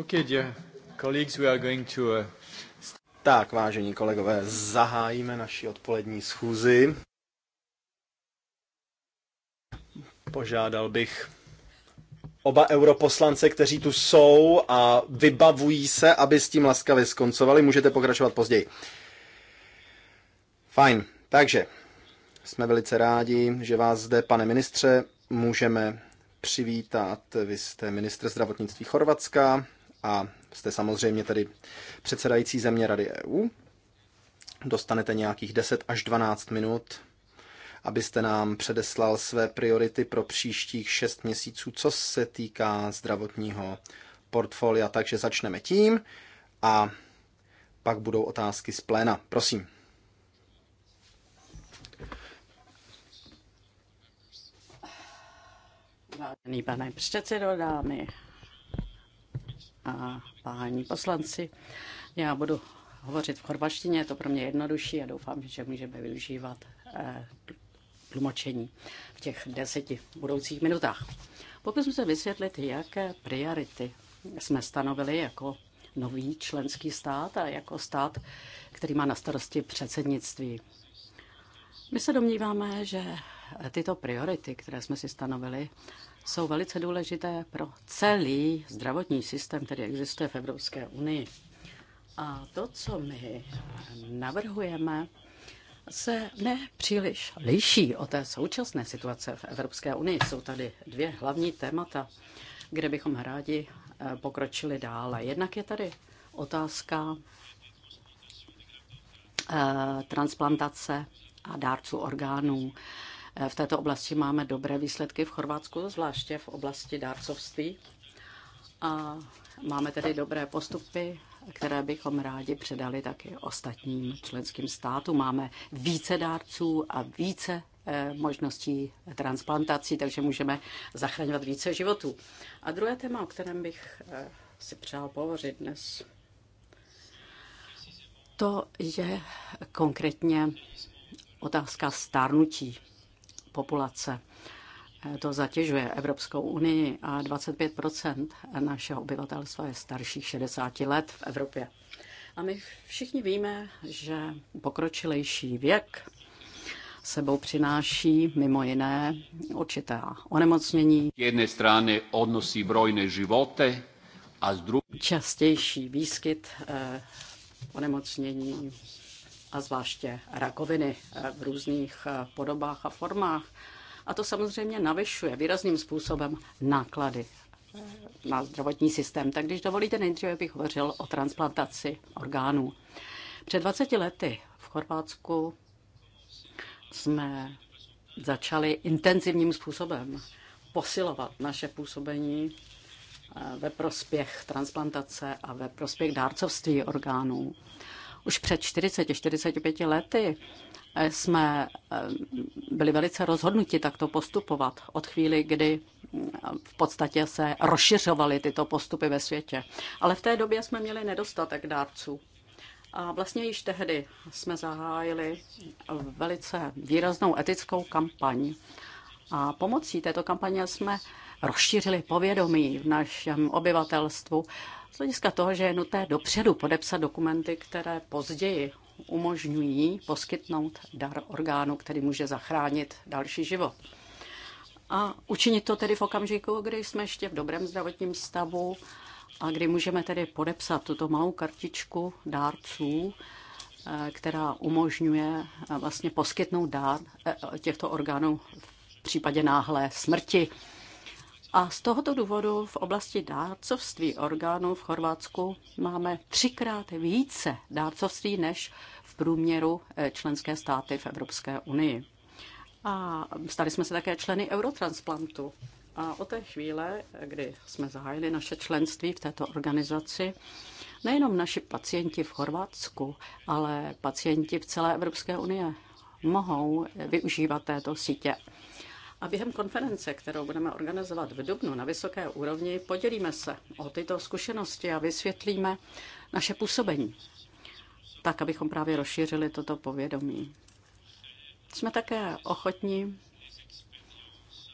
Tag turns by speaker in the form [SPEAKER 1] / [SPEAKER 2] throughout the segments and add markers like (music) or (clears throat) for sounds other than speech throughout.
[SPEAKER 1] Okay, dear colleagues, we are going to... Uh... Tak, vážení kolegové, zahájíme naši odpolední schůzi. Požádal bych oba europoslance, kteří tu jsou a vybavují se, aby s tím laskavě skoncovali. Můžete pokračovat později. Fajn, takže jsme velice rádi, že vás zde, pane ministře, můžeme přivítat. Vy jste ministr zdravotnictví Chorvatska, a jste samozřejmě tedy předsedající země Rady EU. Dostanete nějakých 10 až 12 minut, abyste nám předeslal své priority pro příštích 6 měsíců, co se týká zdravotního portfolia. Takže začneme tím a pak budou otázky z pléna. Prosím.
[SPEAKER 2] Vážený pane předsedo, dámy a páni poslanci. Já budu hovořit v chorvaštině, je to pro mě jednodušší a doufám, že můžeme využívat eh, tlumočení v těch deseti budoucích minutách. Pokusím se vysvětlit, jaké priority jsme stanovili jako nový členský stát a jako stát, který má na starosti předsednictví. My se domníváme, že tyto priority, které jsme si stanovili, jsou velice důležité pro celý zdravotní systém, který existuje v Evropské unii. A to, co my navrhujeme, se nepříliš liší o té současné situace v Evropské unii. Jsou tady dvě hlavní témata, kde bychom rádi eh, pokročili dále. Jednak je tady otázka eh, transplantace a dárců orgánů. Eh, v této oblasti máme dobré výsledky v Chorvatsku, zvláště v oblasti dárcovství. A máme tedy dobré postupy, které bychom rádi předali taky ostatním členským státům. Máme více dárců a více eh, možností transplantací, takže můžeme zachraňovat více životů. A druhé téma, o kterém bych eh, si přál pohovořit dnes, to je konkrétně otázka stárnutí populace. Eh, to zatěžuje Evropskou unii a 25 našeho obyvatelstva je starších 60 let v Evropě. A my všichni víme, že pokročilejší věk sebou přináší mimo jiné určitá onemocnění. Z jedné strany odnosí brojné životy a z druhé... Častější výskyt eh, onemocnění a zvláště rakoviny v různých eh, podobách a formách. A to samozřejmě navyšuje výrazným způsobem náklady eh, na zdravotní systém. Tak když dovolíte, nejdříve bych hovořil o transplantaci orgánů. Před 20 lety v Chorvatsku jsme začali intenzivním způsobem posilovat naše působení eh, ve prospěch transplantace a ve prospěch dárcovství orgánů. Už před 40-45 lety eh, jsme eh, byli velice rozhodnuti takto postupovat od chvíli, kdy mm, v podstatě se rozšiřovaly tyto postupy ve světě. Ale v té době jsme měli nedostatek dárců. A vlastně již tehdy jsme zahájili velice výraznou etickou kampaň. A pomocí této kampaně jsme rozšířili povědomí v našem obyvatelstvu z hlediska toho, že je nutné dopředu podepsat dokumenty, které později umožňují poskytnout dar orgánu, který může zachránit další život. A učinit to tedy v okamžiku, kdy jsme ještě v dobrém zdravotním stavu a kdy můžeme tedy podepsat tuto malou kartičku dárců, eh, která umožňuje eh, vlastně poskytnout dár eh, těchto orgánů v případě náhlé smrti. A z tohoto důvodu v oblasti dárcovství orgánů v Chorvatsku máme třikrát více dárcovství než v průměru eh, členské státy v Evropské unii. A stali jsme se také členy Eurotransplantu. A od té chvíle, eh, kdy jsme zahájili naše členství v této organizaci, nejenom naši pacienti v Chorvatsku, ale pacienti v celé Evropské unii mohou eh, využívat této sítě. A během konference, kterou budeme organizovat v Dubnu na vysoké úrovni, podělíme se o tyto zkušenosti a vysvětlíme naše působení, tak abychom právě rozšířili toto povědomí. Jsme také ochotní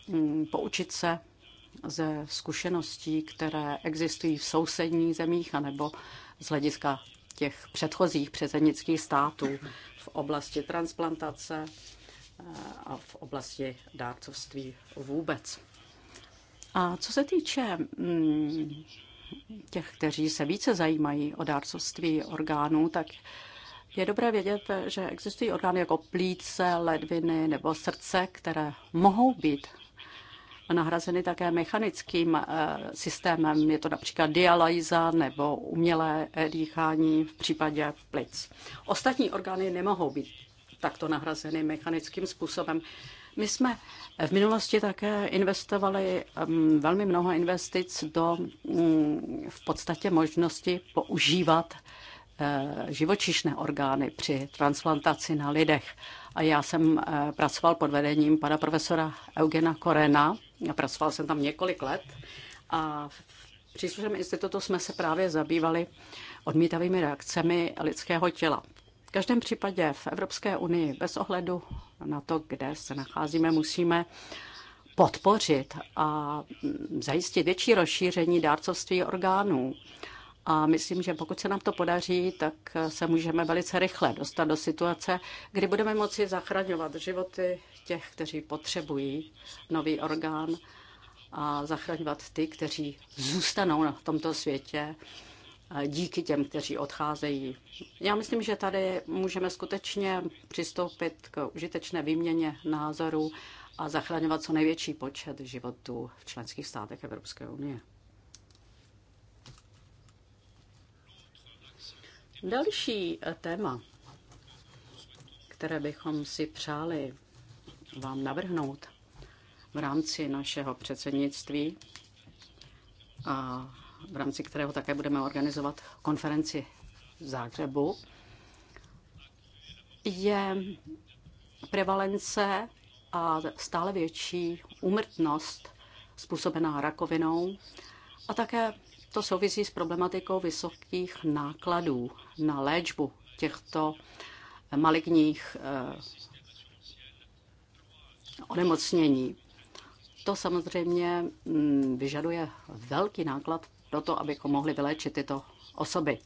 [SPEAKER 2] mm, poučit se ze zkušeností, které existují v sousedních zemích anebo z hlediska těch předchozích přezenických států v oblasti transplantace, a v oblasti dárcovství vůbec. A co se týče mm, těch, kteří se více zajímají o dárcovství orgánů, tak je dobré vědět, že existují orgány jako plíce, ledviny nebo srdce, které mohou být nahrazeny také mechanickým eh, systémem. Je to například dialýza nebo umělé dýchání v případě plic. Ostatní orgány nemohou být takto nahrazeny mechanickým způsobem. My jsme v minulosti také investovali um, velmi mnoho investic do mm, v podstatě možnosti používat eh, živočišné orgány při transplantaci na lidech. A já jsem eh, pracoval pod vedením pana profesora Eugena Korena. Pracoval jsem tam několik let a v příslušném institutu jsme se právě zabývali odmítavými reakcemi lidského těla každém případě v Evropské unii, bez ohledu na to, kde se nacházíme, musíme podpořit a zajistit větší rozšíření dárcovství orgánů. A myslím, že pokud se nám to podaří, tak se můžeme velice rychle dostat do situace, kdy budeme moci zachraňovat životy těch, kteří potřebují nový orgán a zachraňovat ty, kteří zůstanou na tomto světě díky těm, kteří odcházejí. Já myslím, že tady můžeme skutečně přistoupit k užitečné výměně názorů a zachraňovat co největší počet životů v členských státech Evropské unie. Další eh, téma, které bychom si přáli vám navrhnout v rámci našeho předsednictví a v rámci kterého také budeme organizovat konferenci v Zágřebu, je prevalence a stále větší úmrtnost způsobená rakovinou a také to souvisí s problematikou vysokých nákladů na léčbu těchto maligních eh, onemocnění. To samozřejmě mm, vyžaduje velký náklad pro to, abychom mohli vyléčit tyto osoby.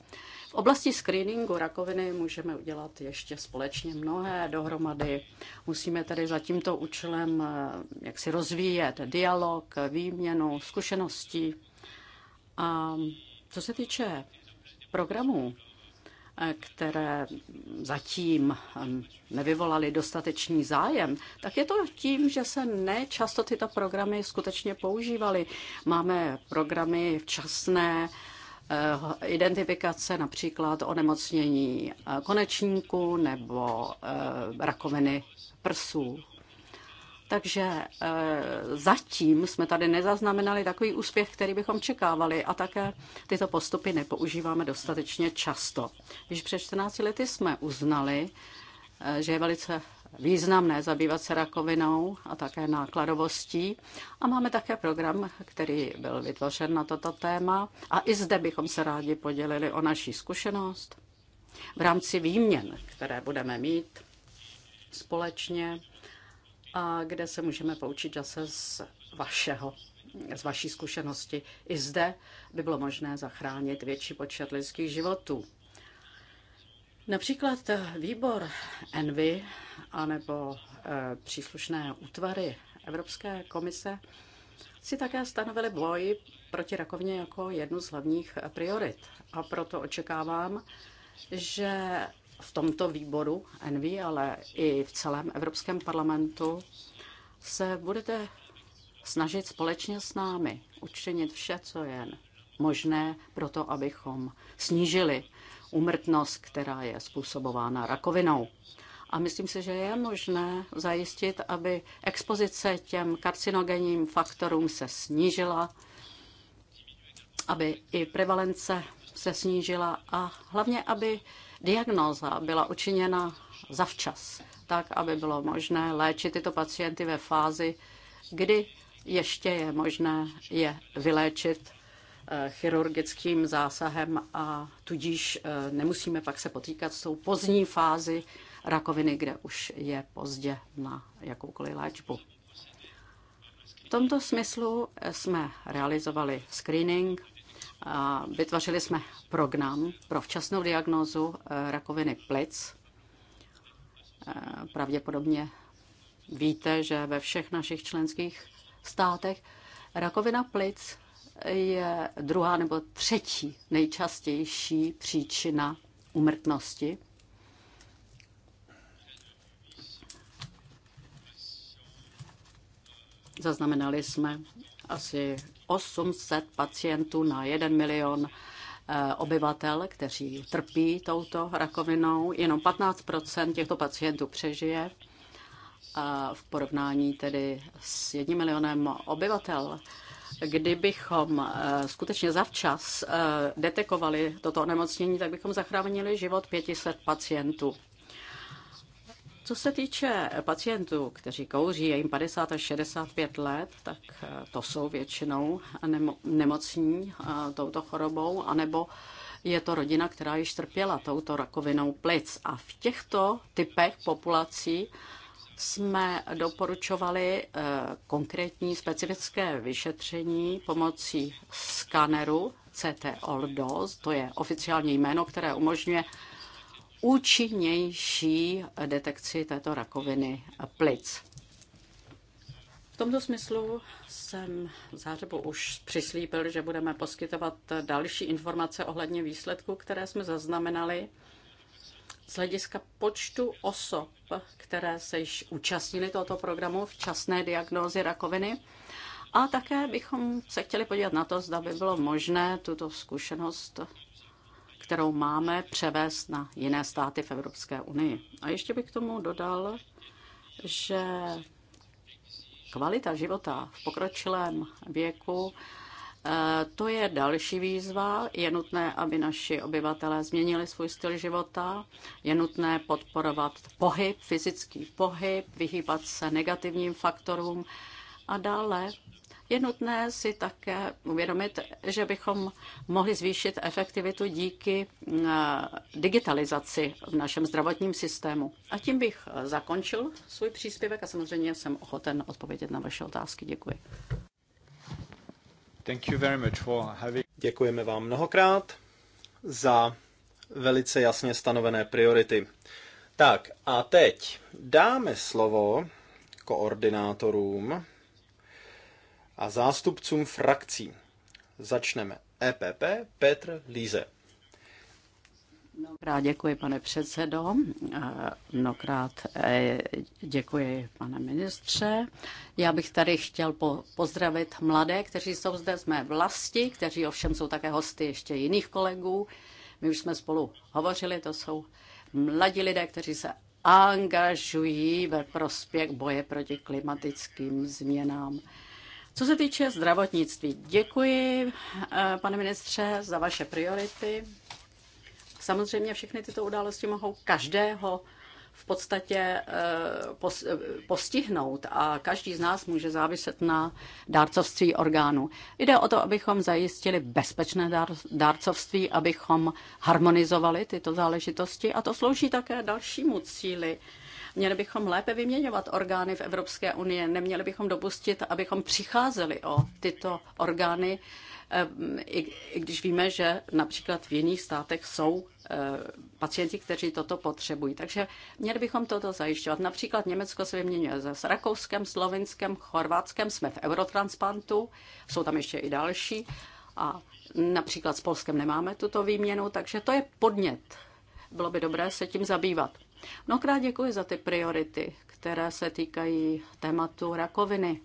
[SPEAKER 2] V oblasti screeningu rakoviny můžeme udělat ještě společně mnohé dohromady. Musíme tedy za tímto účelem eh, jak si rozvíjet dialog, výměnu zkušeností. A co se týče programů které zatím nevyvolaly dostatečný zájem, tak je to tím, že se nečasto tyto programy skutečně používaly. Máme programy včasné eh, identifikace například onemocnění eh, konečníku nebo eh, rakoviny prsů. Takže eh, zatím jsme tady nezaznamenali takový úspěch, který bychom čekávali a také tyto postupy nepoužíváme dostatečně často. Když před 14 lety jsme uznali, eh, že je velice významné zabývat se rakovinou a také nákladovostí. A máme také program, který byl vytvořen na toto téma. A i zde bychom se rádi podělili o naší zkušenost v rámci výměn, které budeme mít společně a kde se můžeme poučit zase z vašeho z vaší zkušenosti. I zde by bylo možné zachránit větší počet lidských životů. Například výbor Envy anebo e, příslušné útvary Evropské komise si také stanovili boj proti rakovině jako jednu z hlavních priorit. A proto očekávám, že v tomto výboru Envy, ale i v celém Evropském parlamentu se budete snažit společně s námi učinit vše, co jen možné pro to, abychom snížili umrtnost, která je způsobována rakovinou. A myslím si, že je možné zajistit, aby expozice těm karcinogenním faktorům se snížila, aby i prevalence se snížila a hlavně, aby diagnóza byla učiněna zavčas, tak, aby bylo možné léčit tyto pacienty ve fázi, kdy ještě je možné je vyléčit eh, chirurgickým zásahem a tudíž eh, nemusíme pak se potýkat s tou pozdní fázi rakoviny, kde už je pozdě na jakoukoliv léčbu. V tomto smyslu eh, jsme realizovali screening vytvořili jsme program pro včasnou diagnózu eh, rakoviny plic. Eh, pravděpodobně víte, že ve všech našich členských státech rakovina plic je druhá nebo třetí nejčastější příčina umrtnosti. Zaznamenali jsme asi 800 pacientů na 1 milion eh, obyvatel, kteří trpí touto rakovinou. Jenom 15 těchto pacientů přežije eh, v porovnání tedy s jedním milionem obyvatel. Kdybychom eh, skutečně zavčas detekovali toto onemocnění, tak bychom zachránili život 500 pacientů. Co se týče pacientů, kteří kouří, je jim 50 až 65 let, tak eh, to jsou většinou nemocní eh, touto chorobou, anebo je to rodina, která již trpěla touto rakovinou plic. A v těchto typech populací jsme doporučovali eh, konkrétní specifické vyšetření pomocí skaneru CT-OLDOS, to je oficiální jméno, které umožňuje účinnější detekci této rakoviny plic. V tomto smyslu jsem v zářebu už přislíbil, že budeme poskytovat další informace ohledně výsledků, které jsme zaznamenali z hlediska počtu osob, které se již účastnili tohoto programu včasné diagnózy rakoviny. A také bychom se chtěli podívat na to, zda by bylo možné tuto zkušenost kterou máme, převést na jiné státy v Evropské unii. A ještě bych k tomu dodal, že kvalita života v pokročilém věku eh, to je další výzva. Je nutné, aby naši obyvatelé změnili svůj styl života. Je nutné podporovat pohyb, fyzický pohyb, vyhýbat se negativním faktorům a dále je nutné si také uvědomit, že bychom mohli zvýšit efektivitu díky eh, digitalizaci v našem zdravotním systému. A tím bych eh, zakončil svůj příspěvek a samozřejmě jsem ochoten odpovědět na vaše otázky. Děkuji.
[SPEAKER 1] Thank you very much for having... Děkujeme vám mnohokrát za velice jasně stanovené priority. Tak a teď dáme slovo koordinátorům a zástupcům frakcí. Začneme. EPP Petr Líze. Mnohokrát děkuji, pane předsedo.
[SPEAKER 2] Mnohokrát e, děkuji, pane ministře. Já bych tady chtěl pozdravit mladé, kteří jsou zde z mé vlasti, kteří ovšem jsou také hosty ještě jiných kolegů. My už jsme spolu hovořili, to jsou mladí lidé, kteří se angažují ve prospěch boje proti klimatickým změnám. Co se týče zdravotnictví, děkuji, eh, pane ministře, za vaše priority. Samozřejmě všechny tyto události mohou každého v podstatě eh, eh, postihnout a každý z nás může záviset na dárcovství orgánů. Jde o to, abychom zajistili bezpečné dárcovství, abychom harmonizovali tyto záležitosti a to slouží také dalšímu cíli Měli bychom lépe vyměňovat orgány v Evropské unii, neměli bychom dopustit, abychom přicházeli o tyto orgány, eh, i, i když víme, že například v jiných státech jsou eh, pacienti, kteří toto potřebují. Takže měli bychom toto zajišťovat. Například Německo se vyměňuje s Rakouskem, Slovinskem, Chorvátskem, jsme v Eurotransplantu, jsou tam ještě i další a například s Polskem nemáme tuto výměnu, takže to je podnět. Bylo by dobré se tím zabývat. Mnohokrát děkuji za ty priority, které se týkají tématu rakoviny.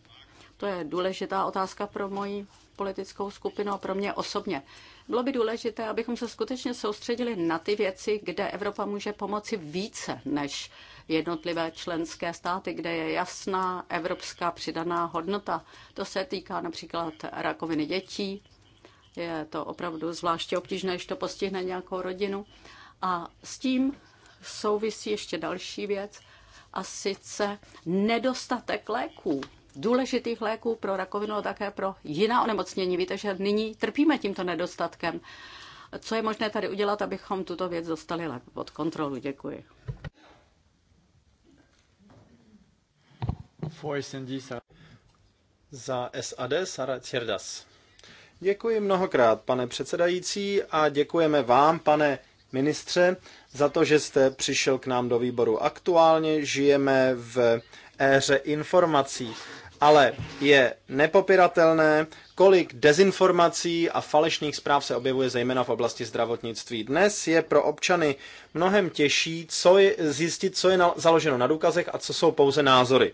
[SPEAKER 2] To je důležitá otázka pro moji politickou skupinu a pro mě osobně. Bylo by důležité, abychom se skutečně soustředili na ty věci, kde Evropa může pomoci více než jednotlivé členské státy, kde je jasná evropská přidaná hodnota. To se týká například rakoviny dětí. Je to opravdu zvláště obtížné, když to postihne nějakou rodinu. A s tím souvisí ještě další věc, a sice nedostatek léků důležitých léků pro rakovinu a také pro jiná onemocnění. Víte, že nyní trpíme tímto nedostatkem. Co je možné tady udělat, abychom tuto věc dostali lépe pod kontrolu? Děkuji.
[SPEAKER 1] Za SAD Sara Cierdas. Děkuji mnohokrát, pane předsedající, a děkujeme vám, pane ministře, za to, že jste přišel k nám do výboru. Aktuálně žijeme v éře informací, ale je nepopiratelné, kolik dezinformací a falešných zpráv se objevuje zejména v oblasti zdravotnictví. Dnes je pro občany mnohem těžší co je, zjistit, co je na, založeno na důkazech a co jsou pouze názory.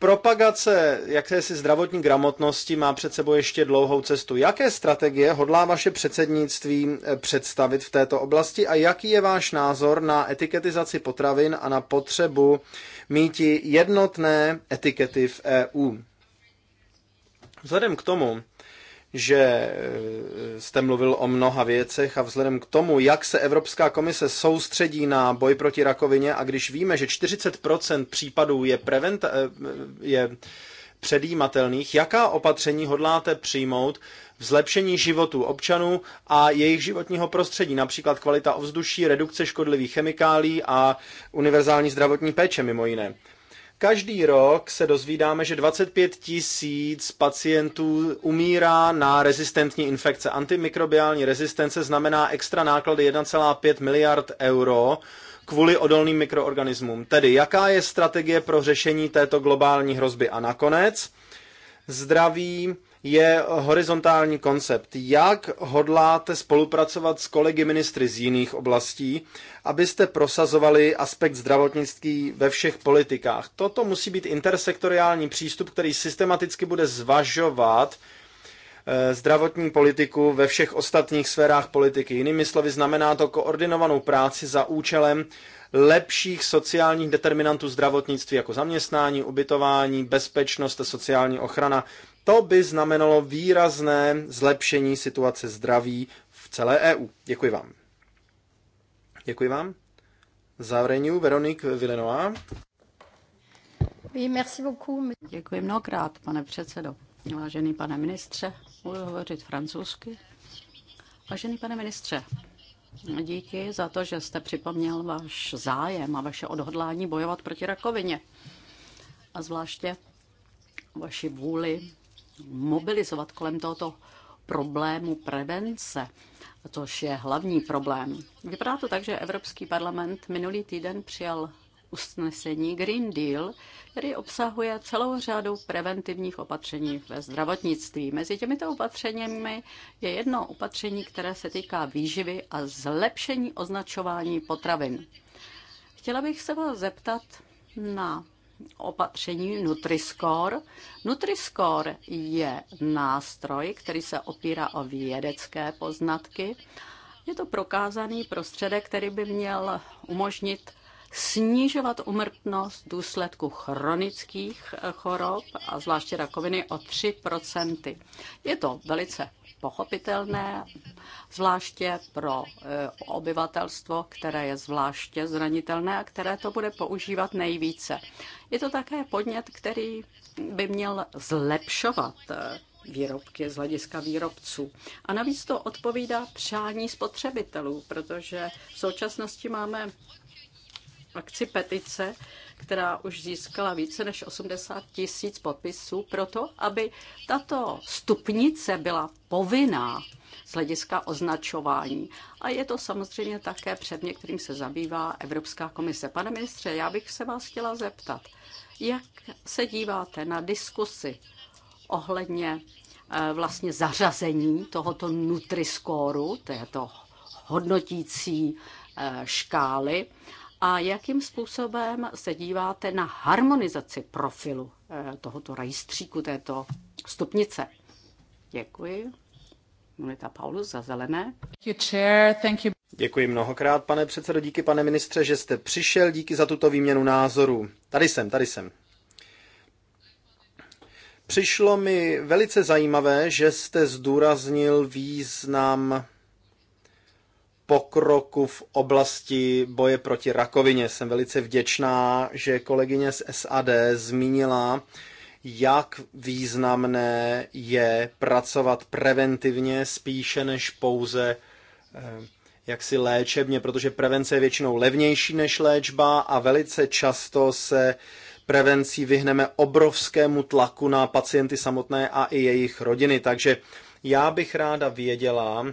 [SPEAKER 1] Propagace jakési zdravotní gramotnosti má před sebou ještě dlouhou cestu. Jaké strategie hodlá vaše předsednictví eh, představit v této oblasti a jaký je váš názor na etiketizaci potravin a na potřebu míti jednotné etikety v EU? Vzhledem k tomu, že e, jste mluvil o mnoha věcech a vzhledem k tomu, jak se Evropská komise soustředí na boj proti rakovině a když víme, že 40% případů je, prevent e, je předjímatelných, jaká opatření hodláte přijmout v zlepšení životů občanů a jejich životního prostředí, například kvalita ovzduší, redukce škodlivých chemikálí a univerzální zdravotní péče mimo jiné. Každý rok se dozvídáme, že 25 tisíc pacientů umírá na rezistentní infekce. Antimikrobiální rezistence znamená extra náklady 1,5 miliard euro kvůli odolným mikroorganismům. Tedy jaká je strategie pro řešení této globální hrozby? A nakonec, zdraví je horizontální koncept. Jak hodláte spolupracovat s kolegy ministry z jiných oblastí, abyste prosazovali aspekt zdravotnictví ve všech politikách? Toto musí být intersektoriální přístup, který systematicky bude zvažovat eh, zdravotní politiku ve všech ostatních sférách politiky. Jinými slovy, znamená to koordinovanou práci za účelem lepších sociálních determinantů zdravotnictví jako zaměstnání, ubytování, bezpečnost a sociální ochrana. To by znamenalo výrazné zlepšení situace zdraví v celé EU. Děkuji vám. Děkuji vám. Závreniu Veronik Vilenová.
[SPEAKER 2] Děkuji mnohokrát, pane předsedo. Vážený pane ministře, budu hovořit francouzsky. Vážený pane ministře, díky za to, že jste připomněl váš zájem a vaše odhodlání bojovat proti rakovině. A zvláště vaši vůli mobilizovat kolem tohoto problému prevence, což je hlavní problém. Vypadá to tak, že Evropský parlament minulý týden přijal usnesení Green Deal, který obsahuje celou řadu preventivních opatření ve zdravotnictví. Mezi těmito opatřeními je jedno opatření, které se týká výživy a zlepšení označování potravin. Chtěla bych se vás zeptat na opatření Nutriscore. Nutriscore je nástroj, který se opírá o vědecké poznatky. Je to prokázaný prostředek, který by měl umožnit snižovat umrtnost důsledku chronických eh, chorob a zvláště rakoviny o 3 Je to velice pochopitelné, zvláště pro eh, obyvatelstvo, které je zvláště zranitelné a které to bude používat nejvíce. Je to také podnět, který by měl zlepšovat eh, výrobky z hlediska výrobců. A navíc to odpovídá přání spotřebitelů, protože v současnosti máme akci petice, která už získala více než 80 tisíc podpisů proto, aby tato stupnice byla povinná z hlediska označování. A je to samozřejmě také předmět, kterým se zabývá Evropská komise. Pane ministře, já bych se vás chtěla zeptat, jak se díváte na diskusy ohledně eh, vlastně zařazení tohoto nutriskóru, této hodnotící eh, škály a jakým způsobem se díváte na harmonizaci profilu eh, tohoto rajstříku, této stupnice. Děkuji.
[SPEAKER 1] Monita Paulus za zelené. Děkuji mnohokrát, pane předsedo, díky pane ministře, že jste přišel, díky za tuto výměnu názorů. Tady jsem, tady jsem. Přišlo mi velice zajímavé, že jste zdůraznil význam pokroku v oblasti boje proti rakovině. Jsem velice vděčná, že kolegyně z SAD zmínila, jak významné je pracovat preventivně spíše než pouze eh, jaksi léčebně, protože prevence je většinou levnější než léčba a velice často se prevencí vyhneme obrovskému tlaku na pacienty samotné a i jejich rodiny. Takže já bych ráda věděla,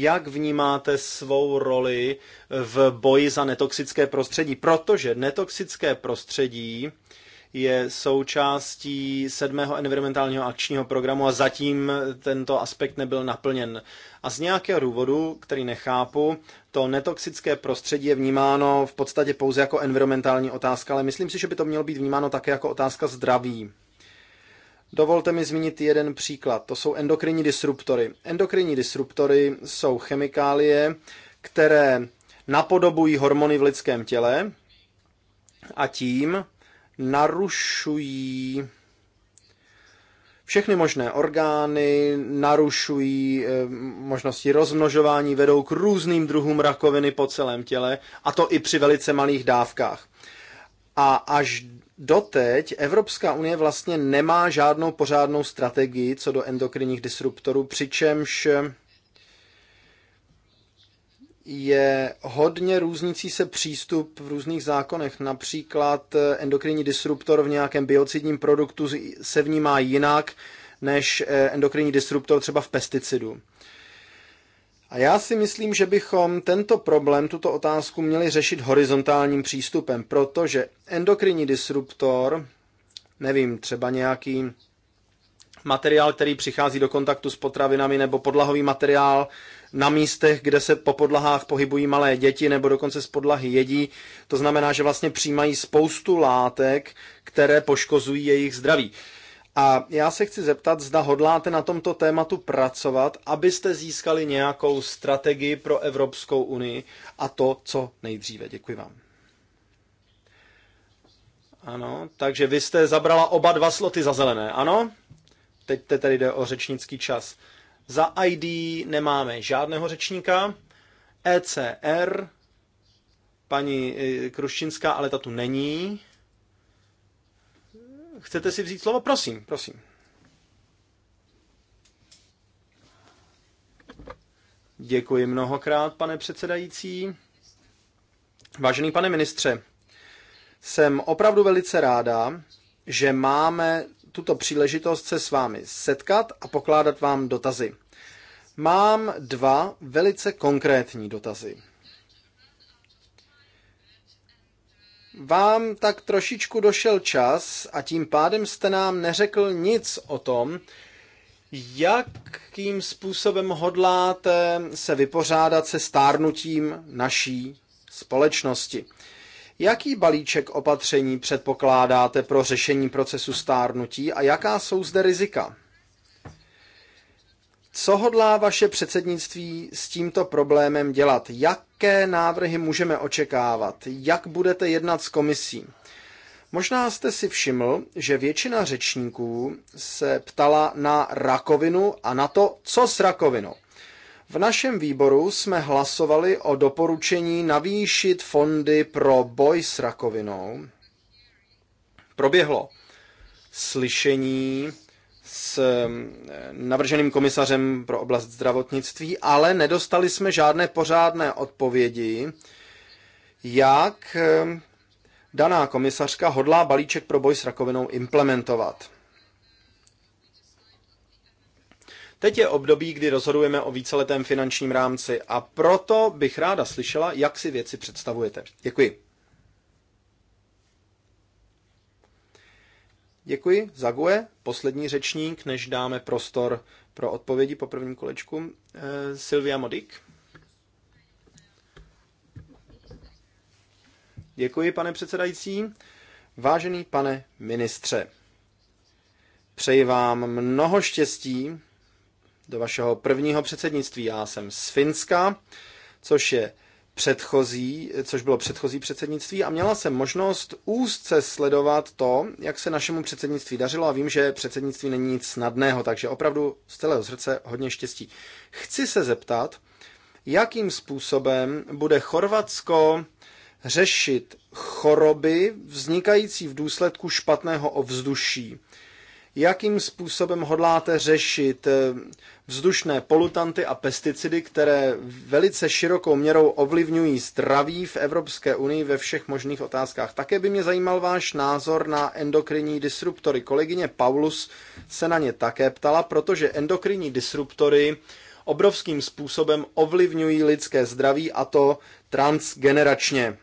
[SPEAKER 1] jak vnímáte svou roli v boji za netoxické prostředí, protože netoxické prostředí je součástí sedmého environmentálního akčního programu a zatím tento aspekt nebyl naplněn. A z nějakého důvodu, který nechápu, to netoxické prostředí je vnímáno v podstatě pouze jako environmentální otázka, ale myslím si, že by to mělo být vnímáno také jako otázka zdraví. Dovolte mi zmínit jeden příklad. To jsou endokrinní disruptory. Endokrinní disruptory jsou chemikálie, které napodobují hormony v lidském těle a tím narušují všechny možné orgány, narušují eh, možnosti rozmnožování, vedou k různým druhům rakoviny po celém těle, a to i při velice malých dávkách. A až Doteď Evropská unie vlastně nemá žádnou pořádnou strategii co do endokrinních disruptorů, přičemž je hodně různící se přístup v různých zákonech. Například endokrinní disruptor v nějakém biocidním produktu se vnímá jinak než endokrinní disruptor třeba v pesticidu. A já si myslím, že bychom tento problém, tuto otázku měli řešit horizontálním přístupem, protože endokrinní disruptor, nevím, třeba nějaký materiál, který přichází do kontaktu s potravinami, nebo podlahový materiál na místech, kde se po podlahách pohybují malé děti, nebo dokonce z podlahy jedí. To znamená, že vlastně přijímají spoustu látek, které poškozují jejich zdraví. A já se chci zeptat, zda hodláte na tomto tématu pracovat, abyste získali nějakou strategii pro Evropskou unii a to, co nejdříve. Děkuji vám. Ano, takže vy jste zabrala oba dva sloty za zelené, ano? Teď te tady jde o řečnický čas. Za ID nemáme žádného řečníka. ECR, paní eh, Kruščinská, ale ta tu není. Chcete si vzít slovo? Prosím, prosím. Děkuji mnohokrát, pane předsedající. Vážený pane ministře, jsem opravdu velice ráda, že máme tuto příležitost se s vámi setkat a pokládat vám dotazy. Mám dva velice konkrétní dotazy. vám tak trošičku došel čas a tím pádem jste nám neřekl nic o tom, jakým způsobem hodláte se vypořádat se stárnutím naší společnosti. Jaký balíček opatření předpokládáte pro řešení procesu stárnutí a jaká jsou zde rizika? Co hodlá vaše předsednictví s tímto problémem dělat? Jaké návrhy můžeme očekávat? Jak budete jednat s komisí? Možná jste si všiml, že většina řečníků se ptala na rakovinu a na to, co s rakovinou. V našem výboru jsme hlasovali o doporučení navýšit fondy pro boj s rakovinou. Proběhlo slyšení s eh, navrženým komisařem pro oblast zdravotnictví, ale nedostali jsme žádné pořádné odpovědi, jak eh, daná komisařka hodlá balíček pro boj s rakovinou implementovat. Teď je období, kdy rozhodujeme o víceletém finančním rámci a proto bych ráda slyšela, jak si věci představujete. Děkuji. Děkuji. Zague, poslední řečník, než dáme prostor pro odpovědi po prvním kolečku. Eh, Silvia Modik. Děkuji, pane předsedající. Vážený pane ministře, přeji vám mnoho štěstí do vašeho prvního předsednictví. Já jsem z Finska, což je předchozí, což bylo předchozí předsednictví a měla jsem možnost úzce sledovat to, jak se našemu předsednictví dařilo a vím, že předsednictví není nic snadného, takže opravdu z celého srdce hodně štěstí. Chci se zeptat, jakým způsobem bude Chorvatsko řešit choroby vznikající v důsledku špatného ovzduší jakým způsobem hodláte řešit eh, vzdušné polutanty a pesticidy, které velice širokou měrou ovlivňují zdraví v Evropské unii ve všech možných otázkách. Také by mě zajímal váš názor na endokrinní disruptory. Kolegyně Paulus se na ně také ptala, protože endokrinní disruptory obrovským způsobem ovlivňují lidské zdraví a to transgeneračně.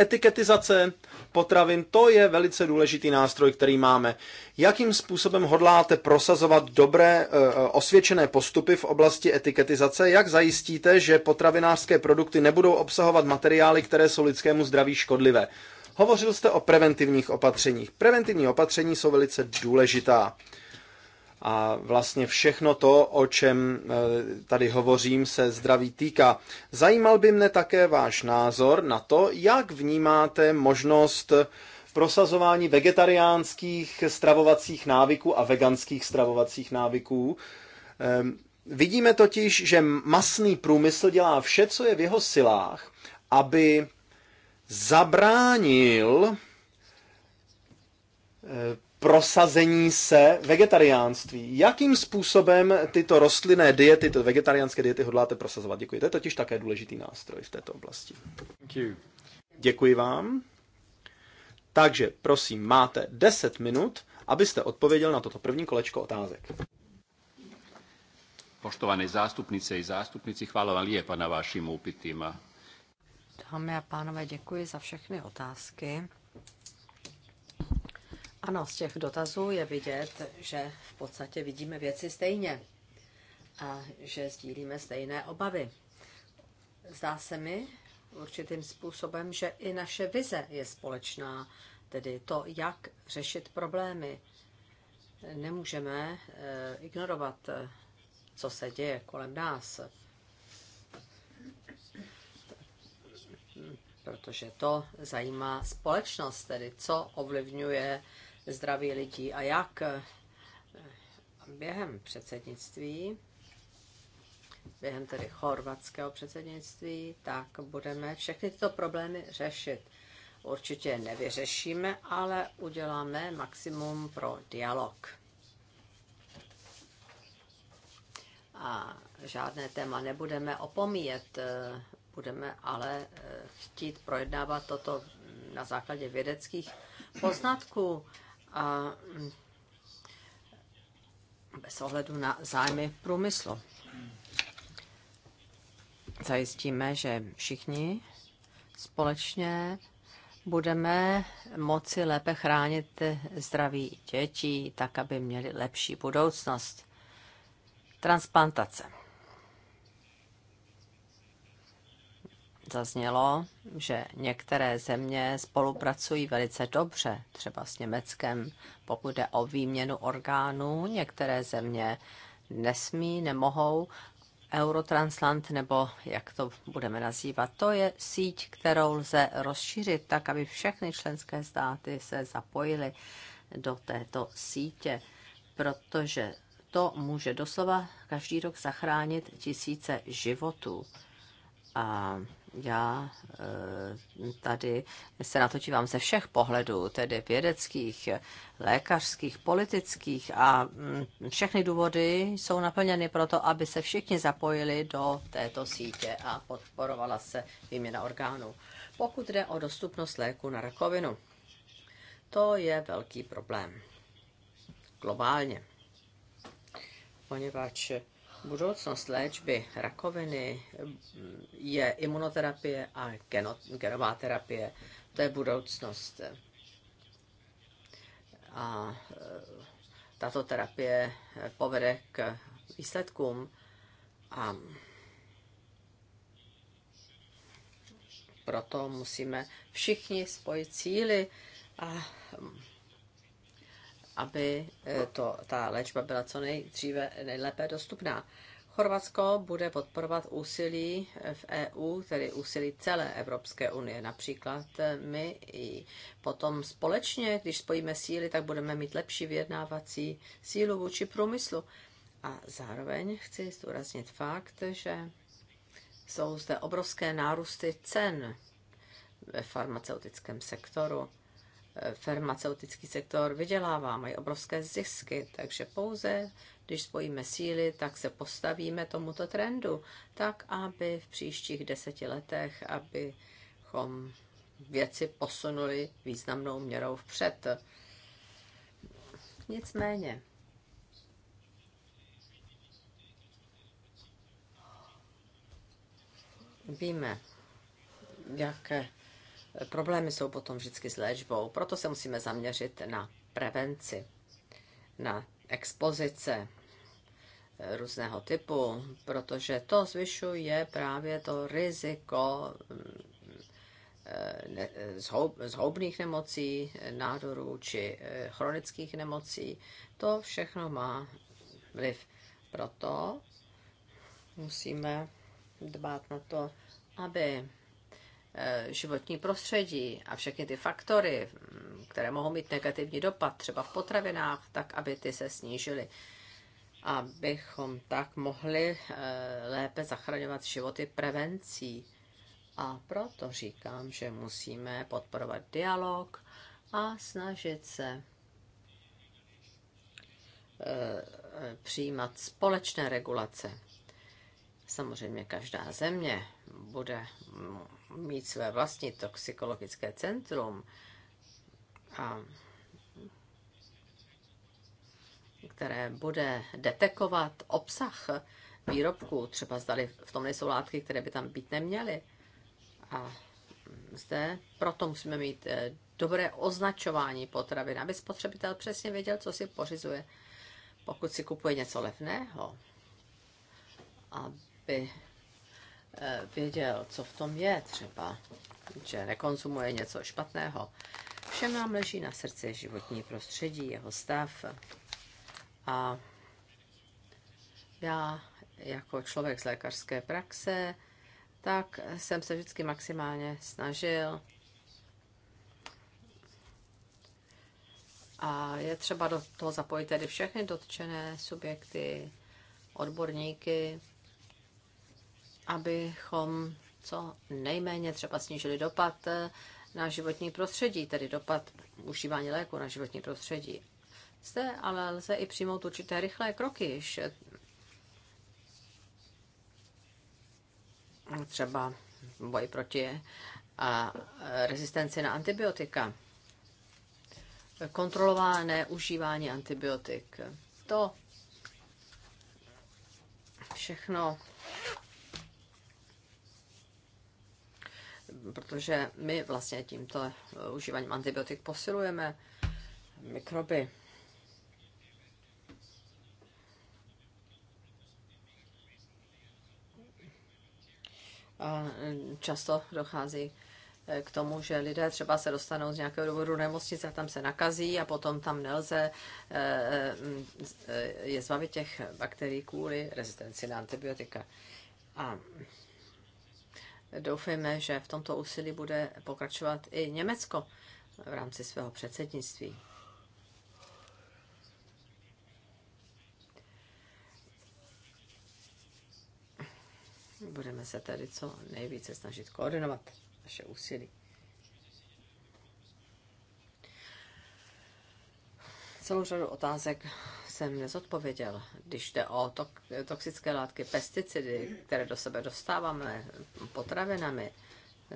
[SPEAKER 1] Etiketizace potravin, to je velice důležitý nástroj, který máme. Jakým způsobem hodláte prosazovat dobré eh, eh, osvědčené postupy v oblasti etiketizace? Jak zajistíte, že potravinářské produkty nebudou obsahovat materiály, které jsou lidskému zdraví škodlivé? Hovořil jste o preventivních opatřeních. Preventivní opatření jsou velice důležitá. A vlastně všechno to, o čem e, tady hovořím, se zdraví týká. Zajímal by mne také váš názor na to, jak vnímáte možnost prosazování vegetariánských stravovacích návyků a veganských stravovacích návyků. Ehm, vidíme totiž, že masný průmysl dělá vše, co je v jeho silách, aby zabránil prosazení se vegetariánství. Jakým způsobem tyto rostlinné diety, tyto vegetariánské diety hodláte prosazovat? Děkuji. To je totiž také důležitý nástroj v této oblasti. Děkuji vám. Takže prosím, máte 10 minut, abyste odpověděl na toto první kolečko otázek. Poštované zástupnice i zástupnici, chvála vám lijepa na vašim úpitima.
[SPEAKER 3] Dámy a pánové, děkuji za všechny otázky. Ano, z těch dotazů je vidět, že v podstatě vidíme věci stejně a že sdílíme stejné obavy. Zdá se mi určitým způsobem, že i naše vize je společná, tedy to, jak řešit problémy. Nemůžeme eh, ignorovat, eh, co se děje kolem nás. protože to zajímá společnost, tedy co ovlivňuje zdraví lidí a jak eh, během předsednictví, během tedy chorvatského předsednictví, tak budeme všechny tyto problémy řešit. Určitě nevyřešíme, ale uděláme maximum pro dialog. A žádné téma nebudeme opomíjet, eh, budeme ale eh, chtít projednávat toto na základě vědeckých poznatků a bez ohledu na zájmy průmyslu. Zajistíme, že všichni společně budeme moci lépe chránit zdraví dětí, tak aby měli lepší budoucnost. Transplantace. zaznělo, že některé země spolupracují velice dobře, třeba s Německem, pokud jde o výměnu orgánů. Některé země nesmí, nemohou. Eurotranslant, nebo jak to budeme nazývat, to je síť, kterou lze rozšířit tak, aby všechny členské státy se zapojily do této sítě, protože to může doslova každý rok zachránit tisíce životů. A já eh, tady se natočívám ze všech pohledů, tedy vědeckých, lékařských, politických a mm, všechny důvody jsou naplněny proto, aby se všichni zapojili do této sítě a podporovala se výměna orgánů. Pokud jde o dostupnost léku na rakovinu, to je velký problém. Globálně. Poněvadž Budoucnost léčby rakoviny mm, je imunoterapie a genová terapie. To je budoucnost. A e, tato terapie e, povede k výsledkům a proto musíme všichni spojit cíly a mm, aby eh, to, ta léčba byla co nejdříve nejlépe dostupná. Chorvatsko bude podporovat úsilí eh, v EU, tedy úsilí celé Evropské unie. Například eh, my i potom společně, když spojíme síly, tak budeme mít lepší vyjednávací sílu vůči průmyslu. A zároveň chci zdůraznit fakt, že jsou zde obrovské nárůsty cen ve farmaceutickém sektoru farmaceutický sektor vydělává, mají obrovské zisky, takže pouze když spojíme síly, tak se postavíme tomuto trendu, tak aby v příštích deseti letech, abychom věci posunuli významnou měrou vpřed. Nicméně, víme, jaké problémy jsou potom vždycky s léčbou. Proto se musíme zaměřit na prevenci, na expozice eh, různého typu, protože to zvyšuje právě to riziko mm, eh, zhoubných nemocí, nádorů či eh, chronických nemocí. To všechno má vliv. Proto musíme dbát na to, aby Eh, životní prostředí a všechny ty faktory, mm, které mohou mít negativní dopad třeba v potravinách, tak aby ty se snížily, abychom tak mohli eh, lépe zachraňovat životy prevencí. A proto říkám, že musíme podporovat dialog a snažit se eh, přijímat společné regulace. Samozřejmě každá země bude mít své vlastní toxikologické centrum, a které bude detekovat obsah výrobků, třeba zdali v tom nejsou látky, které by tam být neměly. A zde proto musíme mít eh, dobré označování potravin, aby spotřebitel přesně věděl, co si pořizuje. Pokud si kupuje něco levného, aby Eh, věděl, co v tom je třeba, že nekonzumuje něco špatného. Všem nám leží na srdci životní prostředí, jeho stav. A já jako člověk z lékařské praxe, tak jsem se vždycky maximálně snažil. A je třeba do toho zapojit tedy všechny dotčené subjekty, odborníky, abychom co nejméně třeba snížili dopad eh, na životní prostředí, tedy dopad užívání léku na životní prostředí. Zde ale lze i přijmout určité rychlé kroky, že eh, třeba boj proti a eh, rezistenci na antibiotika, kontrolované užívání antibiotik. To všechno protože my vlastně tímto eh, užíváním antibiotik posilujeme mikroby. A eh, často dochází eh, k tomu, že lidé třeba se dostanou z nějakého důvodu nemocnice a tam se nakazí a potom tam nelze mm, je zbavit těch bakterií kvůli rezistenci na antibiotika. A doufejme, že v tomto úsilí bude pokračovat i Německo v rámci svého předsednictví. Budeme se tedy co nejvíce snažit koordinovat naše úsilí. Celou řadu otázek jsem nezodpověděl, když jde o to, toxické látky, pesticidy, které do sebe dostáváme potravinami,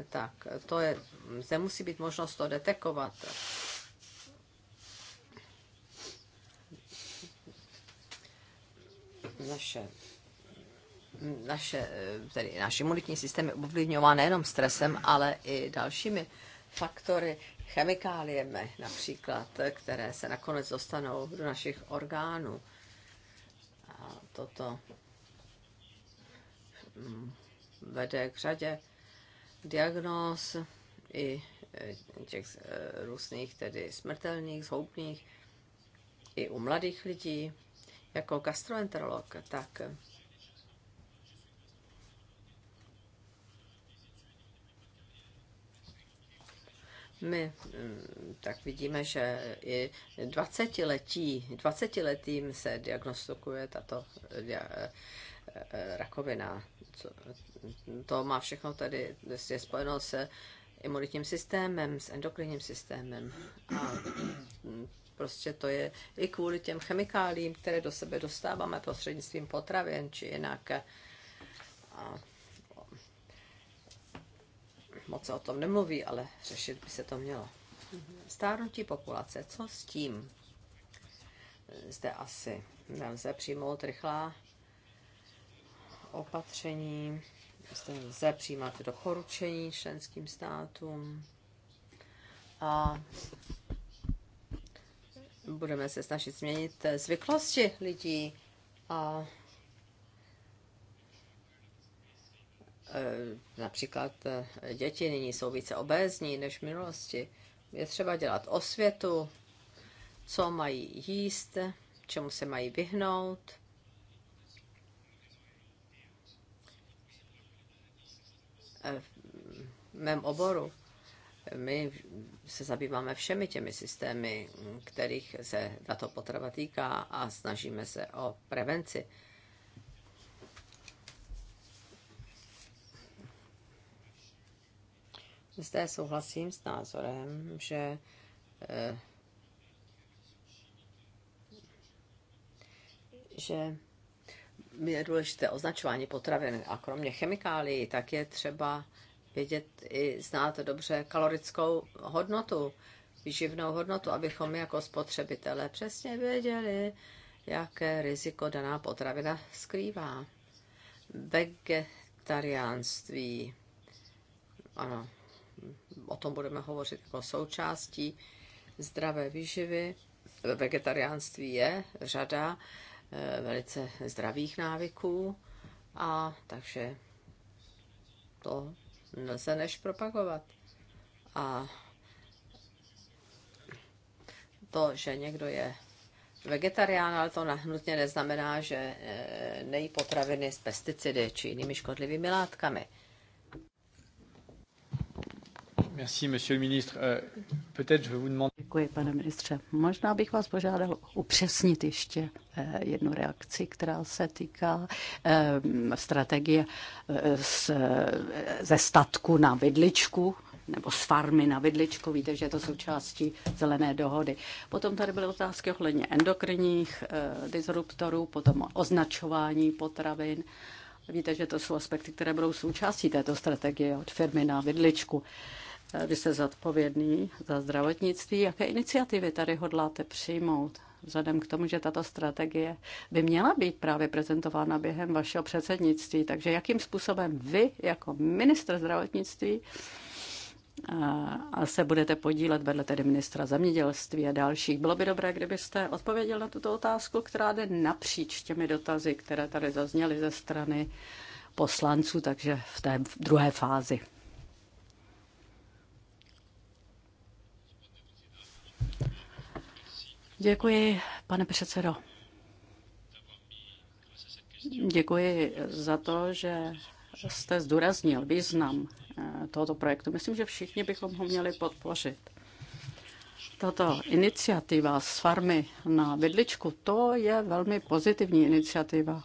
[SPEAKER 3] tak to je, zde musí být možnost to detekovat. Naše, naše, tedy náš imunitní systém je ovlivňován nejenom stresem, ale i dalšími faktory chemikáliemi například, které se nakonec dostanou do našich orgánů. A toto mm, vede k řadě diagnóz i eh, těch eh, různých tedy smrtelných, zhoubných, i u mladých lidí. Jako gastroenterolog, tak my mm, tak vidíme, že i 20 letí, 20 letým se diagnostikuje tato eh, eh, rakovina. To má všechno tady, je spojeno se imunitním systémem, s endokrinním systémem. A mm, prostě to je i kvůli těm chemikálím, které do sebe dostáváme prostřednictvím potravin či jinak. A moc se o tom nemluví, ale řešit by se to mělo. Stárnutí populace, co s tím? Zde asi nelze přijmout rychlá opatření, zde lze přijímat doporučení členským státům a budeme se snažit změnit zvyklosti lidí a Eh, například eh, děti nyní jsou více obézní než v minulosti. Je třeba dělat osvětu, co mají jíst, čemu se mají vyhnout. Eh, v mém oboru my se zabýváme všemi těmi systémy, kterých se tato potrava týká a snažíme se o prevenci. Zde souhlasím s názorem, že eh, že je důležité označování potravin a kromě chemikálií, tak je třeba vědět i znát dobře kalorickou hodnotu, výživnou hodnotu, abychom jako spotřebitelé přesně věděli, jaké riziko daná potravina skrývá. Vegetariánství. Ano, o tom budeme hovořit jako součástí zdravé výživy. Vegetariánství je řada eh, velice zdravých návyků a takže to nelze než propagovat. A to, že někdo je vegetarián, ale to nutně neznamená, že eh, nejí potraviny s pesticidy či jinými škodlivými látkami.
[SPEAKER 1] Merci, monsieur le ministre. Euh, peut-être je vous demander... Děkuji, pane ministře.
[SPEAKER 2] Možná bych vás požádal upřesnit ještě eh, jednu reakci, která se týká eh, strategie z, eh, ze statku na vidličku nebo z farmy na vidličku, víte, že je to součástí zelené dohody. Potom tady byly otázky ohledně endokrinních disruptorů, potom označování potravin. Víte, že to jsou aspekty, které budou součástí této strategie od firmy na vidličku. E, Eh, vy jste zodpovědný za zdravotnictví. Jaké iniciativy tady hodláte přijmout? Vzhledem k tomu, že tato strategie by měla být právě prezentována během vašeho předsednictví. Takže jakým způsobem vy, jako ministr zdravotnictví, eh, a se budete podílet vedle tedy ministra zemědělství a dalších. Bylo by dobré, kdybyste odpověděl na tuto otázku, která jde napříč těmi dotazy, které tady zazněly ze strany poslanců, takže v té druhé fázi. Děkuji, pane předsedo. Děkuji za to, že jste zdůraznil význam eh, tohoto projektu. Myslím, že všichni bychom ho měli podpořit. Tato iniciativa z farmy na vidličku, to je velmi pozitivní iniciativa.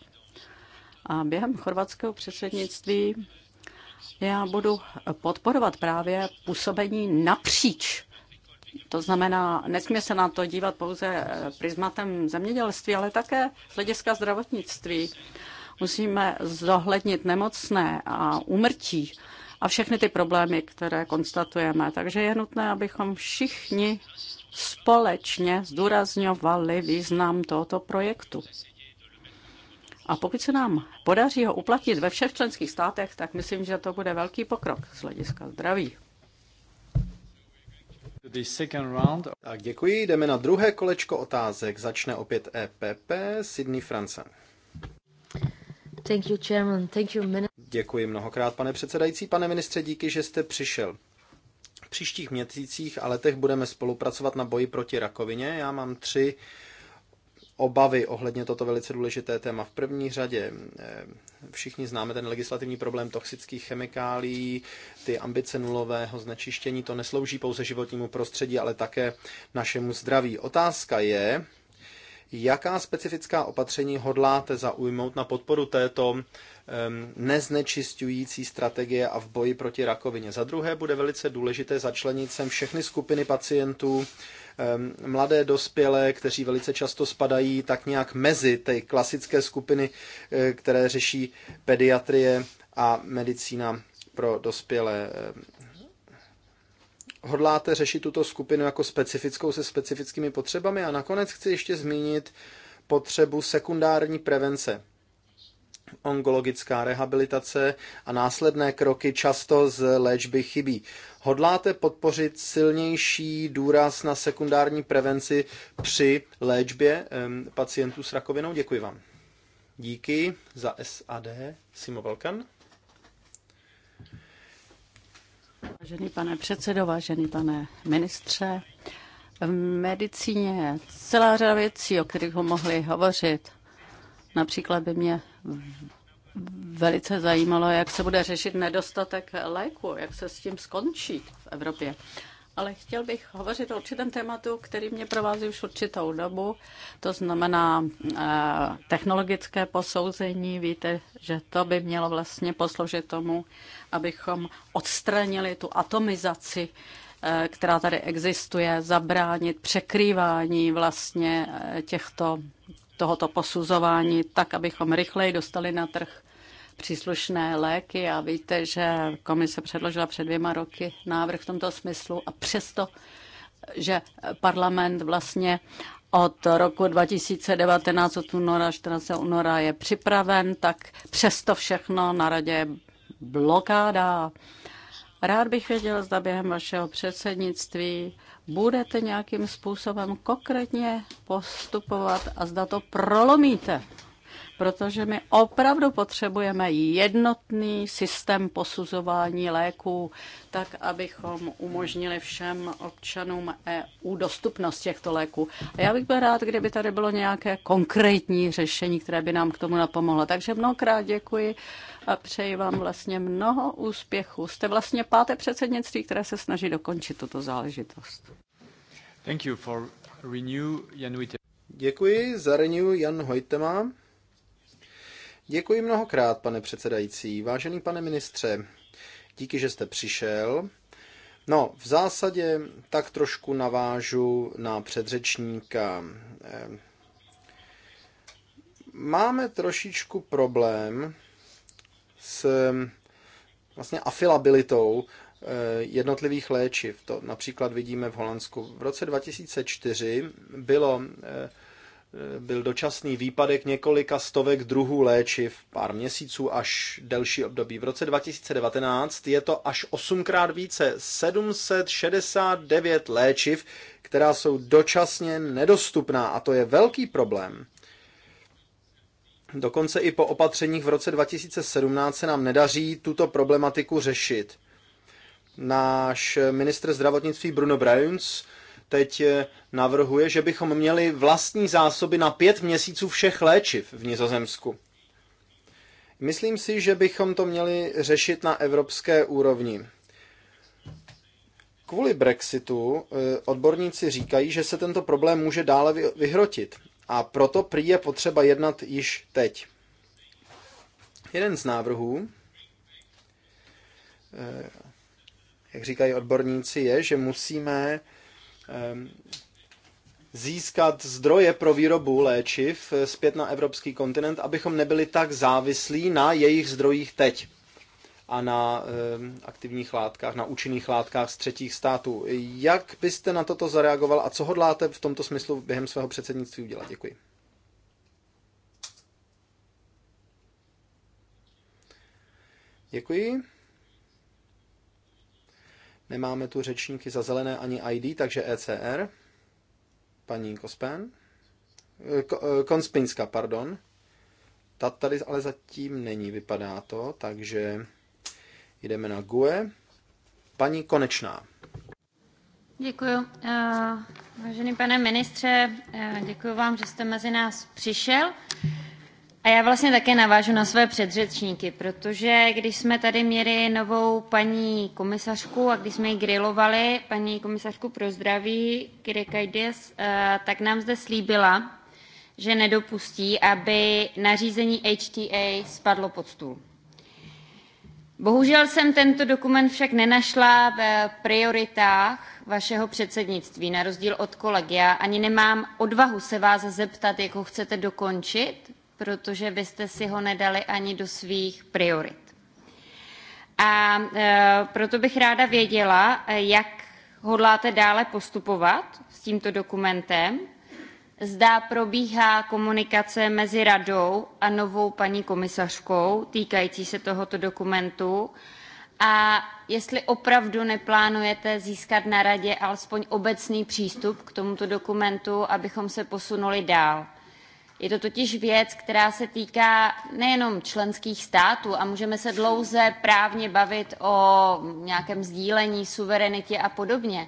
[SPEAKER 2] A během chorvatského předsednictví já budu podporovat právě působení napříč to znamená, nesmí se na to dívat pouze eh, prismatem zemědělství, ale také z hlediska zdravotnictví. Musíme zohlednit nemocné a úmrtí a všechny ty problémy, které konstatujeme. Takže je nutné, abychom všichni společně zdůrazňovali význam tohoto projektu. A pokud se nám podaří ho uplatit ve všech členských státech, tak myslím, že to bude velký pokrok z hlediska
[SPEAKER 1] zdraví. Tak děkuji, jdeme na druhé kolečko otázek. Začne opět EPP, Sydney France.
[SPEAKER 2] Thank you, Chairman. Thank you,
[SPEAKER 1] Děkuji mnohokrát, pane předsedající. Pane ministře, díky, že jste přišel. V příštích měsících a letech budeme spolupracovat na boji proti rakovině. Já mám tři obavy ohledně toto velice důležité téma. V první řadě eh, všichni známe ten legislativní problém toxických chemikálií, ty ambice nulového znečištění, to neslouží pouze životnímu prostředí, ale také našemu zdraví. Otázka je, jaká specifická opatření hodláte zaujmout na podporu této ehm, neznečistující strategie a v boji proti rakovině. Za druhé bude velice důležité začlenit sem všechny skupiny pacientů, mladé dospělé, kteří velice často spadají tak nějak mezi ty klasické skupiny, eh, které řeší pediatrie a medicína pro dospělé. Hodláte řešit tuto skupinu jako specifickou se specifickými potřebami? A nakonec chci ještě zmínit potřebu sekundární prevence onkologická rehabilitace a následné kroky často z léčby chybí. Hodláte podpořit silnější důraz na sekundární prevenci při léčbě pacientů s rakovinou? Děkuji vám. Díky za SAD. Simo Balkan.
[SPEAKER 2] Vážený pane předsedo, vážený pane ministře, v medicíně celá řada věcí, o kterých ho mohli hovořit. Například by mě velice zajímalo, jak se bude řešit nedostatek léku, jak se s tím skončí v Evropě. Ale chtěl bych hovořit o určitém tématu, který mě provází už určitou dobu, to znamená eh, technologické posouzení. Víte, že to by mělo vlastně posloužit tomu, abychom odstranili tu atomizaci eh, která tady existuje, zabránit překrývání vlastně eh, těchto tohoto posuzování, tak abychom rychleji dostali na trh příslušné léky a víte, že komise předložila před dvěma roky návrh v tomto smyslu a přesto, že parlament vlastně od roku 2019, od února, 14. února je připraven, tak přesto všechno na radě blokáda. Rád bych věděl, zda během vašeho předsednictví budete nějakým způsobem konkrétně postupovat a zda to prolomíte protože my opravdu potřebujeme jednotný systém posuzování léků, tak abychom umožnili všem občanům EU dostupnost těchto léků. A já bych byl rád, kdyby tady bylo nějaké konkrétní řešení, které by nám k tomu napomohlo. Takže mnohokrát děkuji a přeji vám vlastně mnoho úspěchů. Jste vlastně páté předsednictví, které se snaží dokončit tuto záležitost.
[SPEAKER 1] Thank you for renew, Jan Děkuji za Renew Jan Hojtema. Děkuji mnohokrát, pane předsedající. Vážený pane ministře, díky, že jste přišel. No, v zásadě tak trošku navážu na předřečníka. Ehm, máme trošičku problém s vlastně afilabilitou ehm, jednotlivých léčiv. To například vidíme v Holandsku. V roce 2004 bylo ehm, byl dočasný výpadek několika stovek druhů léčiv, pár měsíců až delší období. V roce 2019 je to až osmkrát více, 769 léčiv, která jsou dočasně nedostupná a to je velký problém. Dokonce i po opatřeních v roce 2017 se nám nedaří tuto problematiku řešit. Náš ministr zdravotnictví Bruno Brauns teď eh, navrhuje, že bychom měli vlastní zásoby na pět měsíců všech léčiv v Nizozemsku. Myslím si, že bychom to měli řešit na evropské úrovni. Kvůli Brexitu eh, odborníci říkají, že se tento problém může dále vyhrotit a proto prý je potřeba jednat již teď. Jeden z návrhů, eh, jak říkají odborníci, je, že musíme Ehm, získat zdroje pro výrobu léčiv eh, zpět na evropský kontinent, abychom nebyli tak závislí na jejich zdrojích teď a na ehm, aktivních látkách, na účinných látkách z třetích států. Jak byste na toto zareagoval a co hodláte v tomto smyslu během svého předsednictví udělat? Děkuji. Děkuji. Nemáme tu řečníky za zelené ani ID, takže ECR. Paní Kospen. Eh, eh, Konspinska, pardon. Ta tady ale zatím není, vypadá to, takže jdeme na GUE. Paní Konečná.
[SPEAKER 4] Děkuji. Eh, vážený pane ministře, děkuji vám, že jste mezi nás přišel. A já vlastně také navážu na své předřečníky, protože když jsme tady měli novou paní komisařku a když jsme ji grilovali, paní komisařku pro zdraví, Kirikaides, eh, tak nám zde slíbila, že nedopustí, aby nařízení HTA spadlo pod stůl. Bohužel jsem tento dokument však nenašla v prioritách vašeho předsednictví, na rozdíl od kolegia. Ani nemám odvahu se vás zeptat, jak ho chcete dokončit, protože vy jste si ho nedali ani do svých priorit. A e, proto bych ráda věděla, e, jak hodláte dále postupovat s tímto dokumentem. Zdá probíhá komunikace mezi radou a novou paní komisařkou týkající se tohoto dokumentu a jestli opravdu neplánujete získat na radě alespoň obecný přístup k tomuto dokumentu, abychom se posunuli dál je to totiž věc, která se týká nejenom členských států a můžeme se dlouze právně bavit o nějakém sdílení, suverenitě a podobně.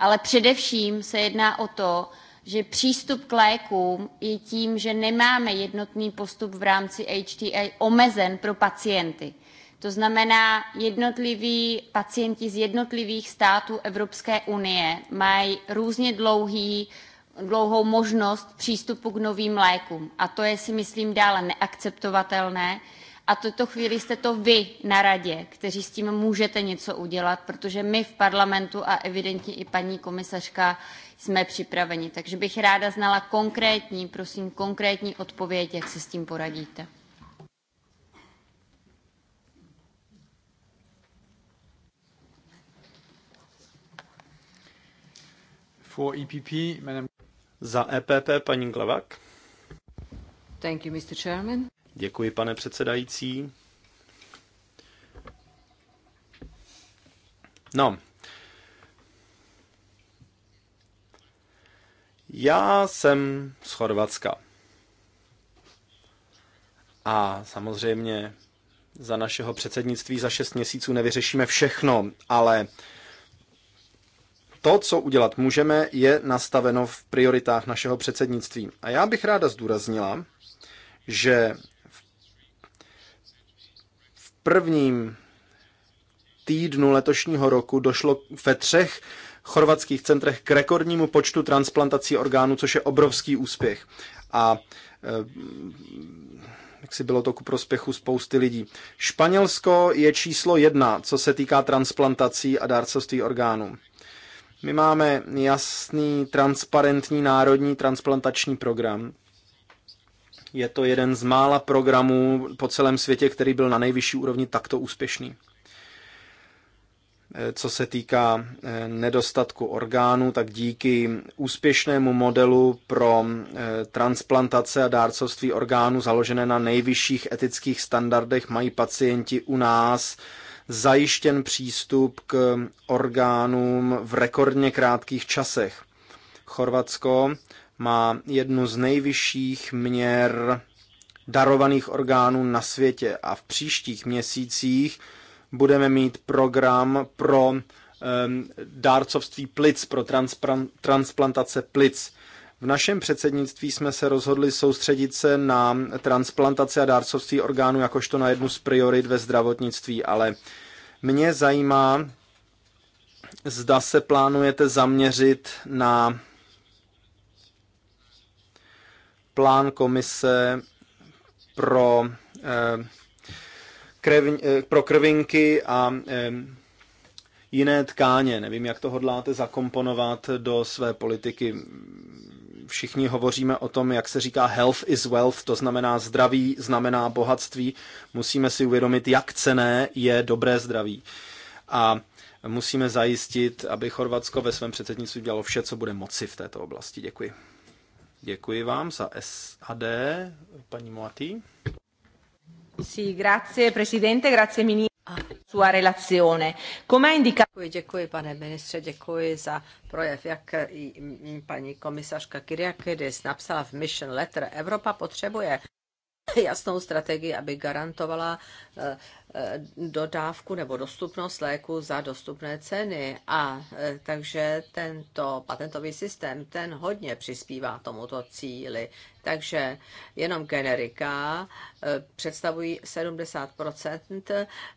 [SPEAKER 4] Ale především se jedná o to, že přístup k lékům je tím, že nemáme jednotný postup v rámci HTA omezen pro pacienty. To znamená, jednotliví pacienti z jednotlivých států Evropské unie mají různě dlouhý dlouhou možnost přístupu k novým lékům. A to je si myslím dále neakceptovatelné. A tuto chvíli jste to vy na radě, kteří s tím můžete něco udělat, protože my v parlamentu a evidentně i paní komisařka jsme připraveni. Takže bych ráda znala konkrétní, prosím, konkrétní odpověď, jak se s tím poradíte.
[SPEAKER 1] For EPP, Madam za EPP paní Glavak.
[SPEAKER 3] Thank you, Mr. Chairman.
[SPEAKER 1] Děkuji, pane předsedající. No, já jsem z Chorvatska. A samozřejmě za našeho předsednictví za šest měsíců nevyřešíme všechno, ale to, co udělat můžeme, je nastaveno v prioritách našeho předsednictví. A já bych ráda zdůraznila, že v prvním týdnu letošního roku došlo ve třech chorvatských centrech k rekordnímu počtu transplantací orgánů, což je obrovský úspěch. A eh, jak si bylo to ku prospěchu spousty lidí. Španělsko je číslo jedna, co se týká transplantací a dárcovství orgánů. My máme jasný, transparentní národní transplantační program. Je to jeden z mála programů po celém světě, který byl na nejvyšší úrovni takto úspěšný. Eh, co se týká eh, nedostatku orgánů, tak díky úspěšnému modelu pro eh, transplantace a dárcovství orgánů založené na nejvyšších etických standardech mají pacienti u nás zajištěn přístup k orgánům v rekordně krátkých časech. Chorvatsko má jednu z nejvyšších měr darovaných orgánů na světě a v příštích měsících budeme mít program pro um, dárcovství plic, pro transplantace plic. V našem předsednictví jsme se rozhodli soustředit se na transplantaci a dárcovství orgánů jakožto na jednu z priorit ve zdravotnictví, ale mě zajímá, zda se plánujete zaměřit na plán komise pro, eh, krev, eh, pro krvinky a eh, jiné tkáně. Nevím, jak to hodláte zakomponovat do své politiky. Všichni hovoříme o tom, jak se říká health is wealth, to znamená zdraví, znamená bohatství. Musíme si uvědomit, jak cené je dobré zdraví. A musíme zajistit, aby Chorvatsko ve svém předsednictví dělalo vše, co bude moci v této oblasti. Děkuji. Děkuji vám za SAD, paní Moatý.
[SPEAKER 3] Sí, grazie presidente, grazie ministro sua relazione. Come indica... Děkuji, děkuji, pane ministře, děkuji za projev, jak paní komisařka Kyriakidis napsala v Mission Letter. Evropa potřebuje jasnou strategii, aby garantovala uh, Eh, dodávku nebo dostupnost léku za dostupné ceny. A eh, takže tento patentový systém, ten hodně přispívá tomuto cíli. Takže jenom generika eh, představují 70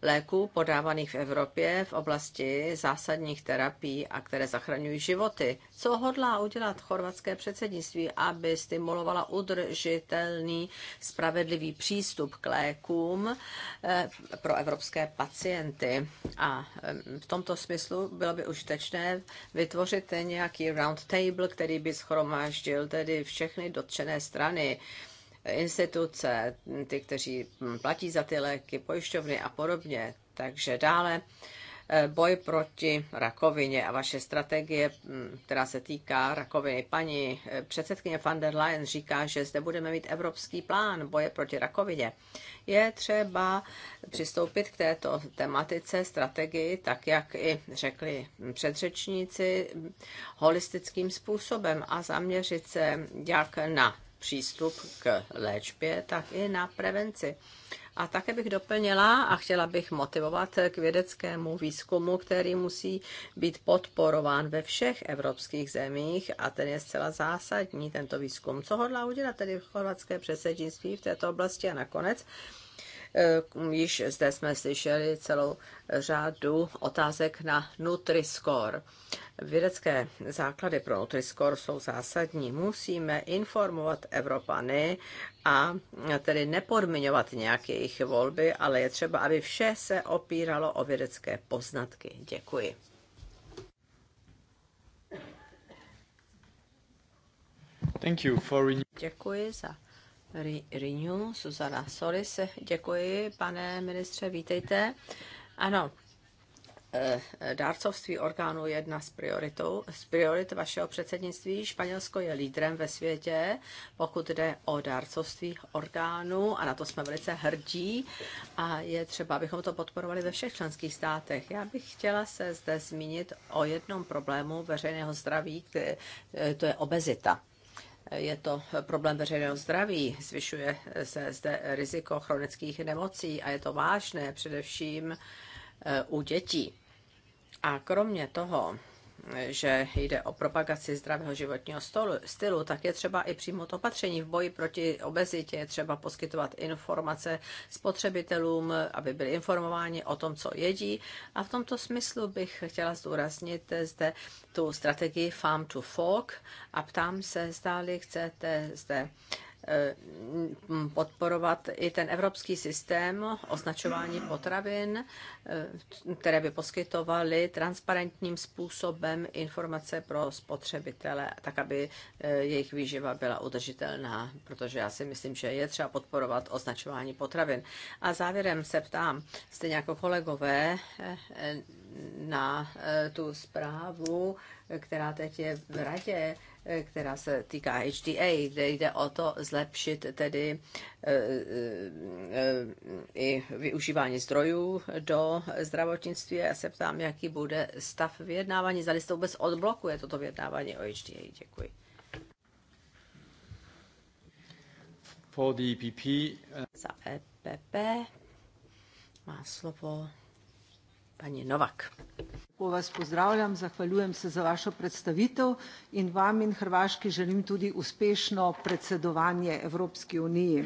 [SPEAKER 3] léků podávaných v Evropě v oblasti zásadních terapií a které zachraňují životy. Co hodlá udělat chorvatské předsednictví, aby stimulovala udržitelný spravedlivý přístup k lékům pro evropské pacienty. A v tomto smyslu bylo by užitečné vytvořit nějaký round table, který by schromáždil tedy všechny dotčené strany, instituce, ty, kteří platí za ty léky, pojišťovny a podobně. Takže dále Eh, boj proti rakovině a vaše strategie, hm, která se týká rakoviny. Paní eh, předsedkyně van der Leyen říká, že zde budeme mít evropský plán boje proti rakovině. Je třeba přistoupit k této tematice, strategii, tak jak i řekli předřečníci, hm, holistickým způsobem a zaměřit se jak na přístup k léčbě, tak i na prevenci. A také bych doplnila a chtěla bych motivovat k vědeckému výzkumu, který musí být podporován ve všech evropských zemích a ten je zcela zásadní, tento výzkum. Co hodlá udělat tedy chorvatské předsednictví v této oblasti a nakonec? Eh, již zde jsme slyšeli celou řádu otázek na Nutriscore. Vědecké základy pro Nutriscore jsou zásadní. Musíme informovat Evropany a tedy nepodmiňovat nějaké jejich volby, ale je třeba, aby vše se opíralo o vědecké poznatky. Děkuji.
[SPEAKER 1] Thank you for...
[SPEAKER 3] Děkuji za Rinu, Suzana Solis. Děkuji, pane ministře, vítejte. Ano, eh, dárcovství orgánů je jedna z, prioritou, z priorit vašeho předsednictví. Španělsko je lídrem ve světě, pokud jde o dárcovství orgánů a na to jsme velice hrdí a je třeba, abychom to podporovali ve všech členských státech. Já bych chtěla se zde zmínit o jednom problému veřejného zdraví, eh, to je obezita je to problém veřejného zdraví, zvyšuje se zde riziko chronických nemocí a je to vážné především eh, u dětí. A kromě toho že jde o propagaci zdravého životního stylu, tak je třeba i přijmout opatření v boji proti obezitě, je třeba poskytovat informace spotřebitelům, aby byli informováni o tom, co jedí. A v tomto smyslu bych chtěla zdůraznit zde tu strategii Farm to Fork a ptám se, zdáli chcete zde Eh, podporovat i ten evropský systém označování potravin, eh, které by poskytovaly transparentním způsobem informace pro spotřebitele, tak aby eh, jejich výživa byla udržitelná, protože já si myslím, že je třeba podporovat označování potravin. A závěrem se ptám, stejně jako kolegové, na tu zprávu, která teď je v radě, která se týká HDA, kde jde o to zlepšit tedy eh, eh, i využívání zdrojů do zdravotnictví. Já se ptám, jaký bude stav vyjednávání, zda se vůbec odblokuje toto vyjednávání o HDA. Děkuji. For the EPP. Eh, Za EPP má slovo paní Novak. Lepo vas pozdravljam, zahvaljujem se za vašo predstavitev in vam in Hrvaški želim tudi uspešno predsedovanje Evropski uniji.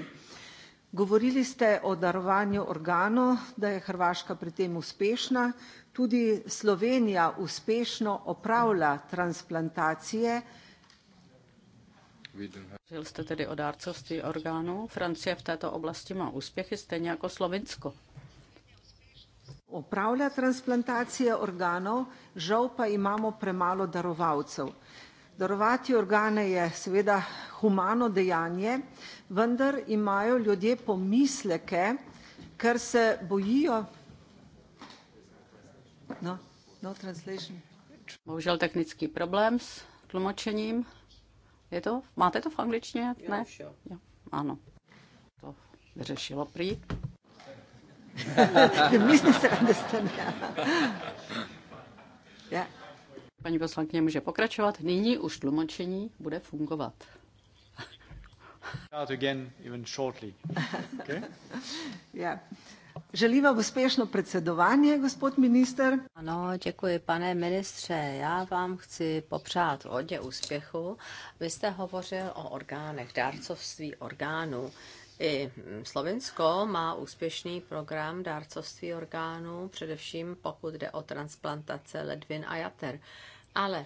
[SPEAKER 3] Govorili ste o darovanju organov, da je Hrvaška pri tem uspešna. Tudi Slovenija uspešno opravlja transplantacije.
[SPEAKER 2] Žil jste tedy o dárcovství orgánů. Francie v této oblasti má úspěchy, stejně jako Slovinsko
[SPEAKER 3] opravlja transplantacije organov, žal pa imamo premalo darovalcev. Darovati organe je seveda humano dejanje, vendar imajo ljudje pomisleke, ker se bojijo. No, no
[SPEAKER 2] translation. Bohužel technický problém s tlumočením. Je to, máte to v angličtině? Ne? Jo, Ano. To vyřešilo prý. Paní poslankyně může pokračovat. Nyní už tlumočení bude fungovat.
[SPEAKER 1] Start again even shortly.
[SPEAKER 3] (laughs) vám úspěšné předsedování, gospod minister. Ano, děkuji, pane ministře. Já vám chci popřát hodně úspěchu. Vy jste hovořil o orgánech, dárcovství orgánů. I Slovinsko má úspěšný program dárcovství orgánů, především pokud jde o transplantace ledvin a jater. Ale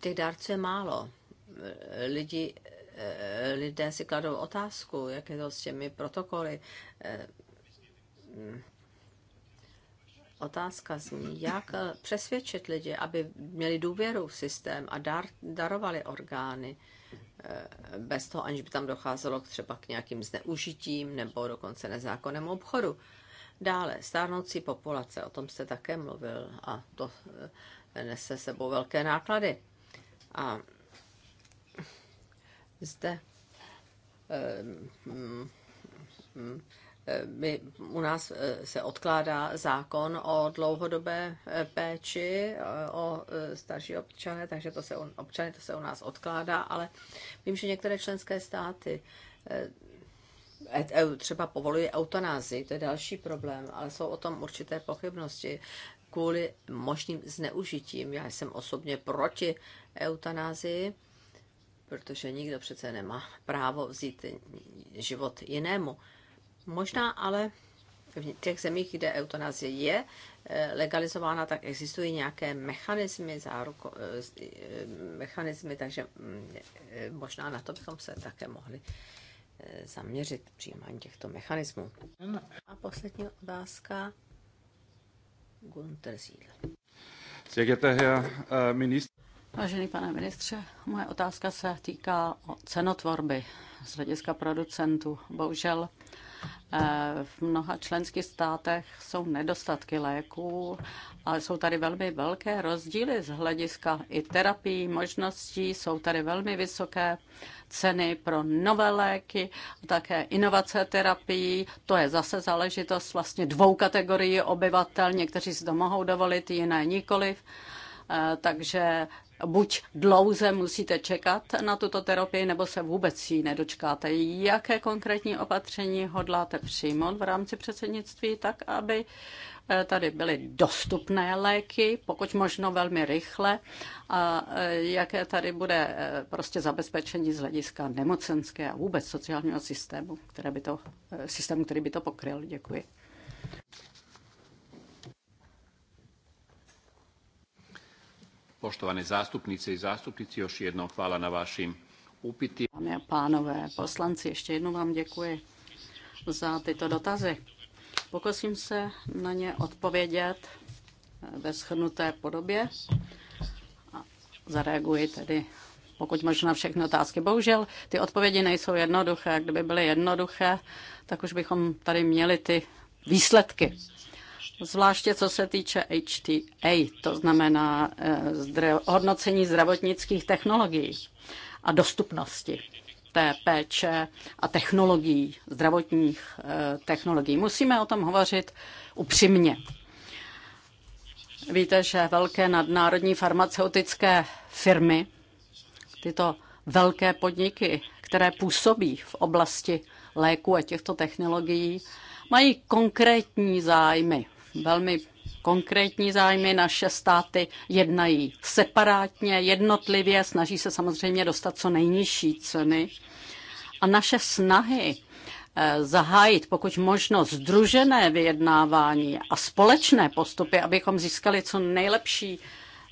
[SPEAKER 3] těch dárců je málo. Lidi, eh, lidé si kladou otázku, jak je to s těmi protokoly. Eh, otázka zní, jak přesvědčit lidi, aby měli důvěru v systém a dar, darovali orgány bez toho, aniž by tam docházelo třeba k nějakým zneužitím nebo dokonce nezákonnému obchodu. Dále, stárnoucí populace, o tom jste také mluvil a to eh, nese sebou velké náklady. A zde eh, mm, mm, Eh, my, u nás eh, se odkládá zákon o dlouhodobé eh, péči o starší občany, takže to se, občany to se u nás odkládá, ale vím, že některé členské státy třeba povolují eutanázii, to je další problém, ale jsou o tom určité pochybnosti kvůli možným zneužitím. Já jsem osobně proti eutanázii, protože nikdo přece nemá právo vzít život jinému. Možná ale v těch zemích, kde eutanazie je eh, legalizována, tak existují nějaké mechanismy, záruko, eh, eh, mechanismy, takže mm, možná na to bychom se také mohli zaměřit přijímání těchto mechanismů. A poslední otázka. Gunter Síl.
[SPEAKER 2] Vážený pane ministře, moje otázka se týká cenotvorby z hlediska producentů. Bohužel Eh, v mnoha členských státech jsou nedostatky léků, ale jsou tady velmi velké rozdíly z hlediska i terapií, možností. Jsou tady velmi vysoké ceny pro nové léky, také inovace terapií. To je zase záležitost vlastně dvou kategorií obyvatel. Někteří si to mohou dovolit, jiné nikoliv. Eh, takže buď dlouze musíte čekat na tuto terapii, nebo se vůbec jí nedočkáte. Jaké konkrétní opatření hodláte přijmout v rámci předsednictví, tak aby eh, tady byly dostupné léky, pokud možno velmi rychle, a eh, jaké tady bude eh, prostě zabezpečení z hlediska nemocenské a vůbec sociálního systému, které by to, systému, který by to pokryl. Děkuji.
[SPEAKER 1] Poštovane zástupnice i zástupnici, još jednom hvala na vašim upity. Pane a
[SPEAKER 2] pánové, poslanci, ještě jednou vám děkuji za tyto dotazy. Pokusím se na ně odpovědět eh, ve shrnuté podobě. A zareaguji tedy pokud možná na všechny otázky. Bohužel ty odpovědi nejsou jednoduché. Kdyby byly jednoduché, tak už bychom tady měli ty výsledky zvláště co se týče HTA, to znamená eh, hodnocení zdravotnických technologií a dostupnosti té péče a technologií, zdravotních eh, technologií. Musíme o tom hovořit upřímně. Víte, že velké nadnárodní farmaceutické firmy, tyto velké podniky, které působí v oblasti léku a těchto technologií, mají konkrétní zájmy velmi konkrétní zájmy. Naše státy jednají separátně, jednotlivě, snaží se samozřejmě dostat co nejnižší ceny. A naše snahy eh, zahájit pokud možno združené vyjednávání a společné postupy, abychom získali co nejlepší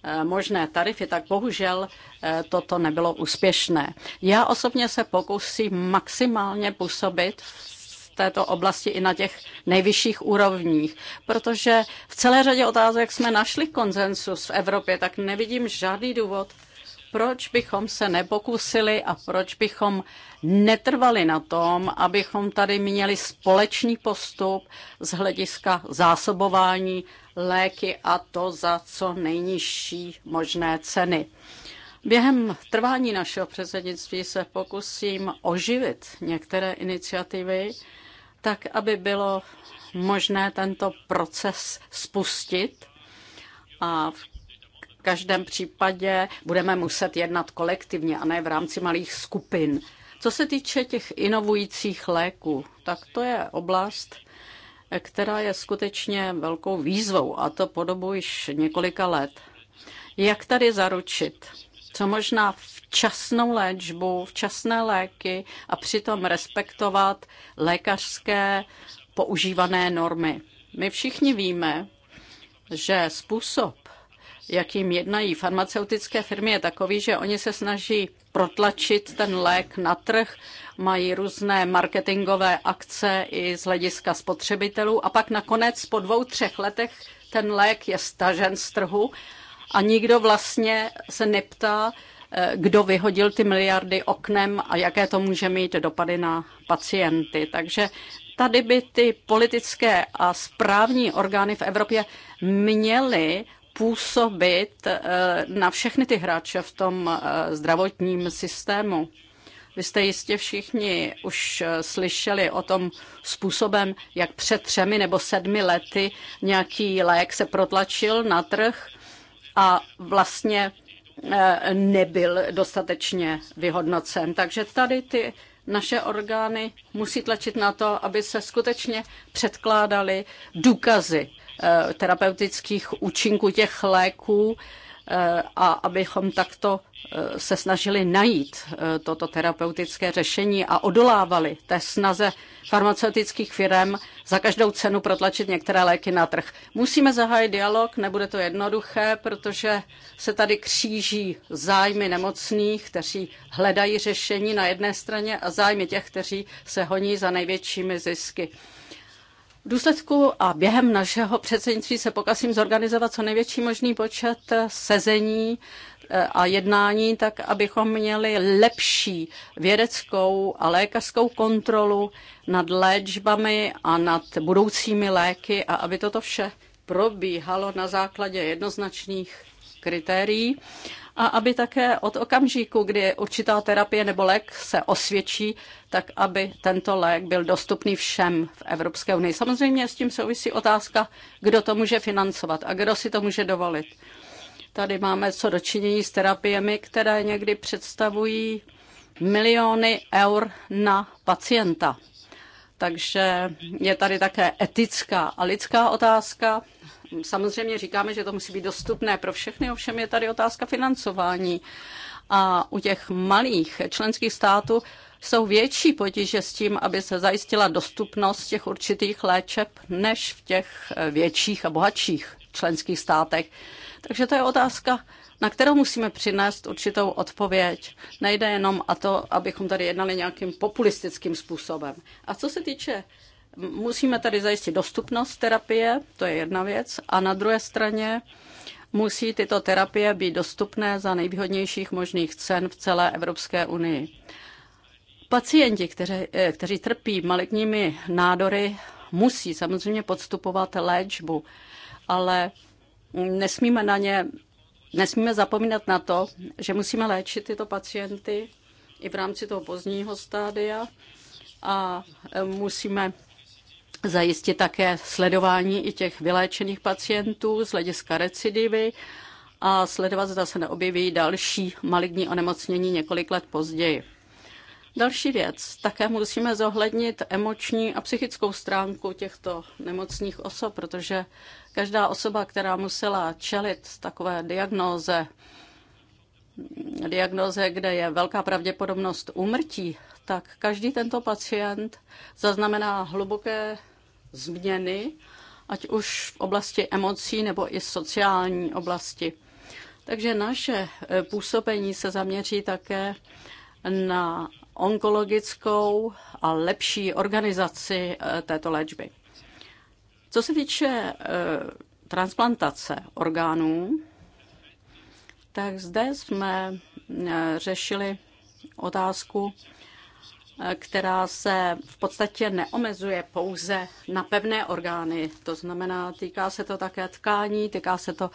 [SPEAKER 2] eh, možné tarify, tak bohužel eh, toto nebylo úspěšné. Já osobně se pokusím maximálně působit v této oblasti i na těch nejvyšších úrovních. Protože v celé řadě otázek jsme našli konsensus v Evropě, tak nevidím žádný důvod, proč bychom se nepokusili a proč bychom netrvali na tom, abychom tady měli společný postup z hlediska zásobování léky a to za co nejnižší možné ceny. Během trvání našeho předsednictví se pokusím oživit některé iniciativy, tak aby bylo možné tento proces spustit a v každém případě budeme muset jednat kolektivně a ne v rámci malých skupin. Co se týče těch inovujících léků, tak to je oblast, která je skutečně velkou výzvou a to podobu již několika let. Jak tady zaručit, co možná včasnou léčbu, včasné léky a přitom respektovat lékařské používané normy. My všichni víme, že způsob, jakým jednají farmaceutické firmy, je takový, že oni se snaží protlačit ten lék na trh, mají různé marketingové akce i z hlediska spotřebitelů a pak nakonec po dvou, třech letech ten lék je stažen z trhu a nikdo vlastně se neptá, eh, kdo vyhodil ty miliardy oknem a jaké to může mít dopady na pacienty. Takže tady by ty politické a správní orgány v Evropě měly působit eh, na všechny ty hráče v tom eh, zdravotním systému. Vy jste jistě všichni už slyšeli o tom způsobem, jak před třemi nebo sedmi lety nějaký lék se protlačil na trh a vlastně e, nebyl dostatečně vyhodnocen. Takže tady ty naše orgány musí tlačit na to, aby se skutečně předkládaly důkazy e, terapeutických účinků těch léků a abychom takto eh, se snažili najít eh, toto terapeutické řešení a odolávali té snaze farmaceutických firm za každou cenu protlačit některé léky na trh. Musíme zahájit dialog, nebude to jednoduché, protože se tady kříží zájmy nemocných, kteří hledají řešení na jedné straně a zájmy těch, kteří se honí za největšími zisky. V důsledku a během našeho předsednictví se pokusím zorganizovat co největší možný počet sezení eh, a jednání, tak abychom měli lepší vědeckou a lékařskou kontrolu nad léčbami a nad budoucími léky a aby toto vše probíhalo na základě jednoznačných kritérií a aby také od okamžiku, kdy určitá terapie nebo lék se osvědčí, tak aby tento lék byl dostupný všem v Evropské unii. Samozřejmě s tím souvisí otázka, kdo to může financovat a kdo si to může dovolit. Tady máme co dočinění s terapiemi, které někdy představují miliony eur na pacienta. Takže je tady také etická a lidská otázka. Samozřejmě říkáme, že to musí být dostupné pro všechny, ovšem je tady otázka financování. A u těch malých členských států jsou větší potíže s tím, aby se zajistila dostupnost těch určitých léčeb, než v těch eh, větších a bohatších členských státech. Takže to je otázka, na kterou musíme přinést určitou odpověď. Nejde jenom a to, abychom tady jednali nějakým populistickým způsobem. A co se týče Musíme tady zajistit dostupnost terapie, to je jedna věc, a na druhé straně musí tyto terapie být dostupné za nejvýhodnějších možných cen v celé Evropské unii. Pacienti, kteři, eh, kteří trpí maligními nádory, musí samozřejmě podstupovat léčbu, ale nesmíme na ně, nesmíme zapomínat na to, že musíme léčit tyto pacienty i v rámci toho pozdního stádia a eh, musíme zajistit také sledování i těch vyléčených pacientů z hlediska recidivy a sledovat, zda se neobjeví další maligní onemocnění několik let později. Další věc. Také musíme zohlednit emoční a psychickou stránku těchto nemocných osob, protože každá osoba, která musela čelit takové diagnóze, diagnoze, kde je velká pravděpodobnost úmrtí, tak každý tento pacient zaznamená hluboké změny, ať už v oblasti emocí nebo i sociální oblasti. Takže naše eh, působení se zaměří také na onkologickou a lepší organizaci eh, této léčby. Co se týče eh, transplantace orgánů, tak zde jsme řešili otázku Eh, která se v podstatě neomezuje pouze na pevné orgány. To znamená, týká se to také tkání, týká se to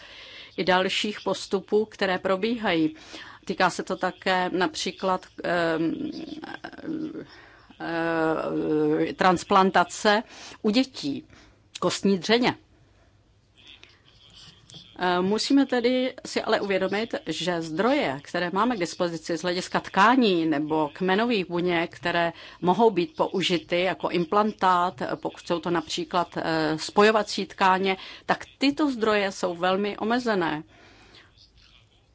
[SPEAKER 2] i dalších postupů, které probíhají. Týká se to také například ehm, eh, eh, transplantace u dětí, kostní dřeně. Eh, musíme tedy si ale uvědomit, že zdroje, které máme k dispozici z hlediska tkání nebo kmenových buněk, které mohou být použity jako implantát, eh, pokud jsou to například eh, spojovací tkáně, tak tyto zdroje jsou velmi omezené.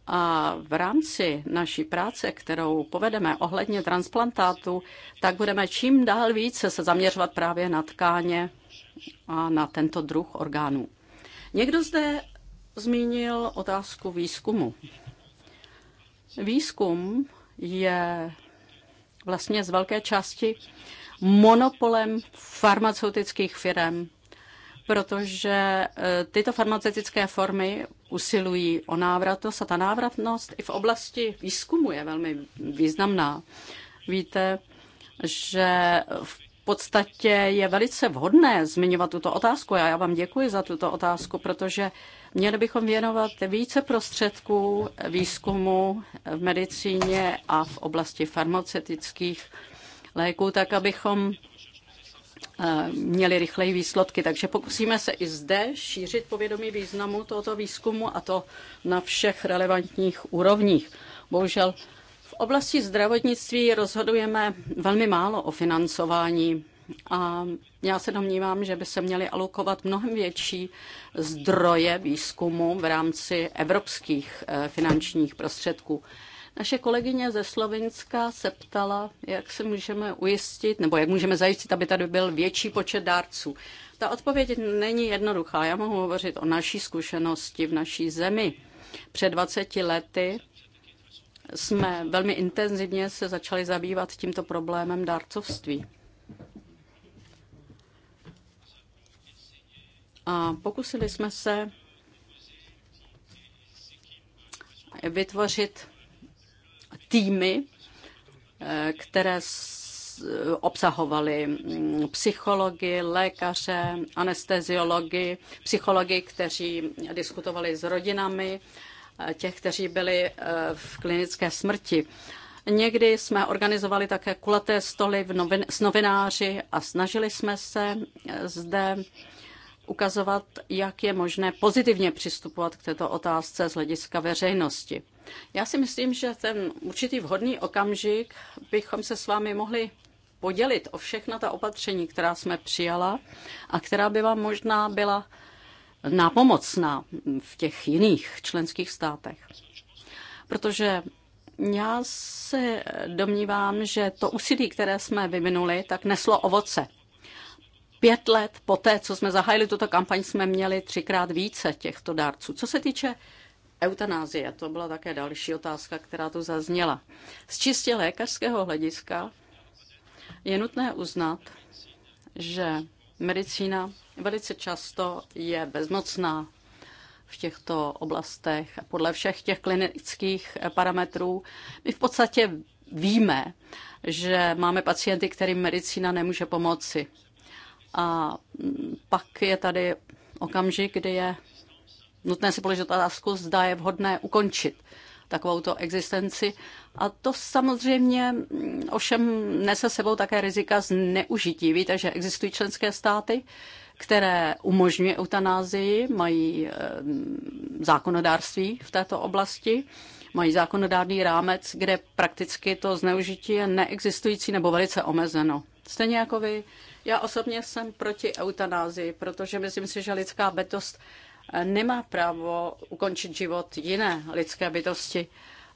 [SPEAKER 2] A v rámci naší práce, kterou povedeme ohledně transplantátu, tak budeme čím dál více se zaměřovat právě na tkáně a na tento druh orgánů. Někdo zde zmínil otázku výzkumu. Výzkum je vlastně z velké části monopolem farmaceutických firm, protože e, tyto farmaceutické formy usilují o návratnost a ta návratnost i v oblasti výzkumu je velmi významná. Víte, že v podstatě je velice vhodné zmiňovat tuto otázku a já vám děkuji za tuto otázku, protože měli bychom věnovat více prostředků výzkumu v medicíně a v oblasti farmaceutických léků, tak abychom eh, měli rychleji výsledky. Takže pokusíme se i zde šířit povědomí významu tohoto výzkumu a to na všech relevantních úrovních. Bohužel oblasti zdravotnictví rozhodujeme velmi málo o financování a já se domnívám, že by se měly alokovat mnohem větší zdroje výzkumu v rámci evropských eh, finančních prostředků. Naše kolegyně ze Slovenska se ptala, jak se můžeme ujistit, nebo jak můžeme zajistit, aby tady byl větší počet dárců. Ta odpověď není jednoduchá. Já mohu hovořit o naší zkušenosti v naší zemi. Před 20 lety jsme velmi intenzivně se začali zabývat tímto problémem dárcovství. A pokusili jsme se vytvořit týmy, které obsahovaly mm, psychologi, lékaře, anesteziologi, psychologi, kteří diskutovali s rodinami těch, kteří byli eh, v klinické smrti. Někdy jsme organizovali také kulaté stoly v novin- s novináři a snažili jsme se eh, zde ukazovat, jak je možné pozitivně přistupovat k této otázce z hlediska veřejnosti. Já si myslím, že ten určitý vhodný okamžik bychom se s vámi mohli podělit o všechna ta opatření, která jsme přijala a která by vám možná byla na, v těch jiných členských státech. Protože já se domnívám, že to úsilí, které jsme vyvinuli, tak neslo ovoce. Pět let poté, co jsme zahájili tuto kampaň, jsme měli třikrát více těchto dárců. Co se týče eutanázie, to byla také další otázka, která tu zazněla. Z čistě lékařského hlediska je nutné uznat, že medicína velice často je bezmocná v těchto oblastech podle všech těch klinických parametrů. My v podstatě víme, že máme pacienty, kterým medicína nemůže pomoci. A pak je tady okamžik, kdy je nutné si položit otázku, zda je vhodné ukončit Takovou to existenci. A to samozřejmě mm, ovšem nese sebou také rizika zneužití. Víte, že existují členské státy, které umožňují eutanázii, mají eh, zákonodárství v této oblasti, mají zákonodárný rámec, kde prakticky to zneužití je neexistující nebo velice omezeno. Stejně jako vy, já osobně jsem proti eutanázii, protože myslím si, že lidská bytost nemá právo ukončit život jiné lidské bytosti.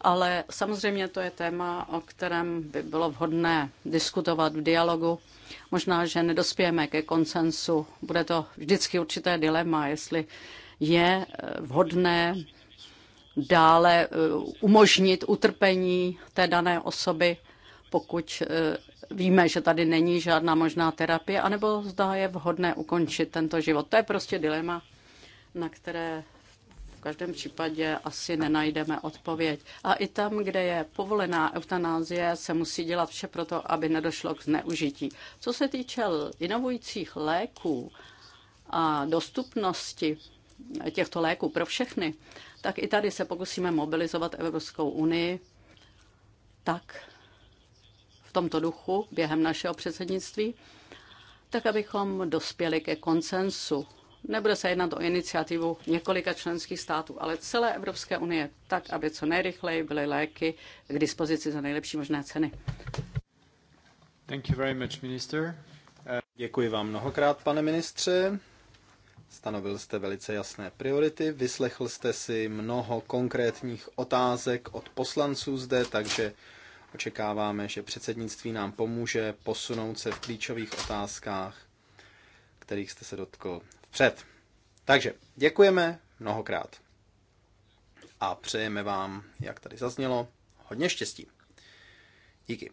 [SPEAKER 2] Ale samozřejmě to je téma, o kterém by bylo vhodné diskutovat v dialogu. Možná, že nedospějeme ke konsensu. Bude to vždycky určité dilema, jestli je eh, vhodné dále eh, umožnit utrpení té dané osoby, pokud eh, víme, že tady není žádná možná terapie, anebo zdá je vhodné ukončit tento život. To je prostě dilema, na které v každém případě asi nenajdeme odpověď. A i tam, kde je povolená eutanázie, se musí dělat vše proto, aby nedošlo k zneužití. Co se týče inovujících léků a dostupnosti těchto léků pro všechny, tak i tady se pokusíme mobilizovat Evropskou unii tak v tomto duchu během našeho předsednictví, tak abychom dospěli ke konsensu Nebude se jednat o iniciativu několika členských států, ale celé Evropské unie, tak, aby co nejrychleji byly léky k dispozici za nejlepší možné ceny.
[SPEAKER 1] Thank you very much, minister. Děkuji vám mnohokrát, pane ministře. Stanovil jste velice jasné priority, vyslechl jste si mnoho konkrétních otázek od poslanců zde, takže očekáváme, že předsednictví nám pomůže posunout se v klíčových otázkách, kterých jste se dotkl vpřed. Takže děkujeme mnohokrát a přejeme vám, jak tady zaznělo, hodně štěstí. Díky.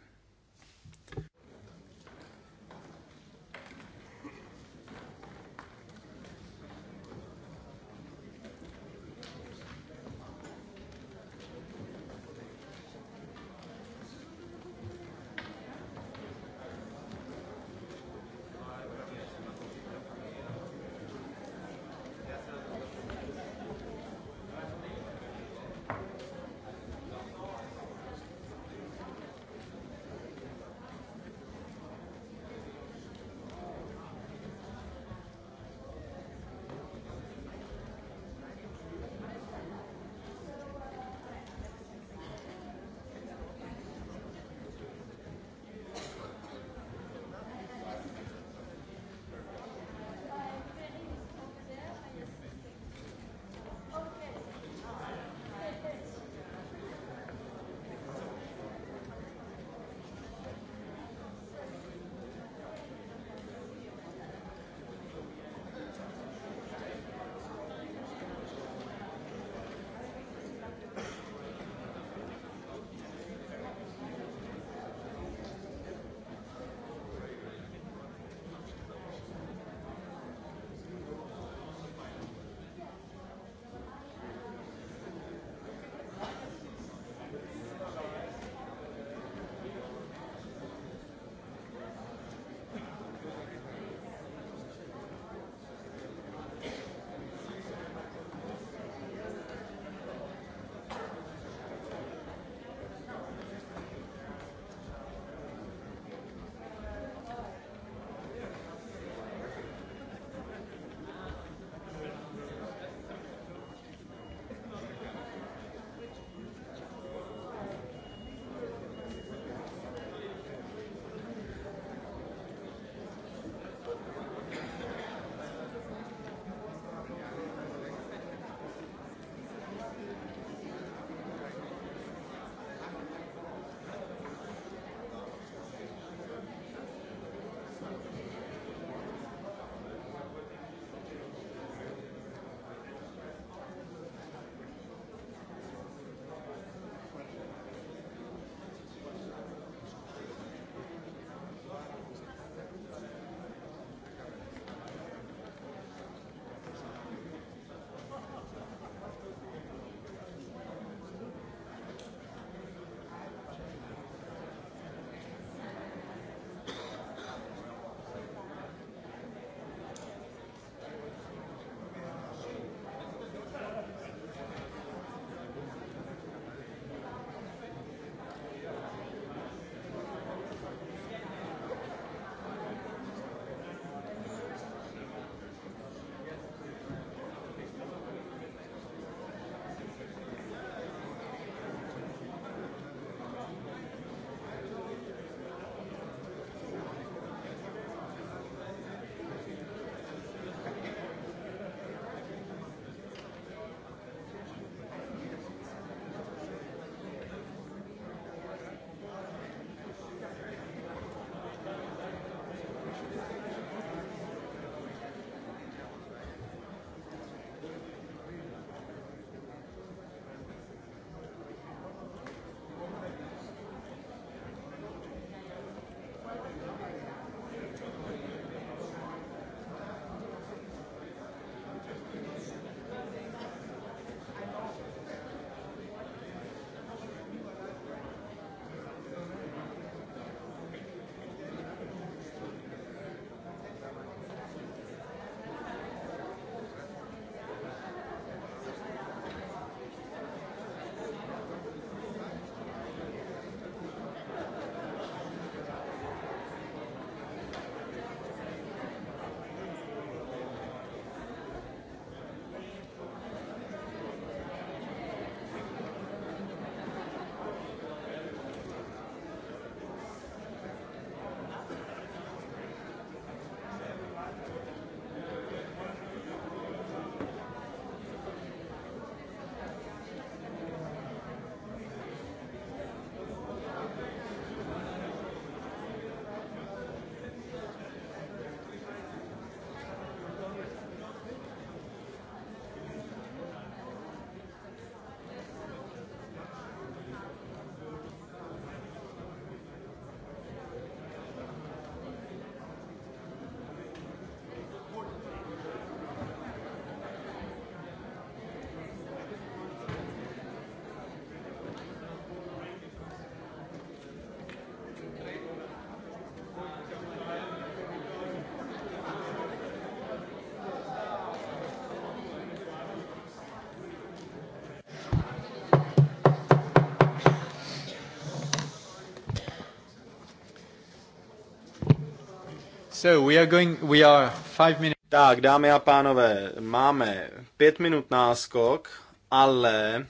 [SPEAKER 1] So we are going, we are five minutes. Tak, dámy a pánové, máme pět minut náskok, ale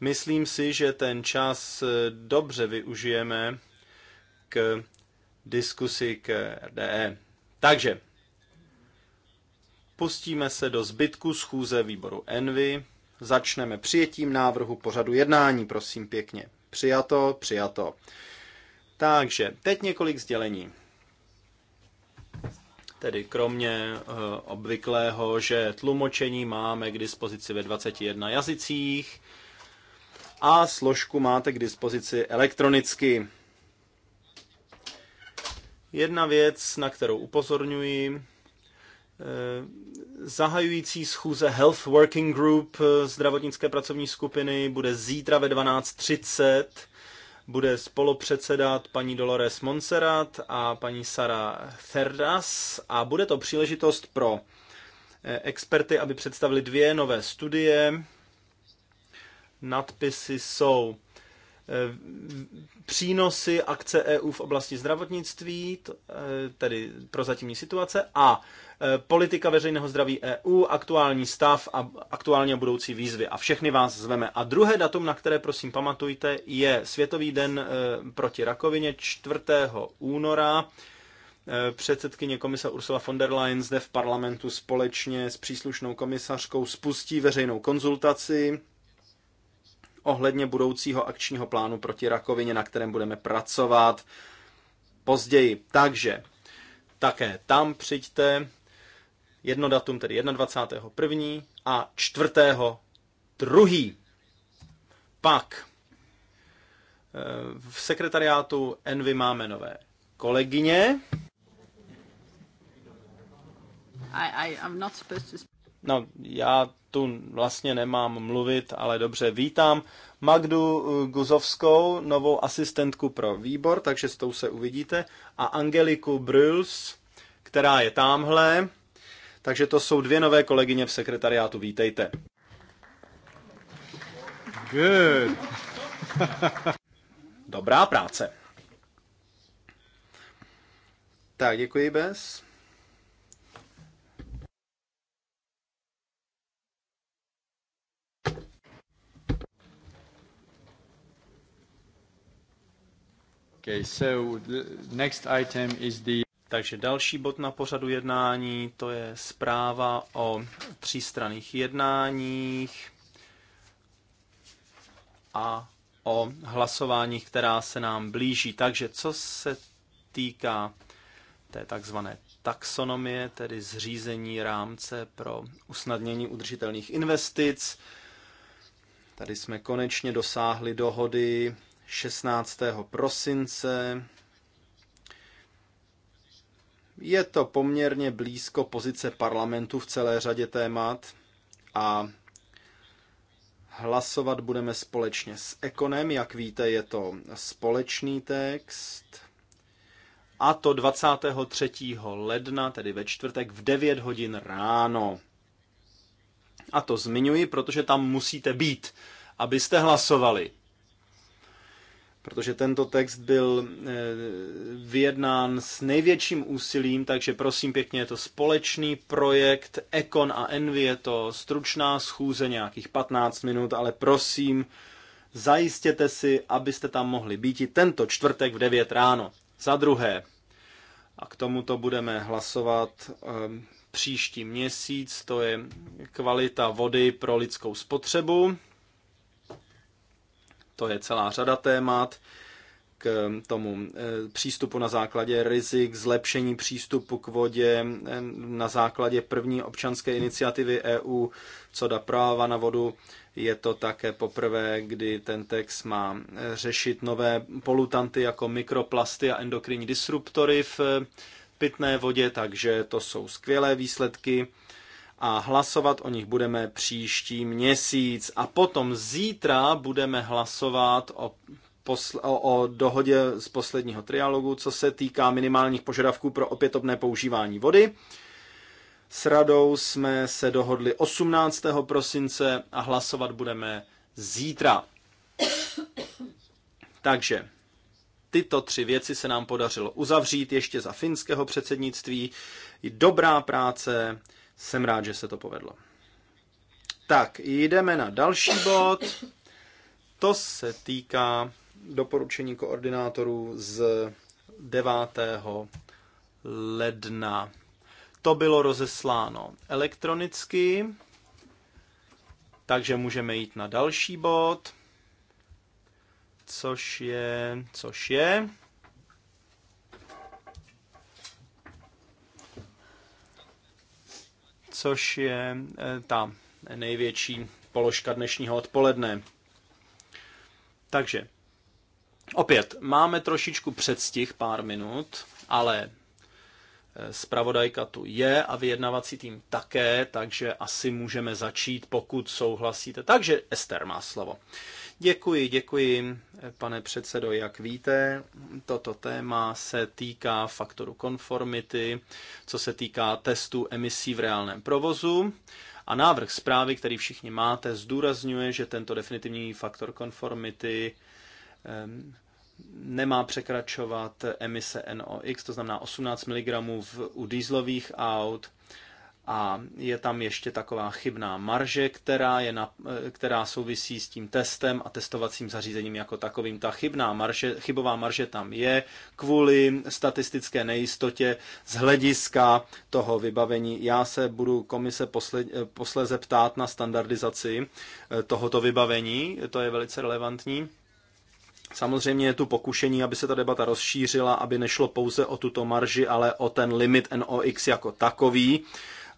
[SPEAKER 1] myslím si, že ten čas eh, dobře využijeme k diskusi k RDE. Takže, pustíme se do zbytku schůze výboru Envy. Začneme přijetím návrhu pořadu jednání, prosím pěkně. Přijato, přijato. Takže, teď několik sdělení tedy kromě eh, obvyklého, že tlumočení máme k dispozici ve 21 jazycích a složku máte k dispozici elektronicky. Jedna věc, na kterou upozorňuji, eh, zahajující schůze Health Working Group eh, zdravotnické pracovní skupiny bude zítra ve 12.30 bude spolupředsedat paní Dolores Monserrat a paní Sara Therdas a bude to příležitost pro eh, experty, aby představili dvě nové studie. Nadpisy jsou přínosy akce EU v oblasti zdravotnictví, eh, tedy prozatímní situace, a eh, politika veřejného zdraví EU, aktuální stav a aktuálně budoucí výzvy. A všechny vás zveme. A druhé datum, na které prosím pamatujte, je Světový den eh, proti rakovině 4. února. Předsedkyně komise Ursula von der Leyen zde v parlamentu společně s příslušnou komisařkou spustí veřejnou konzultaci ohledně budoucího akčního plánu proti rakovině, na kterém budeme pracovat později. Takže také tam přijďte. Jedno datum tedy 21.1. a 4.2. Pak eh, v sekretariátu Envy máme nové kolegyně.
[SPEAKER 2] I, I, I'm not supposed to...
[SPEAKER 1] No, já tu vlastně nemám mluvit, ale dobře, vítám Magdu eh, Guzovskou, novou asistentku pro výbor, takže s tou se uvidíte, a Angeliku Bruls, která je tamhle, takže to jsou dvě nové kolegyně v sekretariátu, vítejte. Good. Dobrá práce. Tak, děkuji, Bez. Okay, so the next item is the... Takže další bod na pořadu jednání, to je zpráva o třístranných jednáních a o hlasováních, která se nám blíží. Takže co se týká té takzvané taxonomie, tedy zřízení rámce pro usnadnění udržitelných investic, tady jsme konečně dosáhli dohody 16. prosince. Je to poměrně blízko pozice parlamentu v celé řadě témat a hlasovat budeme společně s Ekonem. Jak víte, je to společný text. A to 23. ledna, tedy ve čtvrtek v 9 hodin ráno. A to zmiňuji, protože tam musíte být, abyste hlasovali protože tento text byl eh, vyjednán s největším úsilím, takže prosím pěkně, je to společný projekt Econ a Envy, je to stručná schůze nějakých 15 minut, ale prosím, zajistěte si, abyste tam mohli být i tento čtvrtek v 9 ráno. Za druhé, a k tomuto budeme hlasovat eh, příští měsíc, to je kvalita vody pro lidskou spotřebu. To je celá řada témat k tomu eh, přístupu na základě rizik, zlepšení přístupu k vodě eh, na základě první občanské iniciativy EU, co da práva na vodu. Je to také poprvé, kdy ten text má eh, řešit nové polutanty jako mikroplasty a endokrinní disruptory v pitné vodě, takže to jsou skvělé výsledky a hlasovat o nich budeme příští měsíc. A potom zítra budeme hlasovat o, posl- o, o dohodě z posledního trialogu, co se týká minimálních požadavků pro opětovné používání vody. S radou jsme se dohodli 18. prosince a hlasovat budeme zítra. Takže tyto tři věci se nám podařilo uzavřít ještě za finského předsednictví. Dobrá práce, jsem rád, že se to povedlo. Tak, jdeme na další bod. To se týká doporučení koordinátorů z 9. ledna. To bylo rozesláno elektronicky, takže můžeme jít na další bod, což je, což je což je eh, ta největší položka dnešního odpoledne. Takže, opět, máme trošičku předstih pár minut, ale Spravodajka eh, tu je a vyjednavací tým také, takže asi můžeme začít, pokud souhlasíte. Takže Ester má slovo. Děkuji, děkuji, pane předsedo. Jak víte, toto téma se týká faktoru konformity, co se týká testu emisí v reálném provozu. A návrh zprávy, který všichni máte, zdůrazňuje, že tento definitivní faktor konformity nemá překračovat emise NOx, to znamená 18 mg v, u dýzlových aut a je tam ještě taková chybná marže, která, je na, eh, která souvisí s tím testem a testovacím zařízením jako takovým. Ta chybná marže, chybová marže tam je kvůli statistické nejistotě z hlediska toho vybavení. Já se budu komise posle, eh, posléze ptát na standardizaci eh, tohoto vybavení, to je velice relevantní. Samozřejmě je tu pokušení, aby se ta debata rozšířila, aby nešlo pouze o tuto marži, ale o ten limit NOx jako takový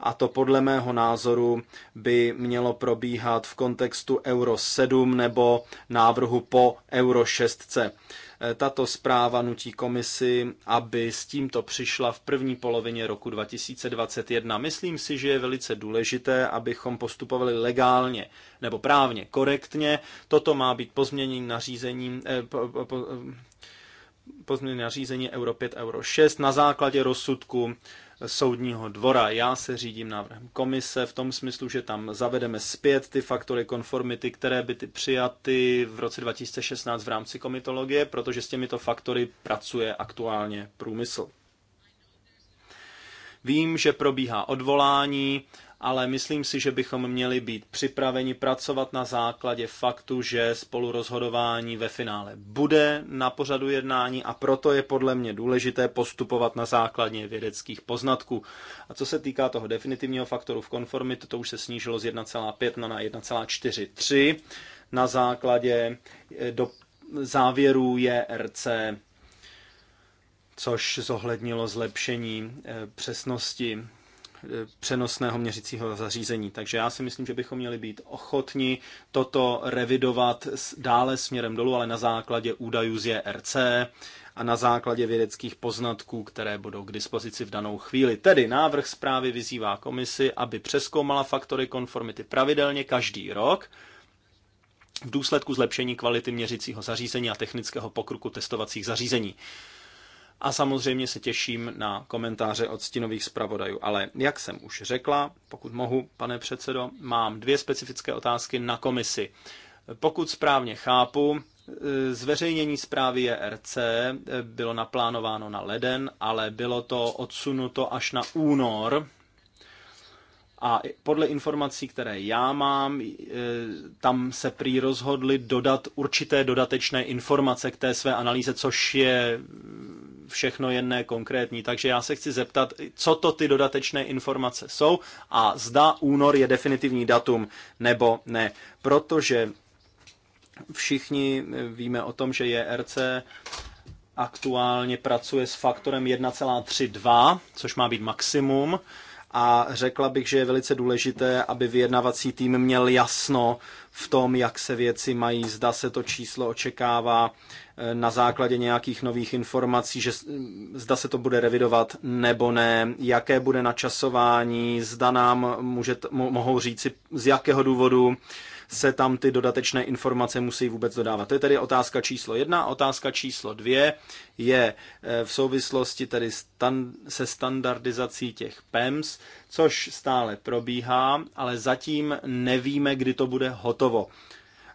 [SPEAKER 1] a to podle mého názoru by mělo probíhat v kontextu Euro 7 nebo návrhu po Euro 6. E, tato zpráva nutí komisi, aby s tímto přišla v první polovině roku 2021. Myslím si, že je velice důležité, abychom postupovali legálně nebo právně korektně. Toto má být pozměnění nařízením. Eh, po, po, po, e, pozměny nařízení Euro 5 Euro 6 na základě rozsudku soudního dvora. Já se řídím návrhem komise v tom smyslu, že tam zavedeme zpět ty faktory konformity, které by ty přijaty v roce 2016 v rámci komitologie, protože s těmito faktory pracuje aktuálně průmysl. Vím, že probíhá odvolání ale myslím si, že bychom měli být připraveni pracovat na základě faktu, že spolurozhodování ve finále bude na pořadu jednání a proto je podle mě důležité postupovat na základě vědeckých poznatků. A co se týká toho definitivního faktoru v konformitě, to už se snížilo z 1,5 na 1,43 na základě e, do závěrů JRC což zohlednilo zlepšení e, přesnosti přenosného měřicího zařízení. Takže já si myslím, že bychom měli být ochotni toto revidovat dále směrem dolů, ale na základě údajů z JRC a na základě vědeckých poznatků, které budou k dispozici v danou chvíli. Tedy návrh zprávy vyzývá komisi, aby přeskoumala faktory konformity pravidelně každý rok, v důsledku zlepšení kvality měřicího zařízení a technického pokroku testovacích zařízení a samozřejmě se těším na komentáře od stinových zpravodajů. Ale jak jsem už řekla, pokud mohu, pane předsedo, mám dvě specifické otázky na komisi. Pokud správně chápu, Zveřejnění zprávy ERC bylo naplánováno na leden, ale bylo to odsunuto až na únor. A podle informací, které já mám, e, tam se prý rozhodli dodat určité dodatečné informace k té své analýze, což je všechno jen ne konkrétní. Takže já se chci zeptat, co to ty dodatečné informace jsou a zda únor je definitivní datum nebo ne. Protože všichni eh, víme o tom, že JRC aktuálně pracuje s faktorem 1,32, což má být maximum. A řekla bych, že je velice důležité, aby vyjednavací tým měl jasno v tom, jak se věci mají, zda se to číslo očekává eh, na základě nějakých nových informací, že mm, zda se to bude revidovat nebo ne, jaké bude načasování, zda nám může, mohou říci, z jakého důvodu se tam ty dodatečné informace musí vůbec dodávat. To je tedy otázka číslo jedna. Otázka číslo dvě je eh, v souvislosti tedy se standardizací těch PEMS, což stále probíhá, ale zatím nevíme, kdy to bude hotovo.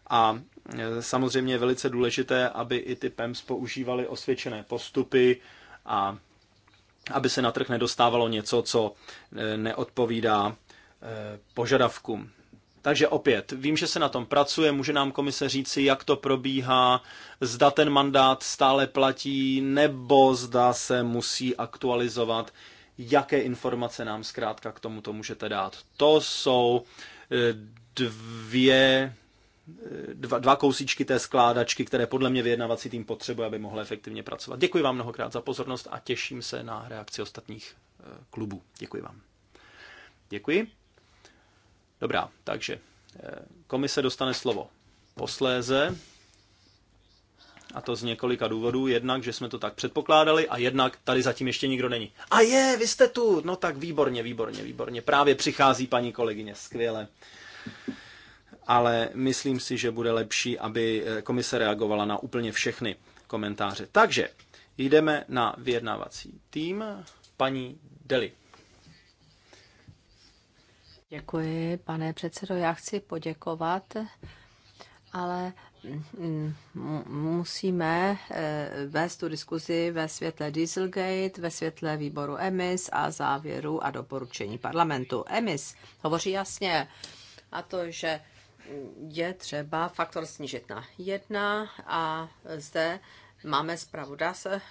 [SPEAKER 1] A eh, samozřejmě je velice důležité, aby i ty PEMS používaly osvědčené postupy a aby se na trh nedostávalo něco, co eh, neodpovídá požadavkům. Takže opět, vím, že se na tom pracuje, může nám komise říci, jak to probíhá, zda ten mandát stále platí, nebo zda se musí aktualizovat, jaké informace nám zkrátka k tomuto můžete dát. To jsou eh, dvě, eh, dva, dva kousíčky té skládačky, které podle mě vyjednavací tým potřebuje, aby mohl efektivně pracovat. Děkuji vám mnohokrát za pozornost a těším se na reakci ostatních eh, klubů. Děkuji vám. Děkuji. Dobrá, takže eh, komise dostane slovo posléze, a to z několika důvodů. Jednak, že jsme to tak předpokládali a jednak tady zatím ještě nikdo není. A je, vy jste tu! No tak výborně, výborně, výborně. Právě přichází paní kolegyně, skvěle. Ale myslím si, že bude lepší, aby eh, komise reagovala na úplně všechny komentáře. Takže jdeme na vyjednávací tým. Paní Deli.
[SPEAKER 3] Děkuji, pane předsedo. Já chci poděkovat, ale mm, mm, musíme eh, vést tu diskuzi ve světle Dieselgate, ve světle výboru EMIS a závěru a doporučení parlamentu. EMIS hovoří jasně a to, že je třeba faktor snížit na jedna a zde Máme zprávu se,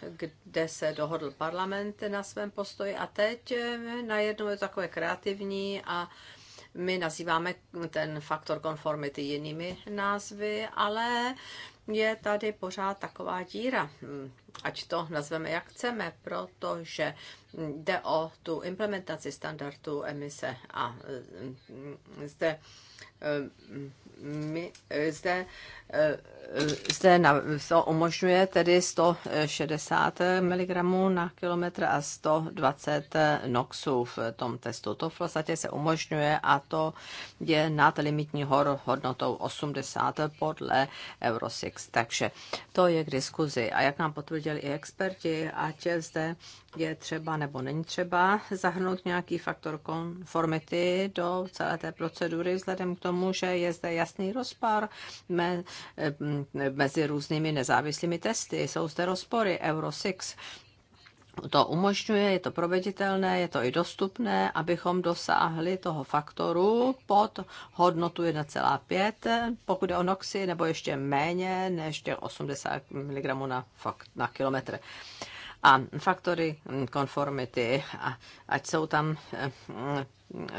[SPEAKER 3] kde se dohodl parlament na svém postoji a teď eh, najednou je to takové kreativní a my nazýváme ten faktor konformity jinými názvy, ale je tady pořád taková díra, hmm, ať to nazveme jak chceme, protože jde o tu implementaci standardu emise a hmm, zde Eh, my eh, zde, eh, zde na, to umožňuje tedy 160 mg na kilometr a 120 noxů v tom testu. To v podstatě se umožňuje a to je nad limitní hor hodnotou 80 podle Euro 6. Takže to je k diskuzi. A jak nám potvrdili i experti, ať zde je třeba nebo není třeba zahrnout nějaký faktor konformity do celé té procedury vzhledem k tomu, tomu, že je zde jasný rozpor me, eh, mezi různými nezávislými testy. Jsou zde rozpory Euro 6 to umožňuje, je to proveditelné, je to i dostupné, abychom dosáhli toho faktoru pod hodnotu 1,5, pokud je o noxy, nebo ještě méně než těch 80 mg na, na kilometr a faktory konformity, a ať jsou tam eh,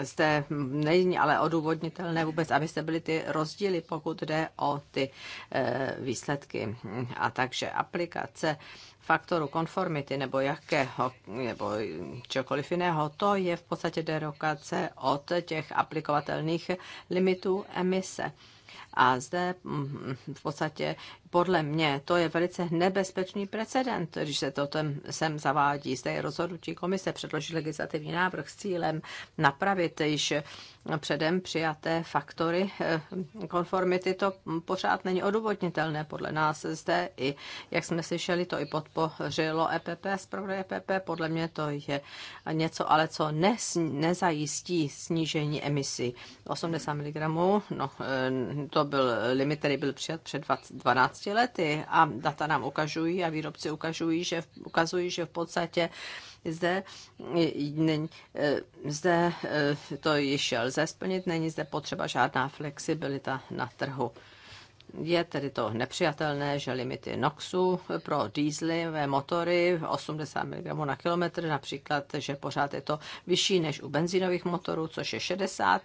[SPEAKER 3] zde není ale odůvodnitelné vůbec, abyste byli ty rozdíly, pokud jde o ty eh, výsledky. A takže aplikace faktoru konformity nebo jakého, nebo čokoliv jiného, to je v podstatě derokace od těch aplikovatelných limitů emise. A zde mm, v podstatě podle mě to je velice nebezpečný precedent, když se to sem zavádí. Zde je rozhodnutí komise předložit legislativní návrh s cílem napravit již předem přijaté faktory eh, konformity. To pořád není odůvodnitelné podle nás zde i, jak jsme slyšeli, to i podpořilo EPP, zpravodaj EPP. Podle mě to je něco, ale co nes, nezajistí snížení emisí. 80 mg, no, eh, to byl limit, který byl přijat před 20, 12 15 lety a data nám ukazují a výrobci ukazují, že, ukazují, že v podstatě zde, eh, eh, zde eh, to již lze splnit, není zde potřeba žádná flexibilita na trhu. Je tedy to nepřijatelné, že limity NOXu pro dýzlivé motory 80 mg na kilometr, například, že pořád je to vyšší než u benzínových motorů, což je 60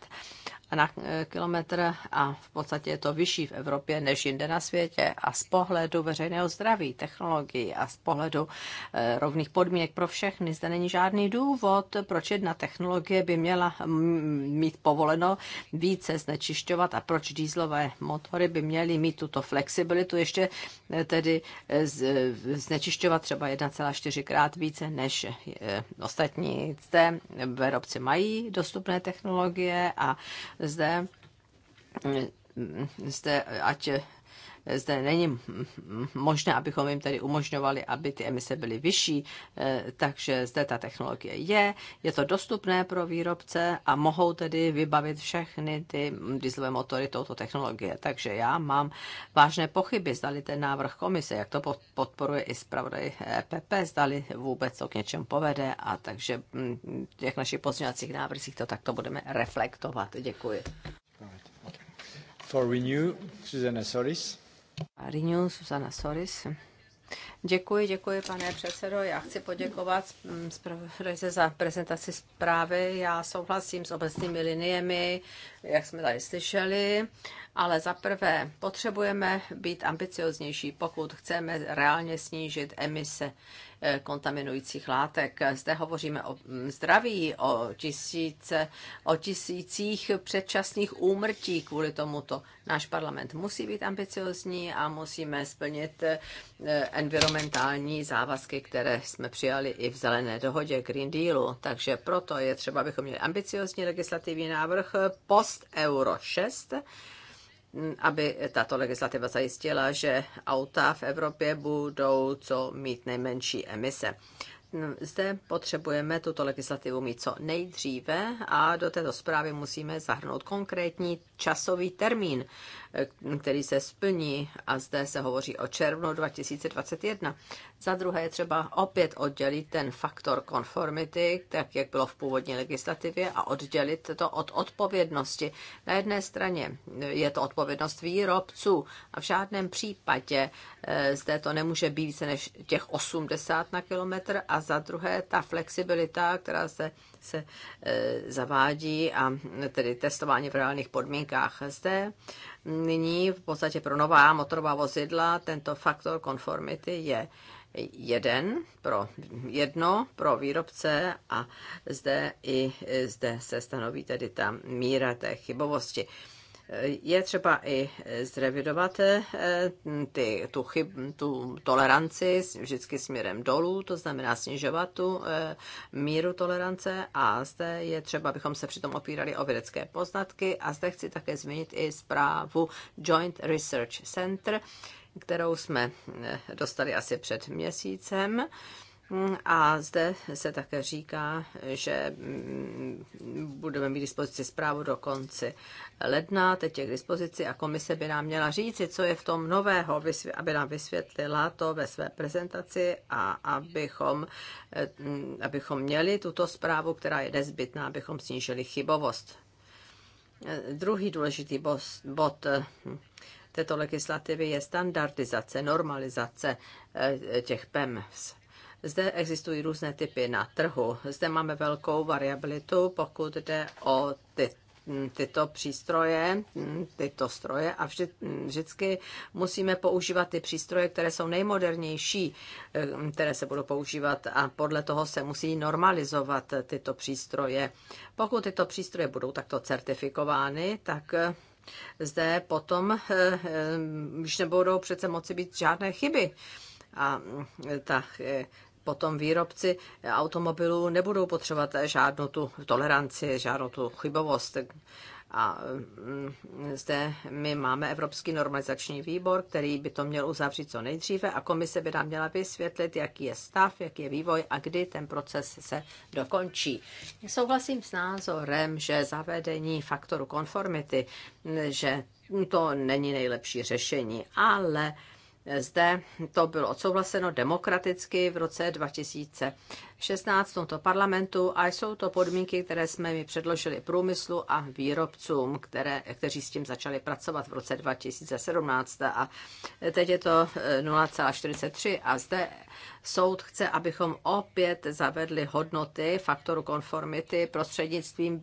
[SPEAKER 3] na e, kilometr a v podstatě je to vyšší v Evropě než jinde na světě. A z pohledu veřejného zdraví, technologií a z pohledu e, rovných podmínek pro všechny zde není žádný důvod, proč jedna technologie by měla mít povoleno více znečišťovat a proč dýzlové motory by měly mít tuto flexibilitu ještě e, tedy znečišťovat třeba 1,4 krát více než ostatní. Zde Evropě mají dostupné technologie a zde zde, ať zde není možné, abychom jim tedy umožňovali, aby ty emise byly vyšší, eh, takže zde ta technologie je, je to dostupné pro výrobce a mohou tedy vybavit všechny ty dieselové motory touto technologie. Takže já mám vážné pochyby, zdali ten návrh komise, jak to podporuje i zpravodaj EPP, zdali vůbec to k něčem povede a takže jak naši pozměňovacích návrzích to takto budeme reflektovat. Děkuji. For Renew, Susanna Solis. Ariño Susana Soris. Děkuji, děkuji, pane předsedo. Já chci poděkovat mm, za prezentaci zprávy. Já souhlasím s obecnými liniemi, jak jsme tady slyšeli, ale za prvé potřebujeme být ambicioznější, pokud chceme reálně snížit emise eh, kontaminujících látek. Zde hovoříme o mm, zdraví, o, tisíce, o tisících předčasných úmrtí kvůli tomuto. Náš parlament musí být ambiciozní a musíme splnit eh, environmentální environmentální závazky, které jsme přijali i v zelené dohodě Green Dealu. Takže proto je třeba, abychom měli ambiciozní legislativní návrh post Euro 6, aby tato legislativa zajistila, že auta v Evropě budou co mít nejmenší emise. Hm, zde potřebujeme tuto legislativu mít co nejdříve a do této zprávy musíme zahrnout konkrétní časový termín, eh, který se splní a zde se hovoří o červnu 2021. Za druhé je třeba opět oddělit ten faktor konformity, tak jak bylo v původní legislativě, a oddělit to od odpovědnosti. Na jedné straně je to odpovědnost výrobců a v žádném případě eh, zde to nemůže být více než těch 80 na kilometr a za druhé ta flexibilita, která se se e, zavádí a tedy testování v reálných podmínkách. Zde nyní v podstatě pro nová motorová vozidla tento faktor konformity je jeden pro jedno pro výrobce a zde i e, zde se stanoví tedy ta míra té chybovosti je třeba i zrevidovat eh, ty, tu, chyb, tu toleranci vždycky směrem dolů, to znamená snižovat tu eh, míru tolerance a zde je třeba, abychom se přitom opírali o vědecké poznatky a zde chci také zmínit i zprávu Joint Research Center, kterou jsme eh, dostali asi před měsícem a zde se také říká, že mm, budeme mít dispozici zprávu do konce ledna, teď je k dispozici a komise by nám měla říci, co je v tom nového, aby nám vysvětlila to ve své prezentaci a abychom, mm, abychom měli tuto zprávu, která je nezbytná, abychom snížili chybovost. Druhý důležitý bod mm, této legislativy je standardizace, normalizace eh, těch PEMS zde existují různé typy na trhu. Zde máme velkou variabilitu, pokud jde o ty tyto přístroje, tyto stroje a vždy, vždycky musíme používat ty přístroje, které jsou nejmodernější, které se budou používat a podle toho se musí normalizovat tyto přístroje. Pokud tyto přístroje budou takto certifikovány, tak e, zde potom už e, e, nebudou přece moci být žádné chyby. A ta potom výrobci automobilů nebudou potřebovat žádnou tu toleranci, žádnou tu chybovost. A mm, zde my máme Evropský normalizační výbor, který by to měl uzavřít co nejdříve a komise by nám měla vysvětlit, jaký je stav, jaký je vývoj a kdy ten proces se dokončí. Souhlasím s názorem, že zavedení faktoru konformity, že to není nejlepší řešení, ale zde to bylo odsouhlaseno demokraticky v roce 2016 v tomto parlamentu a jsou to podmínky, které jsme mi předložili průmyslu a výrobcům, které, kteří s tím začali pracovat v roce 2017 a teď je to 0,43 eh, a zde soud chce, abychom opět zavedli hodnoty faktoru konformity prostřednictvím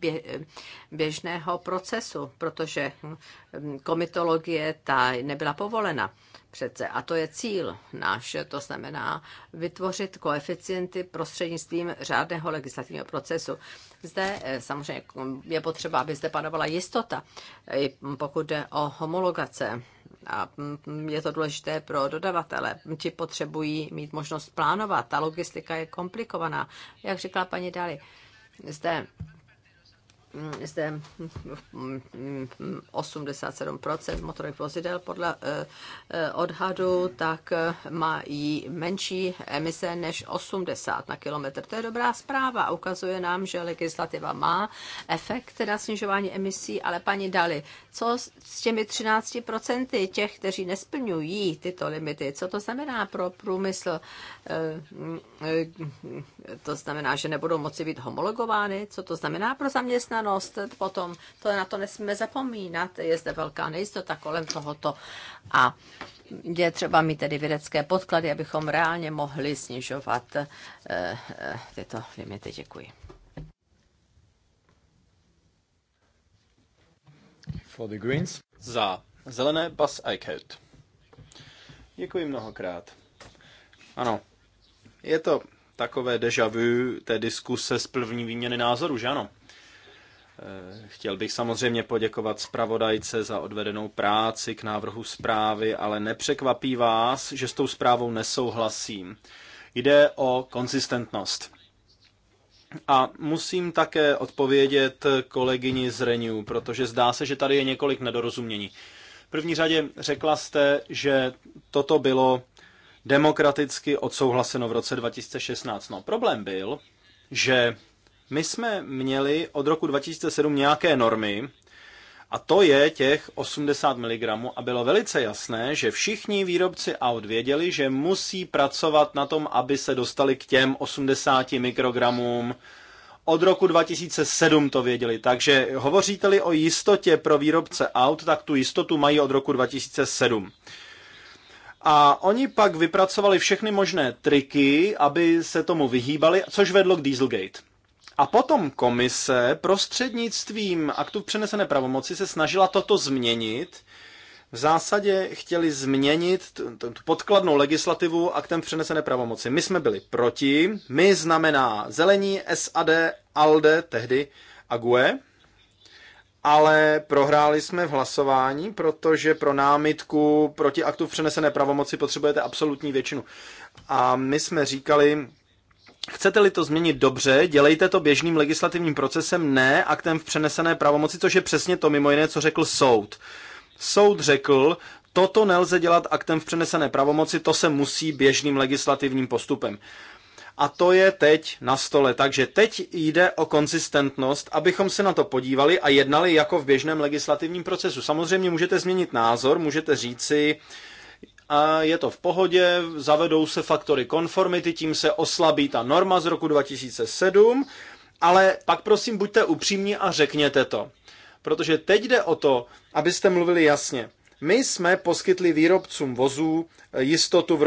[SPEAKER 3] běžného procesu, protože hm, komitologie ta nebyla povolena přece. A to je cíl náš, to znamená vytvořit koeficienty prostřednictvím řádného legislativního procesu. Zde eh, samozřejmě je potřeba, aby zde panovala jistota, eh, pokud jde o homologace. A mm, je to důležité pro dodavatele. Ti potřebují mít možnost plánovat. Ta logistika je komplikovaná. Jak říkala paní Dali, zde zde 87% motorových vozidel podle odhadu, tak mají menší emise než 80 na kilometr. To je dobrá zpráva a ukazuje nám, že legislativa má efekt na snižování emisí, ale paní Dali, co s těmi 13% těch, kteří nesplňují tyto limity, co to znamená pro průmysl? To znamená, že nebudou moci být homologovány? Co to znamená pro zaměstnanost? zaměstnanost potom, to na to nesmíme zapomínat, je zde velká nejistota kolem tohoto a je třeba mít tedy vědecké podklady, abychom reálně mohli snižovat eh, eh, tyto limity. Děkuji.
[SPEAKER 1] For the Greens. Za zelené Bas Eichhout. Děkuji mnohokrát. Ano, je to takové deja vu té diskuse z první výměny názoru, že ano? Eh, chtěl bych samozřejmě poděkovat zpravodajce za odvedenou práci k návrhu zprávy, ale nepřekvapí vás, že s tou zprávou nesouhlasím. Jde o konzistentnost. A musím také odpovědět kolegyni z Renew, protože zdá se, že tady je několik nedorozumění. V první řadě řekla jste, že toto bylo demokraticky odsouhlaseno v roce 2016. No, problém byl, že my jsme měli od roku 2007 nějaké normy, a to je těch 80 mg a bylo velice jasné, že všichni výrobci aut věděli, že musí pracovat na tom, aby se dostali k těm 80 mikrogramům. Od roku 2007 to věděli, takže hovoříte-li o jistotě pro výrobce aut, tak tu jistotu mají od roku 2007. A oni pak vypracovali všechny možné triky, aby se tomu vyhýbali, což vedlo k Dieselgate. A potom komise prostřednictvím aktu přenesené pravomoci se snažila toto změnit. V zásadě chtěli změnit tu podkladnou legislativu aktem přenesené pravomoci. My jsme byli proti. My znamená zelení SAD, ALDE, tehdy AGUE, ale prohráli jsme v hlasování, protože pro námitku proti aktu v přenesené pravomoci potřebujete absolutní většinu. A my jsme říkali, Chcete-li to změnit dobře, dělejte to běžným legislativním procesem, ne aktem v přenesené pravomoci, což je přesně to mimo jiné, co řekl soud. Soud řekl, toto nelze dělat aktem v přenesené pravomoci, to se musí běžným legislativním postupem. A to je teď na stole. Takže teď jde o konsistentnost, abychom se na to podívali a jednali jako v běžném legislativním procesu. Samozřejmě můžete změnit názor, můžete říci, a je to v pohodě, zavedou se faktory konformity, tím se oslabí ta norma z roku 2007, ale pak prosím buďte upřímní a řekněte to. Protože teď jde o to, abyste mluvili jasně. My jsme poskytli výrobcům vozů eh, jistotu v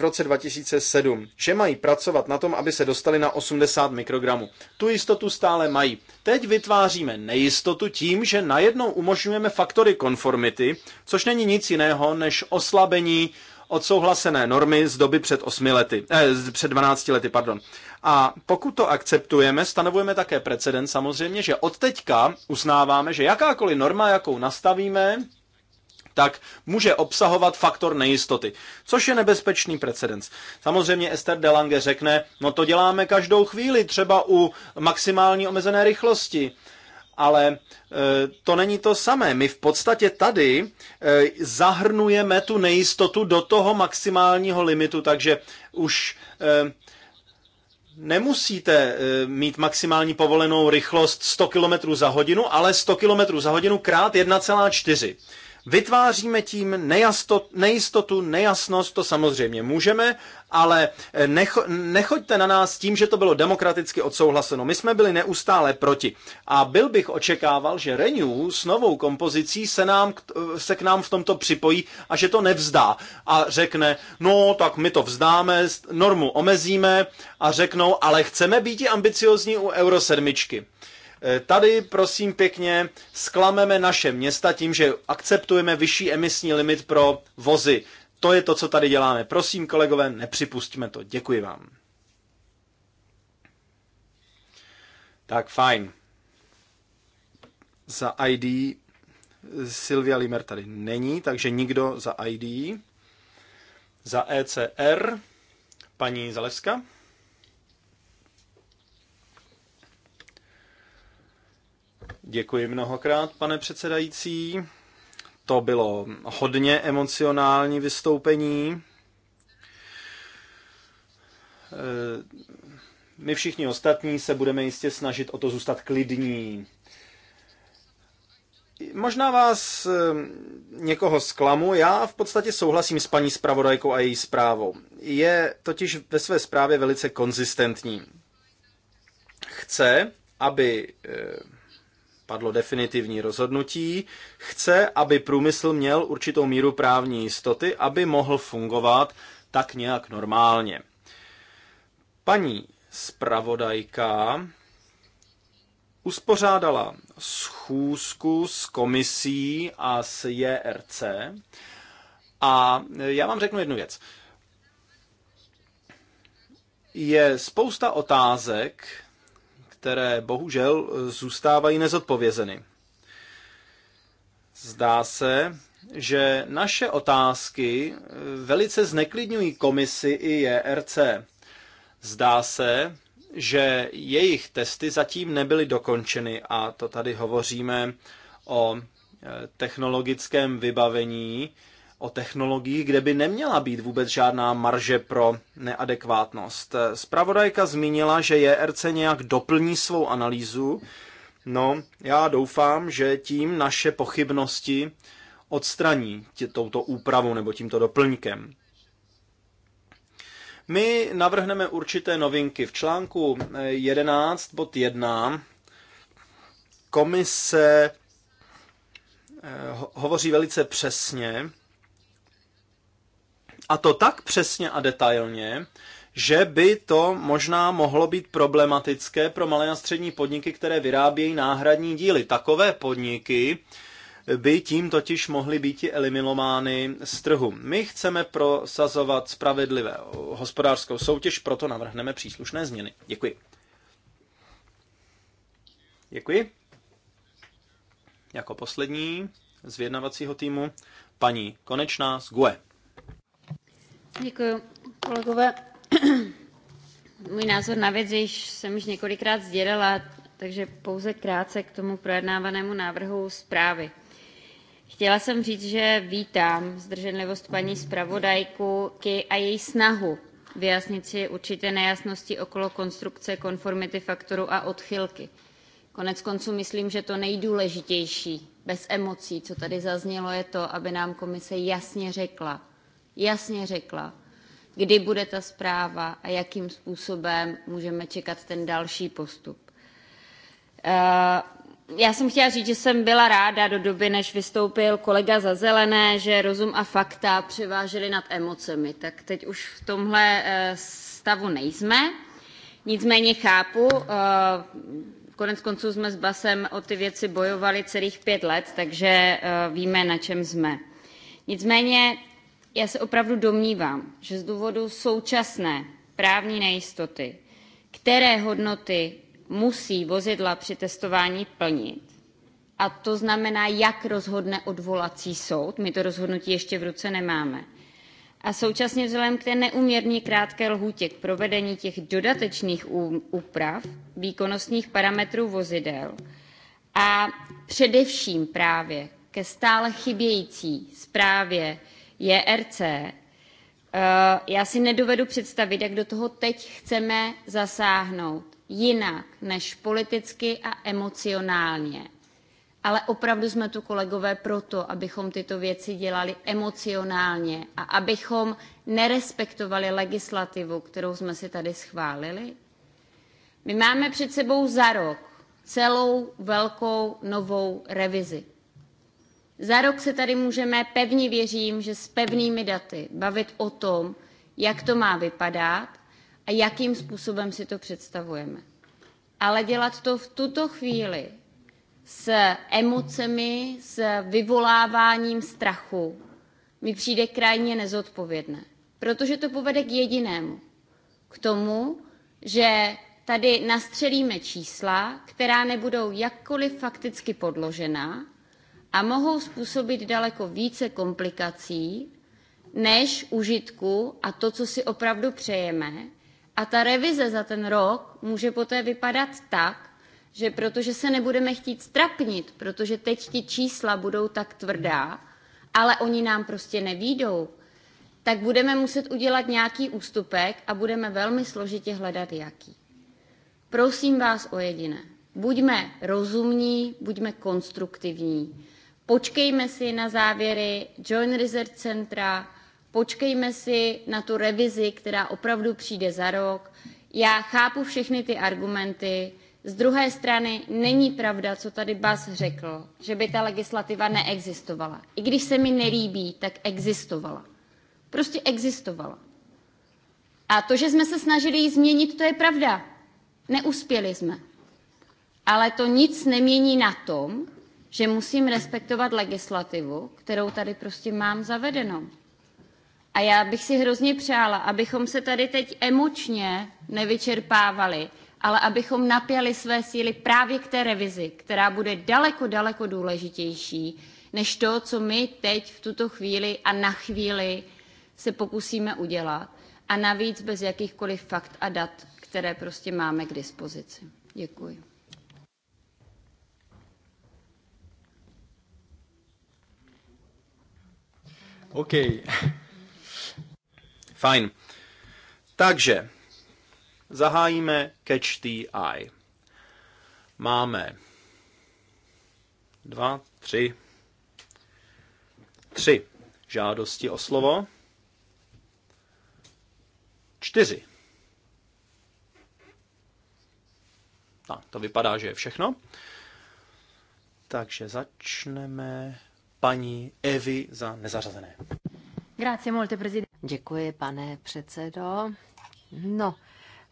[SPEAKER 1] roce 2007, že mají pracovat na tom, aby se dostali na 80 mikrogramů. Tu jistotu stále mají. Teď vytváříme nejistotu tím, že najednou umožňujeme faktory konformity, což není nic jiného než oslabení odsouhlasené normy z doby před 8 lety, eh, před 12 lety, pardon. A pokud to akceptujeme, stanovujeme také precedent samozřejmě, že od teďka uznáváme, že jakákoliv norma, jakou nastavíme, tak může obsahovat faktor nejistoty, což je nebezpečný precedens. Samozřejmě Esther Delange řekne, no to děláme každou chvíli, třeba u maximální omezené rychlosti ale e, to není to samé. My v podstatě tady e, zahrnujeme tu nejistotu do toho maximálního limitu, takže už e, nemusíte mít maximální povolenou rychlost 100 km za hodinu, ale 100 km za hodinu krát 1,4. Vytváříme tím nejastot, nejistotu, nejasnost, to samozřejmě můžeme, ale eh, necho, nechoďte na nás tím, že to bylo demokraticky odsouhlaseno. My jsme byli neustále proti. A byl bych očekával, že Renew s novou kompozicí se, nám, eh, se k nám v tomto připojí a že to nevzdá. A řekne, no tak my to vzdáme, normu omezíme a řeknou, ale chceme být i ambiciozní u Euro 7. Eh, tady, prosím pěkně, sklameme naše města tím, že akceptujeme vyšší emisní limit pro vozy. To je to, co tady děláme. Prosím, kolegové, nepřipustíme to. Děkuji vám. Tak, fajn. Za ID Silvia Limer tady není, takže nikdo za ID. Za ECR paní Zalevska. Děkuji mnohokrát, pane předsedající. To bylo hodně emocionální vystoupení. Eh, my všichni ostatní se budeme jistě snažit o to zůstat klidní. Možná vás eh, někoho zklamu, já v podstatě souhlasím s paní zpravodajkou a její zprávou. Je totiž ve své zprávě velice konzistentní. Chce, aby eh, padlo definitivní rozhodnutí, chce, aby průmysl měl určitou míru právní jistoty, aby mohl fungovat tak nějak normálně. Paní zpravodajka uspořádala schůzku s komisí a s JRC a já vám řeknu jednu věc. Je spousta otázek, které bohužel eh, zůstávají nezodpovězeny. Zdá se, že naše otázky eh, velice zneklidňují komisi i JRC. E Zdá se, že jejich testy zatím nebyly dokončeny a to tady hovoříme o eh, technologickém vybavení, o technologiích, kde by neměla být vůbec žádná marže pro neadekvátnost. Spravodajka zmínila, že JRC nějak doplní svou analýzu. No, já doufám, že tím naše pochybnosti odstraní tě, touto úpravou nebo tímto doplňkem. My navrhneme určité novinky. V článku 11 eh, bod 1 komise eh, hovoří velice přesně a to tak přesně a detailně, že by to možná mohlo být problematické pro malé a střední podniky, které vyrábějí náhradní díly. Takové podniky by tím totiž mohly být eliminovány z trhu. My chceme prosazovat spravedlivé hospodářskou soutěž, proto navrhneme příslušné změny. Děkuji. Děkuji. Jako poslední z vyjednavacího týmu paní Konečná z GUE.
[SPEAKER 4] Děkuji, kolegové. (clears throat) Můj názor na věc jsem již několikrát sdělila, takže pouze krátce k tomu projednávanému návrhu zprávy. Chtěla jsem říct, že vítám zdrženlivost paní zpravodajky a její snahu vyjasnit si určité nejasnosti okolo konstrukce konformity faktoru a odchylky. Konec konců myslím, že to nejdůležitější bez emocí, co tady zaznělo, je to, aby nám komise jasně řekla, jasně řekla, kdy bude ta zpráva a jakým způsobem můžeme čekat ten další postup. Eh, já jsem chtěla říct, že jsem byla ráda do doby, než vystoupil kolega za zelené, že rozum a fakta převážely nad emocemi. Tak teď už v tomhle eh, stavu nejsme. Nicméně chápu, eh, konec konců jsme s Basem o ty věci bojovali celých pět let, takže víme, na čem jsme. Nicméně já se opravdu domnívám, že z důvodu současné právní nejistoty, které hodnoty musí vozidla při testování plnit, a to znamená, jak rozhodne odvolací soud, my to rozhodnutí ještě v ruce nemáme, a současně vzhledem k té neuměrně krátké lhůtě k provedení těch dodatečných úprav výkonnostních parametrů vozidel a především právě ke stále chybějící zprávě JRC, eh, já si nedovedu představit, jak do toho teď chceme zasáhnout jinak než politicky a emocionálně. Ale opravdu jsme tu, kolegové, proto, abychom tyto věci dělali emocionálně a abychom nerespektovali legislativu, kterou jsme si tady schválili. My máme před sebou za rok celou velkou novou revizi. Za rok se tady můžeme, pevně věřím, že s pevnými daty bavit o tom, jak to má vypadat a jakým způsobem si to představujeme. Ale dělat to v tuto chvíli s emocemi, s vyvoláváním strachu, mi přijde krajně nezodpovědné. Protože to povede k jedinému. K tomu, že tady nastřelíme čísla, která nebudou jakkoliv fakticky podložená, a mohou způsobit daleko více komplikací než užitku a to, co si opravdu přejeme. A ta revize za ten rok může poté vypadat tak, že protože se nebudeme chtít strapnit, protože teď ti čísla budou tak tvrdá, ale oni nám prostě nevídou, tak budeme muset udělat nějaký ústupek a budeme velmi složitě hledat jaký. Prosím vás o jediné. Buďme rozumní, buďme konstruktivní počkejme si na závěry Joint Research Centra, počkejme si na tu revizi, která opravdu přijde za rok. Já chápu všechny ty argumenty. Z druhé strany není pravda, co tady Bas řekl, že by ta legislativa neexistovala. I když se mi nelíbí, tak existovala. Prostě existovala. A to, že jsme se snažili ji změnit, to je pravda. Neuspěli jsme. Ale to nic nemění na tom, že musím respektovat legislativu, kterou tady prostě mám zavedenou. A já bych si hrozně přála, abychom se tady teď emočně nevyčerpávali, ale abychom napěli své síly právě k té revizi, která bude daleko, daleko důležitější než to, co my teď v tuto chvíli a na chvíli se pokusíme udělat. A navíc bez jakýchkoliv fakt a dat, které prostě máme k dispozici. Děkuji.
[SPEAKER 1] OK. Fajn. Takže zahájíme Catch the Eye. Máme dva, tři, tři žádosti o slovo. Čtyři. Tak, no, to vypadá, že je všechno. Takže začneme paní Evy za nezařazené.
[SPEAKER 3] Děkuji, pane předsedo. No,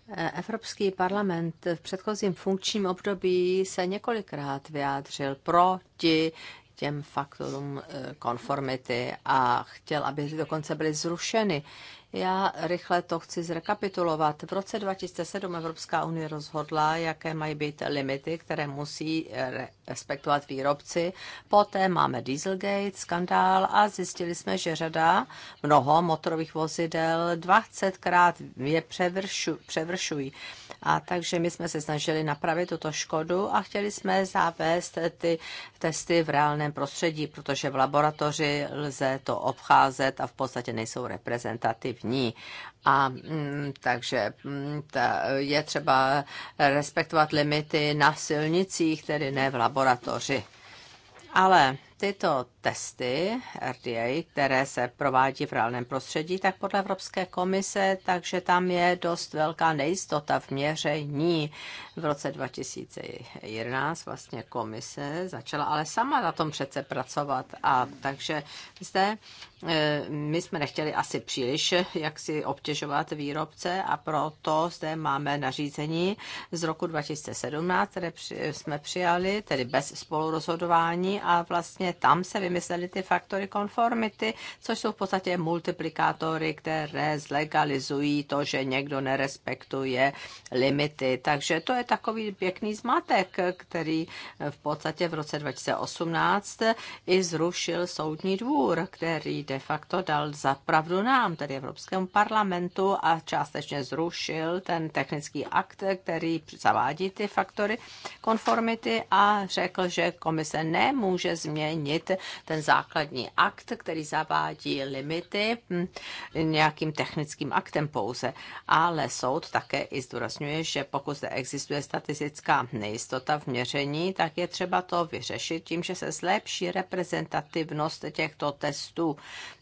[SPEAKER 3] e, Evropský parlament v předchozím funkčním období se několikrát vyjádřil proti těm faktorům e, konformity a chtěl, aby dokonce byly zrušeny. Já rychle to chci zrekapitulovat. V roce 2007 Evropská unie rozhodla, jaké mají být limity, které musí respektovat výrobci. Poté máme Dieselgate, skandál a zjistili jsme, že řada mnoho motorových vozidel 20krát je převršu, převršují. A takže my jsme se snažili napravit tuto škodu a chtěli jsme zavést ty testy v reálném prostředí, protože v laboratoři lze to obcházet a v podstatě nejsou reprezentativní. A mm, takže mm, ta, je třeba respektovat limity na silnicích, tedy ne v laboratoři. Ale tyto testy RDA, které se provádí v reálném prostředí, tak podle Evropské komise, takže tam je dost velká nejistota v měření. V roce 2011 vlastně komise začala ale sama na tom přece pracovat a takže zde e, my jsme nechtěli asi příliš jak si obtěžovat výrobce a proto zde máme nařízení z roku 2017, které jsme přijali, tedy bez spolurozhodování a vlastně tam se vymyslí mysleli ty faktory konformity, což jsou v podstatě multiplikátory, které zlegalizují to, že někdo nerespektuje limity. Takže to je takový pěkný zmatek, který v podstatě v roce 2018 i zrušil soudní dvůr, který de facto dal zapravdu nám, tedy Evropskému parlamentu a částečně zrušil ten technický akt, který zavádí ty faktory konformity a řekl, že komise nemůže změnit ten základní akt, který zavádí limity hm, nějakým technickým aktem pouze. Ale soud také i zdůrazňuje, že pokud zde existuje statistická nejistota v měření, tak je třeba to vyřešit tím, že se zlepší reprezentativnost těchto testů.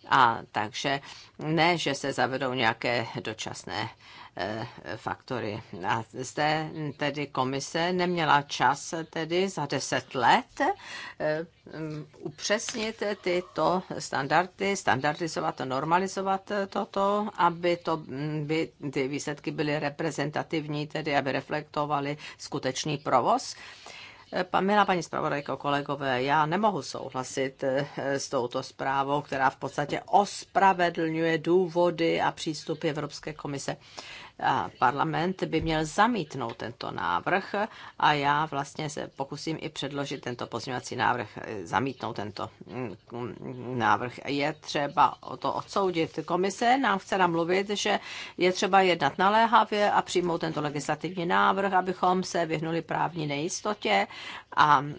[SPEAKER 3] A takže ne, že se zavedou nějaké dočasné Eh, faktory. A zde tedy komise neměla čas tedy za deset let eh, mm, upřesnit tyto standardy, standardizovat a normalizovat toto, aby to, mm, by ty výsledky byly reprezentativní, tedy aby reflektovaly skutečný provoz. Eh, milá paní zpravodajko, kolegové, já nemohu souhlasit s touto zprávou, která v podstatě ospravedlňuje důvody a přístupy Evropské komise parlament by měl zamítnout tento návrh a já vlastně se pokusím i předložit tento pozměňovací návrh, eh, zamítnout tento mm, návrh. Je třeba to odsoudit. Komise nám chce namluvit, že je třeba jednat naléhavě a přijmout tento legislativní návrh, abychom se vyhnuli právní nejistotě a mm,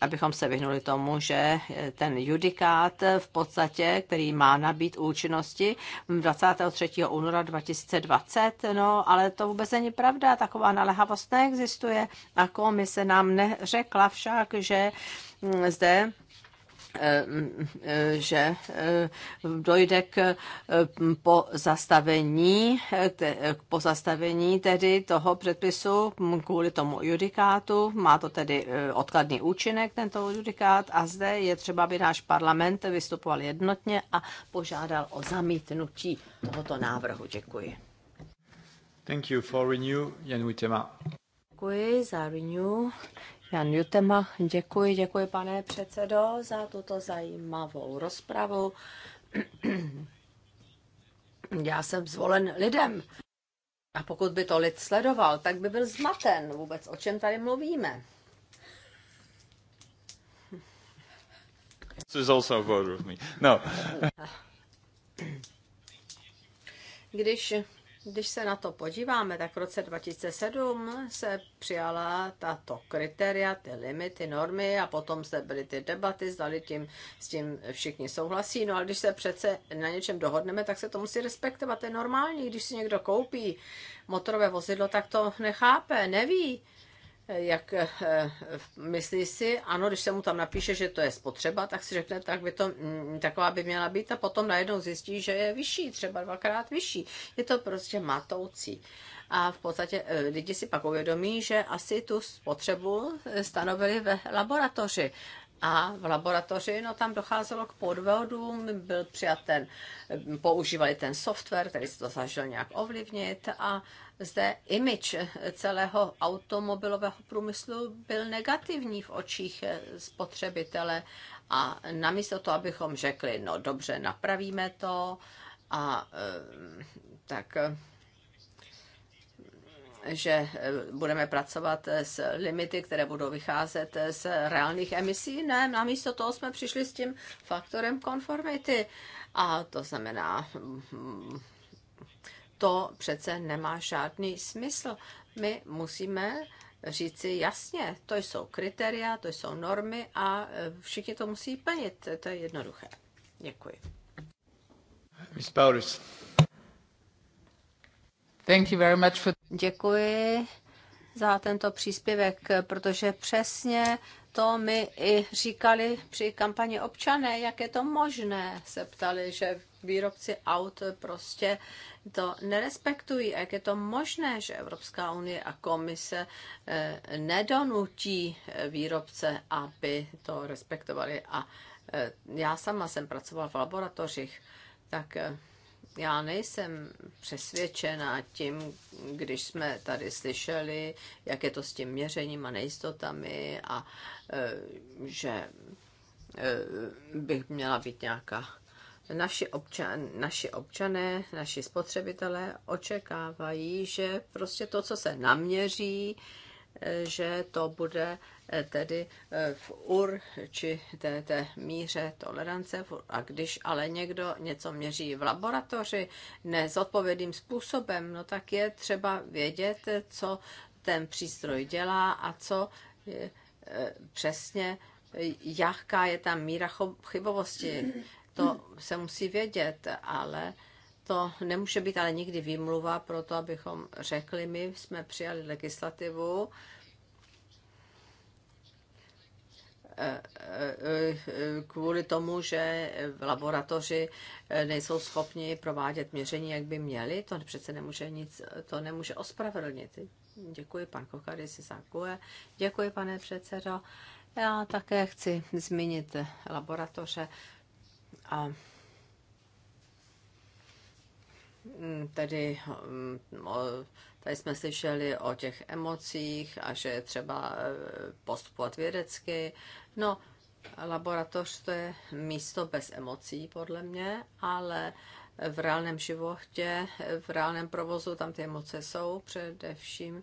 [SPEAKER 3] abychom se vyhnuli tomu, že eh, ten judikát eh, v podstatě, který má nabít účinnosti mm, 23. února 2020, no ale to vůbec není pravda, taková naléhavost neexistuje a komise nám neřekla však, že mm, zde eh, mm, eh, že eh, dojde k pozastavení, k pozastavení tedy toho předpisu kvůli tomu judikátu. Má to tedy odkladný účinek tento judikát a zde je třeba, aby náš parlament vystupoval jednotně a požádal o zamítnutí tohoto návrhu. Děkuji.
[SPEAKER 1] Thank you for Renew, Jan Utema.
[SPEAKER 3] Děkuji za Renew. Jan Utema. děkuji, děkuji pane předsedo za tuto zajímavou rozpravu. (clears throat) Já jsem zvolen lidem. A pokud by to lid sledoval, tak by byl zmaten vůbec, o čem tady mluvíme. This is also a of me. No. Když když se na to podíváme, tak v roce 2007 se přijala tato kritéria, ty limity, normy a potom se byly ty debaty, zdali tím, s tím všichni souhlasí. No ale když se přece na něčem dohodneme, tak se to musí respektovat. To je normální, když si někdo koupí motorové vozidlo, tak to nechápe, neví jak eh, myslí si, ano, když se mu tam napíše, že to je spotřeba, tak si řekne, tak by to, mm, taková by měla být a potom najednou zjistí, že je vyšší, třeba dvakrát vyšší. Je to prostě matoucí. A v podstatě eh, lidi si pak uvědomí, že asi tu spotřebu eh, stanovili ve laboratoři. A v laboratoři, no tam docházelo k podvodům, byl přijat ten, používali ten software, který se to zažil nějak ovlivnit a zde image celého automobilového průmyslu byl negativní v očích spotřebitele a namísto toho, abychom řekli, no dobře, napravíme to, a eh, tak že eh, budeme pracovat eh, s limity, které budou vycházet eh, z reálných emisí. Ne, namísto toho jsme přišli s tím faktorem konformity. A to znamená, hm, to přece nemá žádný smysl. My musíme říci jasně, to jsou kritéria, to jsou normy a všichni to musí plnit. To je jednoduché. Děkuji. Miss Děkuji za tento příspěvek, protože přesně to my i říkali při kampani občané, jak je to možné, se ptali, že výrobci aut prostě to nerespektují, jak je to možné, že Evropská unie a komise eh, nedonutí eh, výrobce, aby to respektovali. A eh, já sama jsem pracovala v laboratořích, tak já nejsem přesvědčena tím, když jsme tady slyšeli, jak je to s tím měřením a nejistotami a e, že e, bych měla být nějaká. Naši, občan, naši občané, naši spotřebitelé očekávají, že prostě to, co se naměří, že to bude eh, tedy eh, v určité té míře tolerance. A když ale někdo něco měří v laboratoři nezodpovědným způsobem, no tak je třeba vědět, co ten přístroj dělá a co eh, přesně, jaká je tam míra chybovosti. To se musí vědět, ale to nemůže být ale nikdy výmluva pro to, abychom řekli, my jsme přijali legislativu, e, e, kvůli tomu, že v laboratoři nejsou schopni provádět měření, jak by měli, to přece nemůže nic, to nemůže ospravedlnit. Děkuji, pan Kokary si zákuje. Děkuji, pane předsedo. Já také chci zmínit laboratoře a Mm, tedy mm, tady jsme slyšeli o těch emocích a že je třeba e, postupovat vědecky. No, laboratoř to je místo bez emocí, podle mě, ale v reálném životě, v reálném provozu tam ty emoce jsou především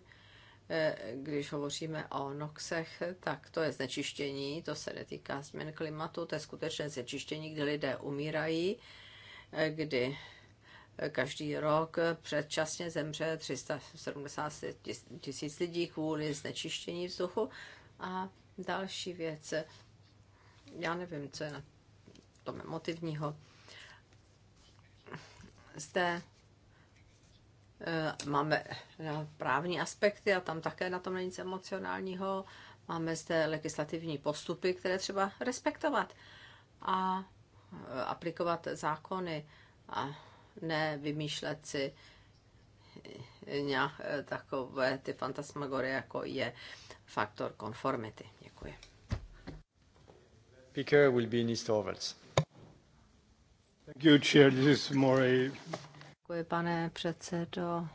[SPEAKER 3] e, když hovoříme o noxech, tak to je znečištění, to se netýká změn klimatu, to je skutečné znečištění, kdy lidé umírají, e, kdy Každý rok předčasně zemře 370 tisíc lidí kvůli znečištění vzduchu. A další věc, já nevím, co je na tom emotivního. Zde eh, máme eh, právní aspekty a tam také na tom není nic emocionálního. Máme zde legislativní postupy, které třeba respektovat a eh, aplikovat zákony. A ne vymýšlet si nějak eh, takové ty fantasmagorie, jako je faktor konformity. Děkuji.
[SPEAKER 4] Speaker will be East Torvalds. Thank you, Chair. This is more a...
[SPEAKER 3] Děkuji, pane předsedo.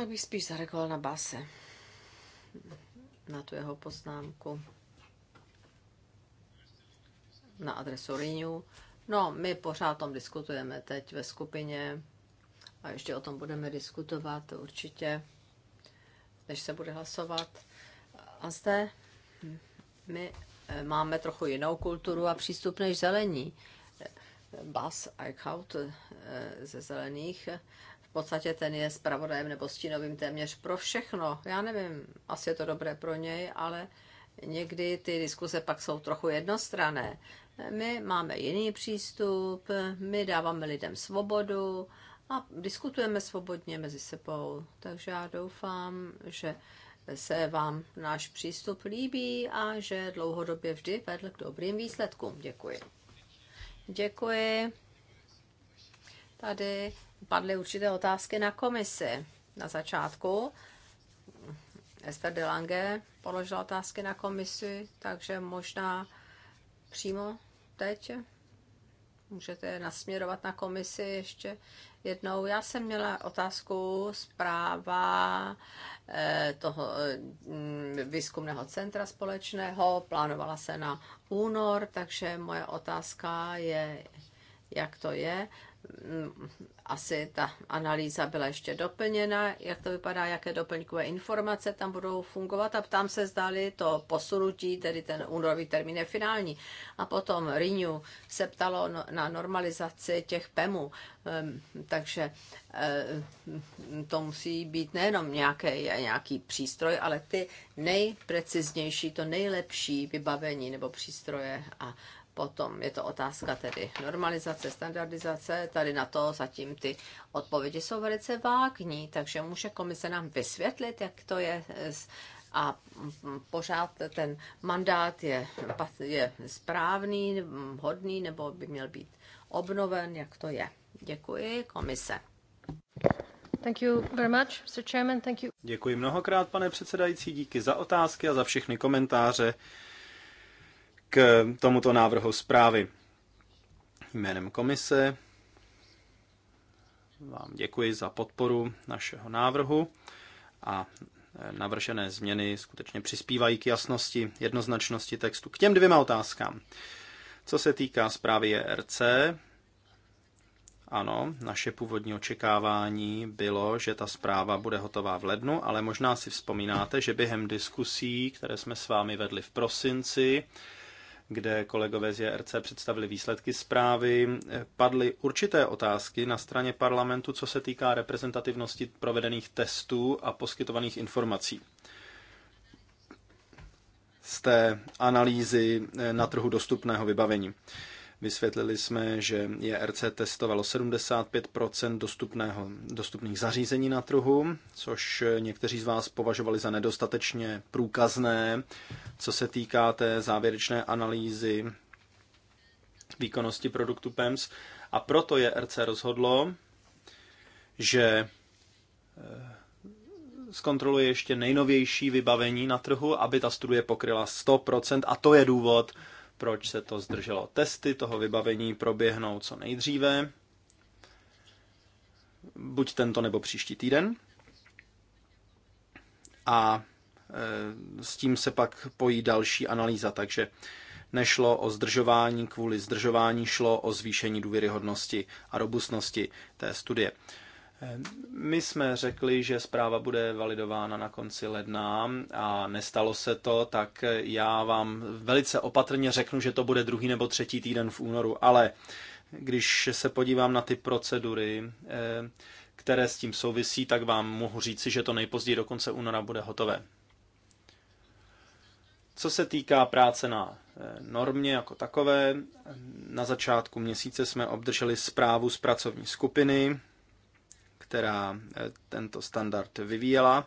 [SPEAKER 3] jak bych spíš zareagoval na base, na tu jeho poznámku, na adresu Rinu. No, my pořád o tom diskutujeme teď ve skupině a ještě o tom budeme diskutovat určitě, než se bude hlasovat. A zde my eh, máme trochu jinou kulturu a přístup než zelení. Bas Eichhout eh, ze zelených, v podstatě ten je zpravodajem nebo stínovým téměř pro všechno. Já nevím, asi je to dobré pro něj, ale někdy ty diskuze pak jsou trochu jednostrané. My máme jiný přístup, my dáváme lidem svobodu a diskutujeme svobodně mezi sebou. Takže já doufám, že se vám náš přístup líbí a že dlouhodobě vždy vedl k dobrým výsledkům. Děkuji. Děkuji. Tady padly určité otázky na komisi. Na začátku Esther de Lange položila otázky na komisi, takže možná přímo teď můžete nasměrovat na komisi ještě jednou. Já jsem měla otázku zpráva eh, toho mm, výzkumného centra společného, plánovala se na únor, takže moje otázka je, jak to je Mm, asi ta analýza byla ještě doplněna, jak to vypadá, jaké doplňkové informace tam budou fungovat a ptám se, zdali to posunutí, tedy ten únorový termín je finální. A potom Renew se ptalo no, na normalizaci těch PEMů, ehm, takže ehm, to musí být nejenom nějaké, nějaký přístroj, ale ty nejpreciznější, to nejlepší vybavení nebo přístroje a Potom je to otázka tedy normalizace, standardizace. Tady na to zatím ty odpovědi jsou velice vágní, takže může komise nám vysvětlit, jak to je a pořád ten mandát je, je správný, hodný, nebo by měl být obnoven, jak to je. Děkuji, komise. Thank you very much, Mr. Chairman. Thank you.
[SPEAKER 1] Děkuji mnohokrát, pane předsedající, díky za otázky a za všechny komentáře k tomuto návrhu zprávy. Jménem komise vám děkuji za podporu našeho návrhu a navržené změny skutečně přispívají k jasnosti, jednoznačnosti textu. K těm dvěma otázkám. Co se týká zprávy ERC, ano, naše původní očekávání bylo, že ta zpráva bude hotová v lednu, ale možná si vzpomínáte, že během diskusí, které jsme s vámi vedli v prosinci, kde kolegové z JRC představili výsledky zprávy. Padly určité otázky na straně parlamentu, co se týká reprezentativnosti provedených testů a poskytovaných informací. Z té analýzy eh, na trhu dostupného vybavení. Vysvětlili jsme, že JRC testovalo 75 dostupného, dostupných zařízení na trhu, což někteří z vás považovali za nedostatečně průkazné, co se týká té závěrečné analýzy výkonnosti produktu PEMS. A proto je RC rozhodlo, že eh, zkontroluje ještě nejnovější vybavení na trhu, aby ta studie pokryla 100%, a to je důvod, proč se to zdrželo. Testy toho vybavení proběhnou co nejdříve, buď tento nebo příští týden. A e, s tím se pak pojí další analýza, takže nešlo o zdržování kvůli zdržování, šlo o zvýšení důvěryhodnosti a robustnosti té studie. My jsme řekli, že zpráva bude validována na konci ledna a nestalo se to, tak já vám velice opatrně řeknu, že to bude druhý nebo třetí týden v únoru, ale když se podívám na ty procedury, eh, které s tím souvisí, tak vám mohu říci, že to nejpozději do konce února bude hotové. Co se týká práce na eh, normě jako takové, na začátku měsíce jsme obdrželi zprávu z pracovní skupiny, která eh, tento standard vyvíjela,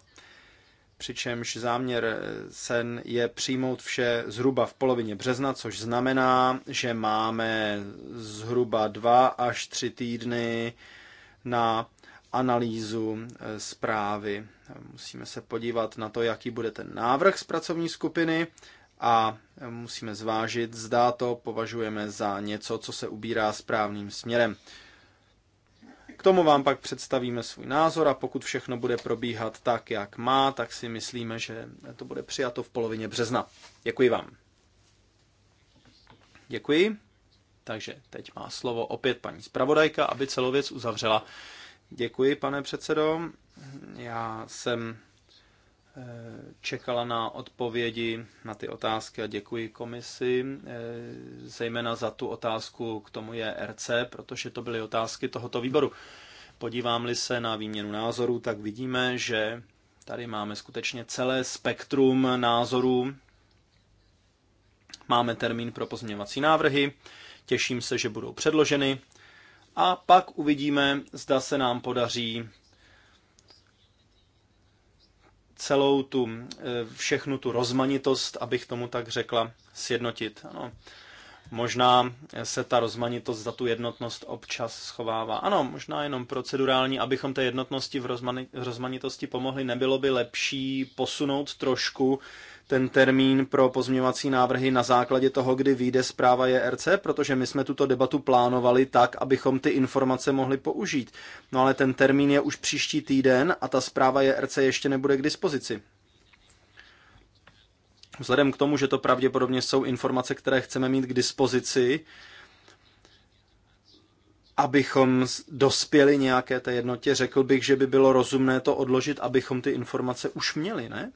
[SPEAKER 1] přičemž záměr eh, sen je přijmout vše zhruba v polovině března, což znamená, že máme zhruba dva až tři týdny na analýzu eh, zprávy. Musíme se podívat na to, jaký bude ten návrh z pracovní skupiny a musíme zvážit, zda to považujeme za něco, co se ubírá správným směrem. K tomu vám pak představíme svůj názor a pokud všechno bude probíhat tak, jak má, tak si myslíme, že to bude přijato v polovině března. Děkuji vám. Děkuji. Takže teď má slovo opět paní zpravodajka, aby celou věc uzavřela. Děkuji, pane předsedo. Já jsem čekala na odpovědi na ty otázky a děkuji komisi, eh, zejména za tu otázku k tomu je RC, protože to byly otázky tohoto výboru. Podívám-li se na výměnu názorů, tak vidíme, že tady máme skutečně celé spektrum názorů. Máme termín pro pozměňovací návrhy, těším se, že budou předloženy a pak uvidíme, zda se nám podaří celou tu, e, všechnu tu rozmanitost, abych tomu tak řekla, sjednotit. Ano. Možná se ta rozmanitost za tu jednotnost občas schovává. Ano, možná jenom procedurální, abychom té jednotnosti v rozmanitosti pomohli, nebylo by lepší posunout trošku ten termín pro pozměňovací návrhy na základě toho, kdy vyjde zpráva JRC, protože my jsme tuto debatu plánovali tak, abychom ty informace mohli použít. No ale ten termín je už příští týden a ta zpráva JRC ještě nebude k dispozici. Vzhledem k tomu, že to pravděpodobně jsou informace, které chceme mít k dispozici, abychom dospěli nějaké té jednotě, řekl bych, že by bylo rozumné to odložit, abychom ty informace už měli, ne?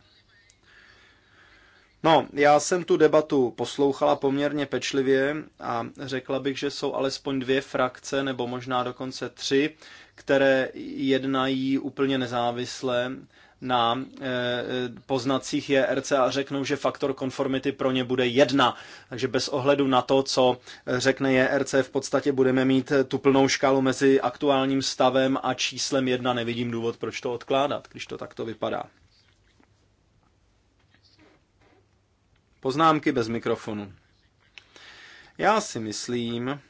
[SPEAKER 1] No, já jsem tu debatu poslouchala poměrně pečlivě a řekla bych, že jsou alespoň dvě frakce, nebo možná dokonce tři, které jednají úplně nezávisle na eh, eh, poznacích JRC a řeknou, že faktor konformity pro ně bude jedna. Takže bez ohledu na to, co eh, řekne JRC, v podstatě budeme mít tu plnou škálu mezi aktuálním stavem a číslem jedna. Nevidím důvod, proč to odkládat, když to takto vypadá. Poznámky bez mikrofonu. Já si myslím,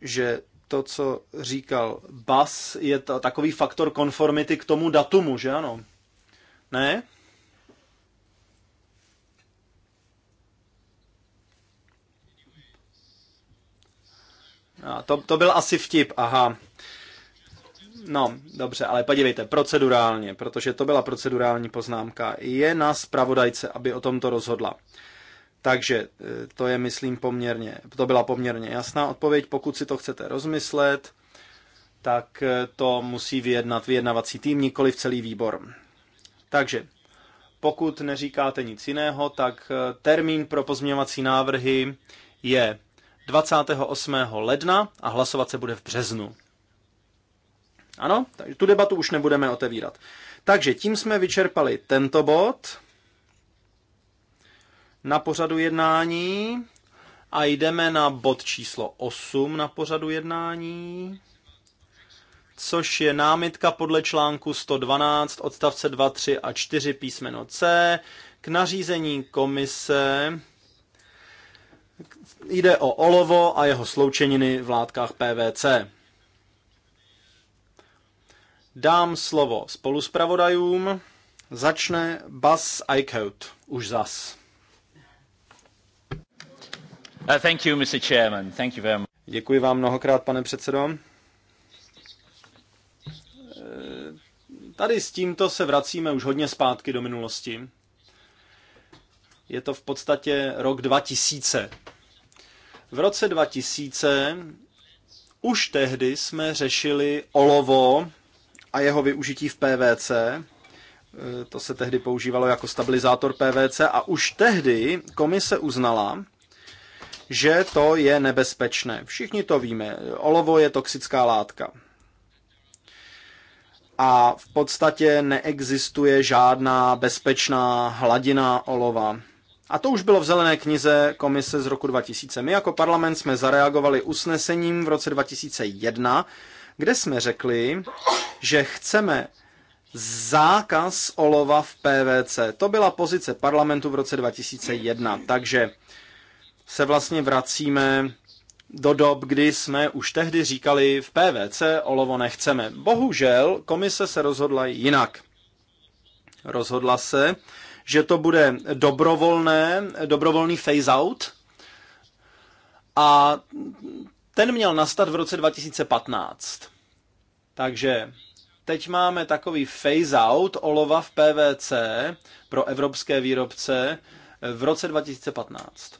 [SPEAKER 1] že to, co říkal Bas, je to takový faktor konformity k tomu datumu, že ano? Ne? A to, to byl asi vtip, aha. No, dobře, ale podívejte, procedurálně, protože to byla procedurální poznámka, je na spravodajce, aby o tomto rozhodla. Takže e, to je, myslím, poměrně, to byla poměrně jasná odpověď. Pokud si to chcete rozmyslet, tak e, to musí vyjednat vyjednavací tým, nikoli v celý výbor. Takže pokud neříkáte nic jiného, tak e, termín pro pozměňovací návrhy je 28. ledna a hlasovat se bude v březnu. Ano, takže tu debatu už nebudeme otevírat. Takže tím jsme vyčerpali tento bod na pořadu jednání a jdeme na bod číslo 8 na pořadu jednání, což je námitka podle článku 112 odstavce 2, 3 a 4 písmeno C k nařízení komise Jde o olovo a jeho sloučeniny v látkách PVC dám slovo spoluspravodajům. Začne Bas Eichhout, už zas. Uh, thank you, Mr. Chairman. Thank you very much. Děkuji vám mnohokrát, pane předsedo. Uh, tady s tímto se vracíme už hodně zpátky do minulosti. Je to v podstatě rok 2000. V roce 2000 už tehdy jsme řešili olovo a jeho využití v PVC. E, to se tehdy používalo jako stabilizátor PVC a už tehdy komise uznala, že to je nebezpečné. Všichni to víme. Olovo je toxická látka. A v podstatě neexistuje žádná bezpečná hladina olova. A to už bylo v zelené knize komise z roku 2000. My jako parlament jsme zareagovali usnesením v roce 2001, kde jsme řekli, že chceme zákaz olova v PVC. To byla pozice parlamentu v roce 2001, takže se vlastně vracíme do dob, kdy jsme už tehdy říkali v PVC olovo nechceme. Bohužel komise se rozhodla jinak. Rozhodla se, že to bude dobrovolné, dobrovolný phase out, a ten měl nastat v roce 2015. Takže teď máme takový phase-out olova v PVC pro evropské výrobce v roce 2015.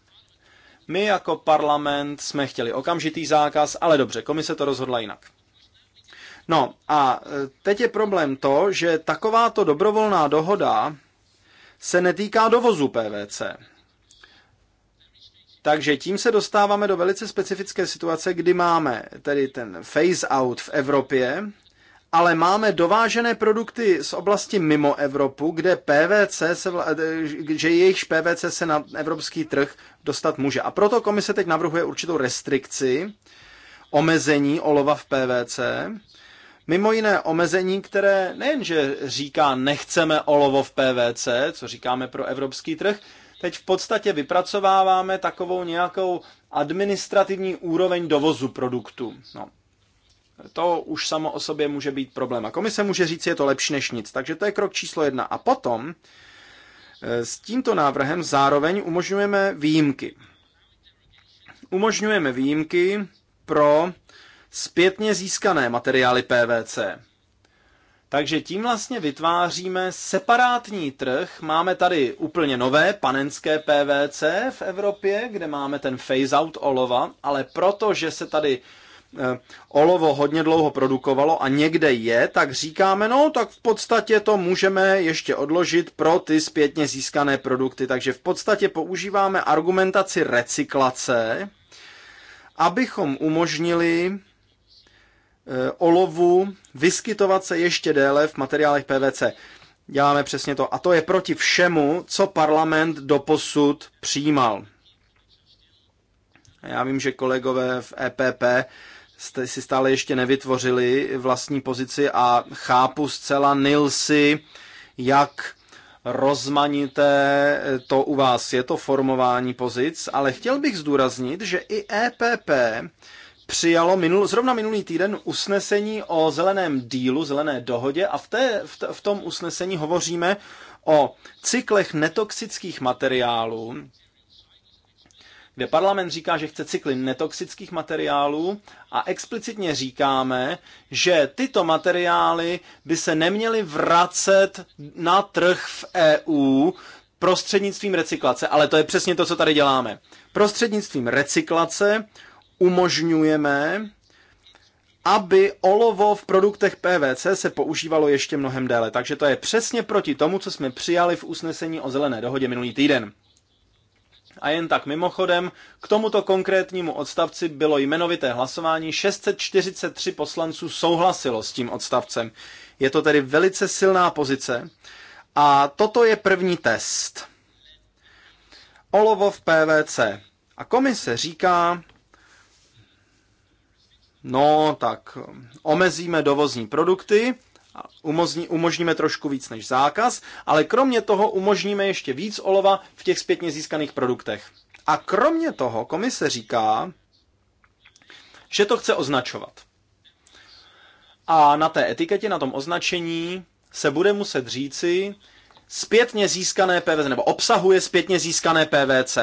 [SPEAKER 1] My jako parlament jsme chtěli okamžitý zákaz, ale dobře, komise to rozhodla jinak. No a e, teď je problém to, že takováto dobrovolná dohoda se netýká dovozu PVC. Takže tím se dostáváme do velice specifické situace, kdy máme tedy ten phase-out v Evropě, ale máme dovážené produkty z oblasti mimo Evropu, kde PVC se, eh, že jejich PVC se na evropský trh dostat může. A proto komise teď navrhuje určitou restrikci, omezení olova v PVC, mimo jiné omezení, které nejenže říká nechceme olovo v PVC, co říkáme pro evropský trh, teď v podstatě vypracováváme takovou nějakou administrativní úroveň dovozu produktu. No. To už samo o sobě může být problém. A komise může říct, je to lepší než nic. Takže to je krok číslo jedna. A potom e, s tímto návrhem zároveň umožňujeme výjimky. Umožňujeme výjimky pro zpětně získané materiály PVC. Takže tím vlastně vytváříme separátní trh. Máme tady úplně nové panenské PVC v Evropě, kde máme ten phase-out olova, ale protože se tady eh, olovo hodně dlouho produkovalo a někde je, tak říkáme, no tak v podstatě to můžeme ještě odložit pro ty zpětně získané produkty. Takže v podstatě používáme argumentaci recyklace, abychom umožnili Eh, olovu vyskytovat se ještě déle v materiálech PVC. Děláme přesně to. A to je proti všemu, co parlament doposud přijímal. Já vím, že kolegové v EPP jste si stále ještě nevytvořili vlastní pozici a chápu zcela Nilsy, jak rozmanité to u vás je to formování pozic, ale chtěl bych zdůraznit, že i EPP přijalo minul, zrovna minulý týden usnesení o zeleném dílu, zelené dohodě a v, té, v, t, v tom usnesení hovoříme o cyklech netoxických materiálů, kde parlament říká, že chce cykly netoxických materiálů a explicitně říkáme, že tyto materiály by se neměly vracet na trh v EU prostřednictvím recyklace. Ale to je přesně to, co tady děláme. Prostřednictvím recyklace umožňujeme, aby olovo v produktech PVC se používalo ještě mnohem déle. Takže to je přesně proti tomu, co jsme přijali v usnesení o zelené dohodě minulý týden. A jen tak mimochodem, k tomuto konkrétnímu odstavci bylo jmenovité hlasování, 643 poslanců souhlasilo s tím odstavcem. Je to tedy velice silná pozice a toto je první test. Olovo v PVC. A komise říká, no tak omezíme dovozní produkty, umožní, umožníme trošku víc než zákaz, ale kromě toho umožníme ještě víc olova v těch zpětně získaných produktech. A kromě toho komise říká, že to chce označovat. A na té etiketě, na tom označení se bude muset říci zpětně získané PVC, nebo obsahuje zpětně získané PVC.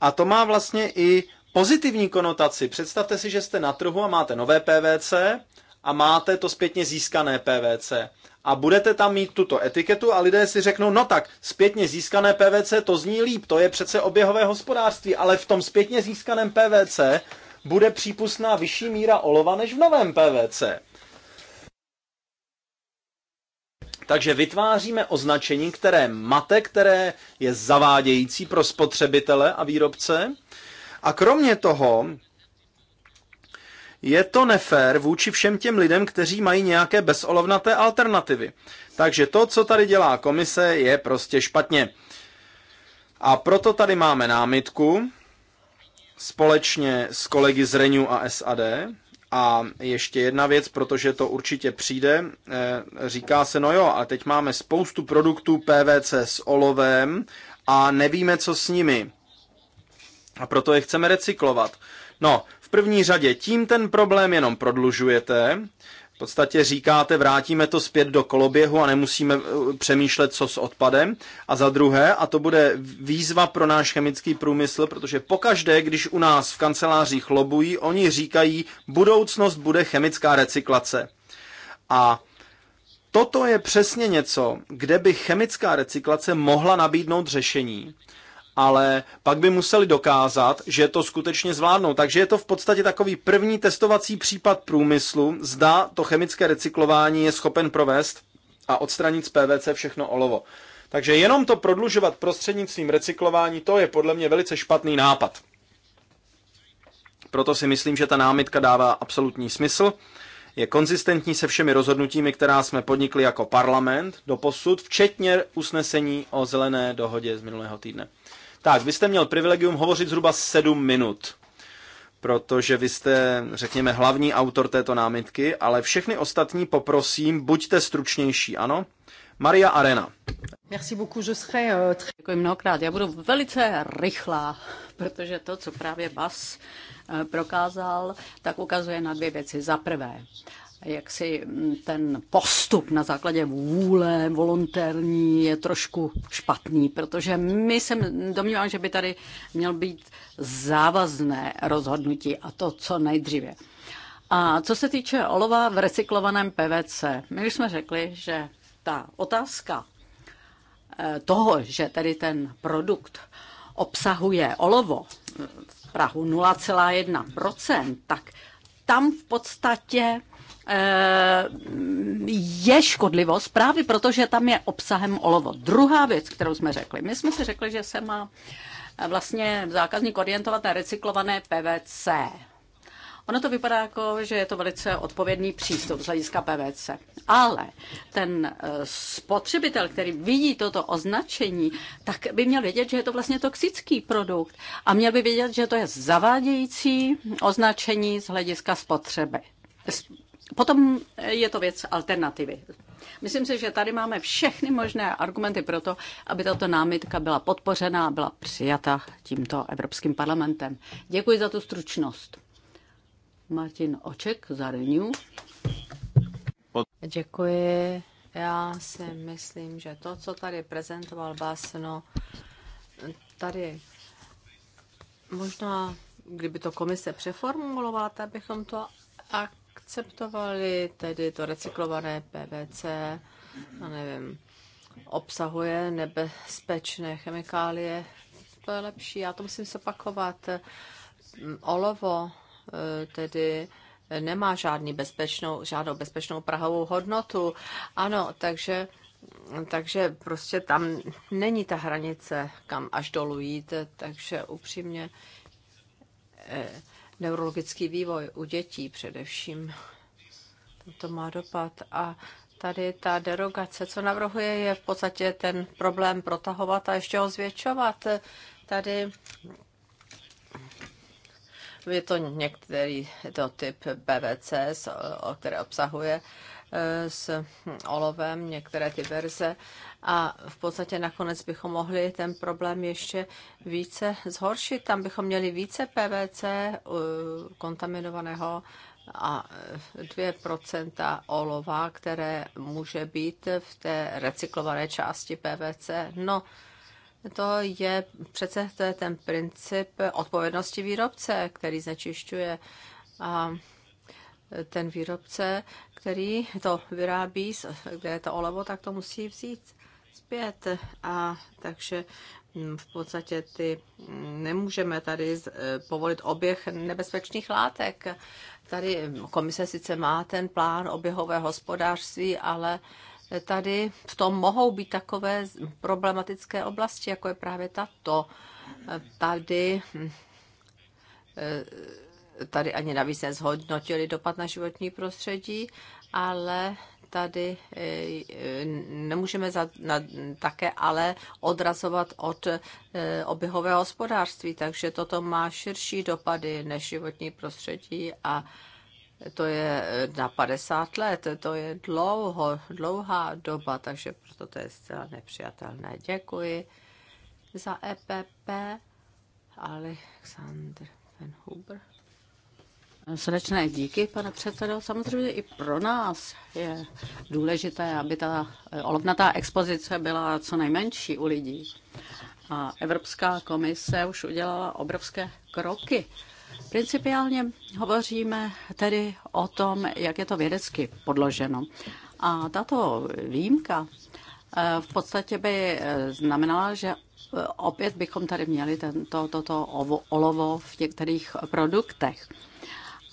[SPEAKER 1] A to má vlastně i pozitivní konotaci. Představte si, že jste na trhu a máte nové PVC a máte to zpětně získané PVC. A budete tam mít tuto etiketu a lidé si řeknou, no tak, zpětně získané PVC to zní líp, to je přece oběhové hospodářství, ale v tom zpětně získaném PVC bude přípustná vyšší míra olova než v novém PVC. Takže vytváříme označení, které mate, které je zavádějící pro spotřebitele a výrobce, a kromě toho, je to nefér vůči všem těm lidem, kteří mají nějaké bezolovnaté alternativy. Takže to, co tady dělá komise, je prostě špatně. A proto tady máme námitku společně s kolegy z Renew a SAD. A ještě jedna věc, protože to určitě přijde, eh, říká se, no jo, a teď máme spoustu produktů PVC s olovem a nevíme, co s nimi. A proto je chceme recyklovat. No, v první řadě tím ten problém jenom prodlužujete, v podstatě říkáte, vrátíme to zpět do koloběhu a nemusíme eh, přemýšlet, co s odpadem. A za druhé, a to bude výzva pro náš chemický průmysl, protože pokaždé, když u nás v kancelářích lobují, oni říkají, budoucnost bude chemická recyklace. A toto je přesně něco, kde by chemická recyklace mohla nabídnout řešení ale pak by museli dokázat, že to skutečně zvládnou. Takže je to v podstatě takový první testovací případ průmyslu, zda to chemické recyklování je schopen provést a odstranit z PVC všechno olovo. Takže jenom to prodlužovat prostřednictvím recyklování, to je podle mě velice špatný nápad. Proto si myslím, že ta námitka dává absolutní smysl. Je konzistentní se všemi rozhodnutími, která jsme podnikli jako parlament do posud, včetně usnesení o zelené dohodě z minulého týdne. Tak, vy jste měl privilegium hovořit zhruba 7 minut, protože vy jste, řekněme, hlavní autor této námitky, ale všechny ostatní poprosím, buďte stručnější, ano? Maria Arena.
[SPEAKER 2] Merci beaucoup, je serai, uh, très... Děkuji mnohokrát. Já budu velice rychlá, protože to, co právě Bas eh, prokázal, tak ukazuje na dvě věci. Za prvé, jak si mm, ten postup na základě vůle volontérní je trošku špatný, protože my se domnívám, že by tady měl být závazné rozhodnutí a to co nejdříve. A co se týče olova v recyklovaném PVC, my už jsme řekli, že ta otázka eh, toho, že tedy ten produkt obsahuje olovo v Prahu 0,1%, tak tam v podstatě Eh, je škodlivost právě proto, že tam je obsahem olovo. Druhá věc, kterou jsme řekli. My jsme si řekli, že se má eh, vlastně zákazník orientovat na recyklované PVC. Ono to vypadá jako, že je to velice odpovědný přístup z hlediska PVC. Ale ten eh, spotřebitel, který vidí toto označení, tak by měl vědět, že je to vlastně toxický produkt. A měl by vědět, že to je zavádějící označení z hlediska spotřeby Potom je to věc alternativy. Myslím si, že tady máme všechny možné argumenty pro to, aby tato námitka byla podpořena a byla přijata tímto Evropským parlamentem. Děkuji za tu stručnost. Martin Oček za Renew.
[SPEAKER 3] Děkuji. Já si myslím, že to, co tady prezentoval Basno, tady možná, kdyby to komise přeformulovala, tak bychom to akceptovali tedy to recyklované PVC, no nevím, obsahuje nebezpečné chemikálie, to je lepší. Já to musím zopakovat. Olovo eh, tedy nemá žádný bezpečnou, žádnou bezpečnou prahovou hodnotu. Ano, takže takže prostě tam není ta hranice, kam až dolů jít, takže upřímně eh, neurologický vývoj u dětí především. To má dopad a tady ta derogace, co navrhuje, je v podstatě ten problém protahovat a ještě ho zvětšovat. Tady je to některý to typ BVC, o které obsahuje Eh, s hm, olovem, některé ty verze a v podstatě nakonec bychom mohli ten problém ještě více zhoršit. Tam bychom měli více PVC eh, kontaminovaného a 2% olova, které může být v té recyklované části PVC. No, to je přece to je ten princip odpovědnosti výrobce, který znečišťuje. A ten výrobce, který to vyrábí, kde je to olevo, tak to musí vzít zpět. A takže mm, v podstatě ty mm, nemůžeme tady povolit oběh nebezpečných látek. Tady komise sice má ten plán oběhové hospodářství, ale tady v tom mohou být takové problematické oblasti, jako je právě tato. Tady mm, tady ani navíc nezhodnotili dopad na životní prostředí, ale tady eh, nemůžeme za, na, také ale odrazovat od eh, oběhového hospodářství, takže toto má širší dopady než životní prostředí a to je eh, na 50 let, to je dlouho, dlouhá doba, takže proto to je zcela nepřijatelné. Děkuji za EPP Alexander Van Huber.
[SPEAKER 2] Srdečné díky, pane předsedo. Samozřejmě i pro nás je důležité, aby ta eh, olovnatá expozice byla co nejmenší u lidí. A Evropská komise už udělala obrovské kroky. Principiálně hovoříme tedy o tom, jak je to vědecky podloženo. A tato výjimka eh, v podstatě by eh, znamenala, že opět bychom tady měli tento, toto olovo v některých produktech.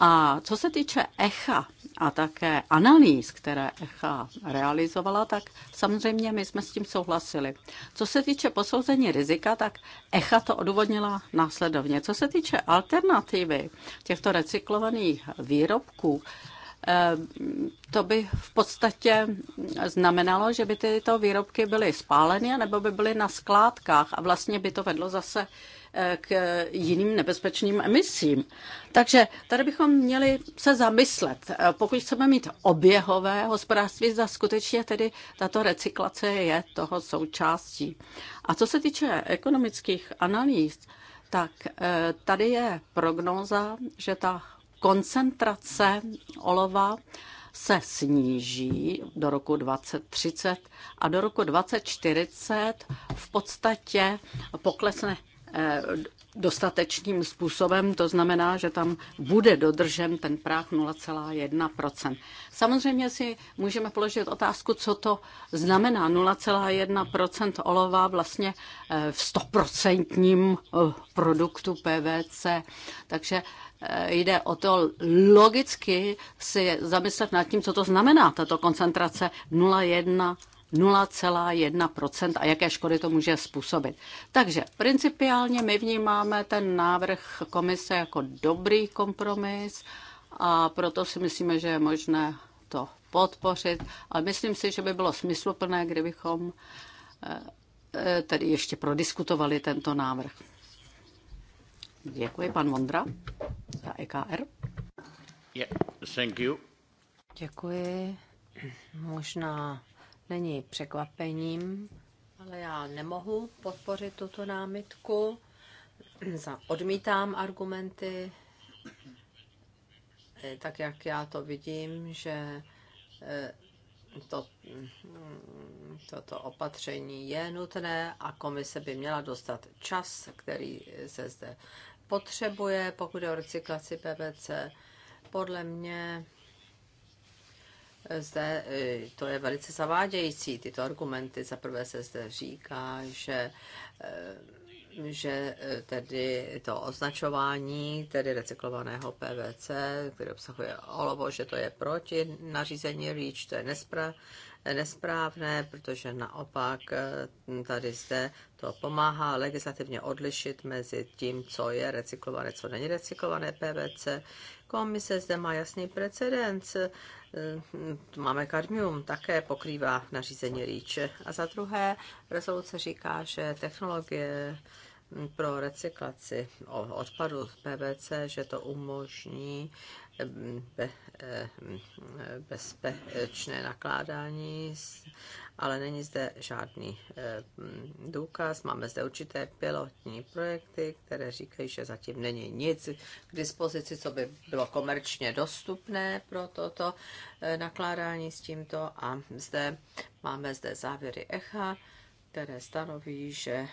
[SPEAKER 2] A co se týče ECHA a také analýz, které ECHA realizovala, tak samozřejmě my jsme s tím souhlasili. Co se týče posouzení rizika, tak ECHA to odůvodnila následovně. Co se týče alternativy těchto recyklovaných výrobků, eh, to by v podstatě znamenalo, že by tyto výrobky byly spáleny nebo by byly na skládkách a vlastně by to vedlo zase Eh, k jiným nebezpečným emisím. Takže tady bychom měli se zamyslet, eh, pokud chceme mít oběhové hospodářství, za skutečně tedy tato recyklace je toho součástí. A co se týče ekonomických analýz, tak eh, tady je prognóza, že ta koncentrace olova se sníží do roku 2030 a do roku 2040 v podstatě poklesne Eh, dostatečným způsobem, to znamená, že tam bude dodržen ten práh 0,1 Samozřejmě si můžeme položit otázku, co to znamená 0,1 olova vlastně eh, v 100 eh, produktu PVC. Takže jde o to logicky si zamyslet nad tím, co to znamená, tato koncentrace 0,1 0,1 a jaké škody to může způsobit. Takže principiálně my vnímáme ten návrh komise jako dobrý kompromis a proto si myslíme, že je možné to podpořit, ale myslím si, že by bylo smysluplné, kdybychom eh, eh, tedy ještě prodiskutovali tento návrh.
[SPEAKER 3] Děkuji, pan Vondra
[SPEAKER 2] za EKR.
[SPEAKER 3] Yeah, thank you. Děkuji. Možná není překvapením, ale já nemohu podpořit tuto námitku. Odmítám argumenty, eh, tak jak já to vidím, že eh, to, mm, toto opatření je nutné a komise by měla dostat čas, který se zde potřebuje, pokud je o recyklaci PVC. Podle mě zde e, to je velice zavádějící, tyto argumenty. Za prvé se zde říká, že e, že e, tedy to označování tedy recyklovaného PVC, které obsahuje olovo, že to je proti nařízení REACH, to je nespra, nesprávné, protože naopak eh, tady zde to pomáhá legislativně odlišit mezi tím, co je recyklované, co není recyklované PVC. Komise zde má jasný precedens. Eh, máme kadmium, také pokrývá nařízení REACH. A za druhé, rezoluce říká, že technologie pro recyklaci odpadu z PVC, že to umožní be, eh, bezpečné nakládání, ale není zde žádný eh, důkaz. Máme zde určité pilotní projekty, které říkají, že zatím není nic k dispozici, co by bylo komerčně dostupné pro toto eh, nakládání s tímto. A zde máme zde závěry ECHA, které stanoví, že eh,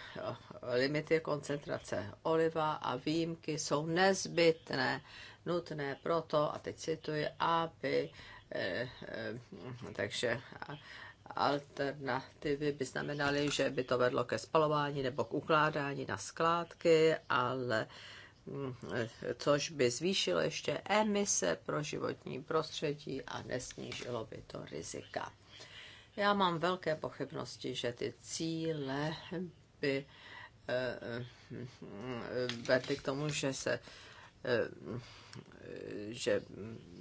[SPEAKER 3] limity koncentrace oliva a výjimky jsou nezbytné, nutné proto, a teď cituji, aby, eh, eh, takže alternativy by znamenaly, že by to vedlo ke spalování nebo k ukládání na skládky, ale hm, což by zvýšilo ještě emise pro životní prostředí a nesnížilo by to rizika. Já mám velké pochybnosti, že ty cíle by eh, vedly k tomu, že se eh, že,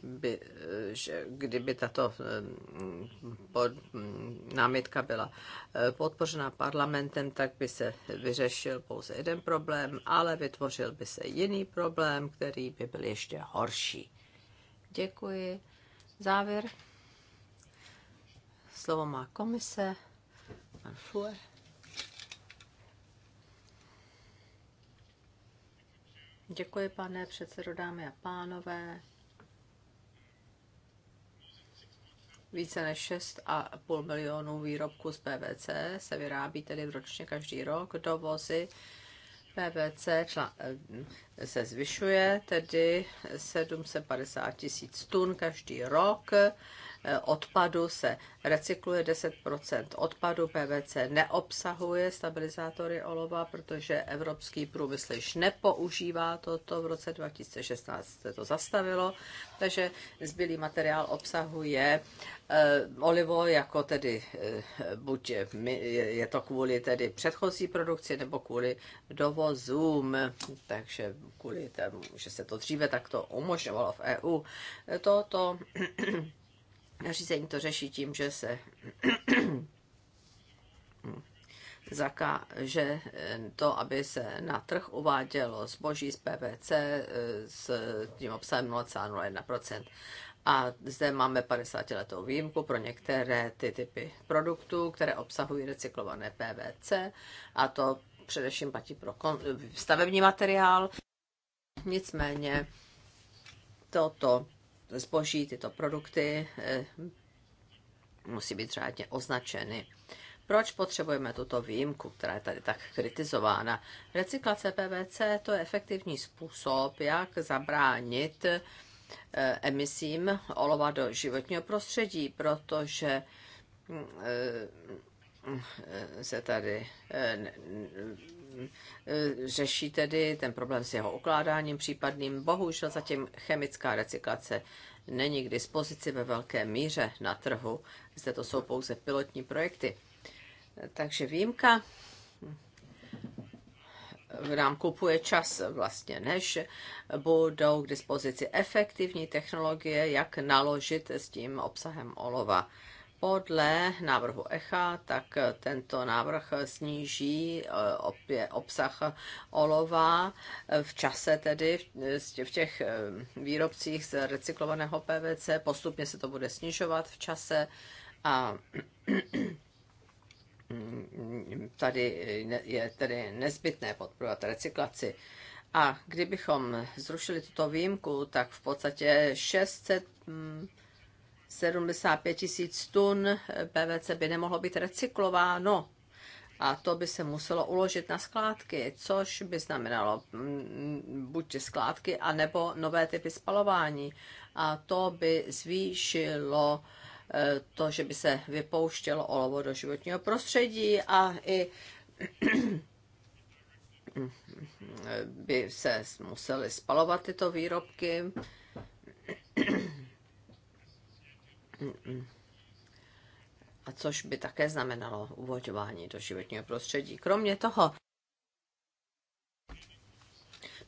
[SPEAKER 3] by, eh, že kdyby tato pod, námitka byla podpořena parlamentem, tak by se vyřešil pouze jeden problém, ale vytvořil by se jiný problém, který by byl ještě horší. Děkuji. Závěr. Slovo má komise, pan Děkuji, pane předsedo, dámy a pánové. Více než 6,5 milionů výrobků z PVC se vyrábí tedy ročně každý rok. Dovozy PVC eh, se zvyšuje, tedy 750 tisíc tun každý rok Eh, odpadu se recykluje 10 odpadu PVC neobsahuje stabilizátory olova, protože evropský průmysl již nepoužívá toto. V roce 2016 se to zastavilo, takže zbylý materiál obsahuje eh, olivo jako tedy eh, buď je, je to kvůli tedy předchozí produkci nebo kvůli dovozům, takže kvůli tomu, že se to dříve takto umožňovalo v EU. Toto Nařízení to řeší tím, že se (clears throat) zakáže že eh, to, aby se na trh uvádělo zboží z PVC eh, s tím obsahem 0,01%. A zde máme 50 letou výjimku pro některé ty typy produktů, které obsahují recyklované PVC a to především platí pro stavební materiál. Nicméně toto zboží, tyto produkty eh, musí být řádně označeny. Proč potřebujeme tuto výjimku, která je tady tak kritizována? Recyklace PVC to je efektivní způsob, jak zabránit eh, emisím olova do životního prostředí, protože mm, eh, mm, se tady Eh, řeší tedy ten problém s jeho ukládáním případným. Bohužel zatím chemická recyklace není k dispozici ve velké míře na trhu. Zde to jsou pouze pilotní projekty. Eh, takže výjimka nám kupuje čas vlastně, než budou k dispozici efektivní technologie, jak naložit s tím obsahem olova podle návrhu ECHA, tak tento návrh sníží eh, obsah olova eh, v čase tedy eh, v těch výrobcích z recyklovaného PVC. Postupně se to bude snižovat v čase a (clears throat) tady je tedy nezbytné podporovat recyklaci. A kdybychom zrušili tuto výjimku, tak v podstatě 600 75 tisíc tun PVC by nemohlo být recyklováno a to by se muselo uložit na skládky, což by znamenalo mm, buď skládky, anebo nové typy spalování. A to by zvýšilo eh, to, že by se vypouštělo olovo do životního prostředí a i (clears throat) by se musely spalovat tyto výrobky a což by také znamenalo uvolňování do životního prostředí. Kromě toho,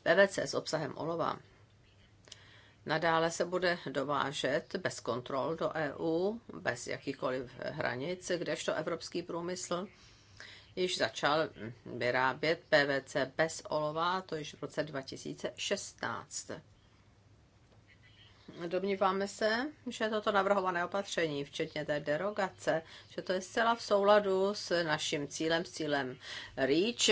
[SPEAKER 3] PVC s obsahem olova nadále se bude dovážet bez kontrol do EU, bez jakýchkoliv hranic, kdežto evropský průmysl již začal vyrábět PVC bez olova, to již v roce 2016. Domníváme se, že toto navrhované opatření, včetně té derogace, že to je zcela v souladu s naším cílem, s cílem REACH,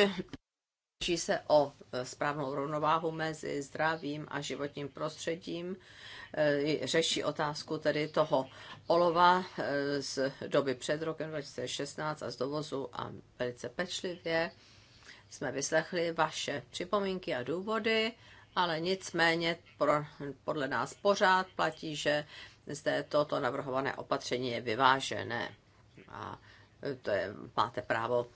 [SPEAKER 3] Učí se o správnou rovnováhu mezi zdravím a životním prostředím. Eh, řeší otázku tedy toho olova eh, z doby před rokem 2016 a z dovozu a velice pečlivě jsme vyslechli vaše připomínky a důvody ale nicméně pro, podle nás pořád platí, že zde toto navrhované opatření je vyvážené. A to je, máte právo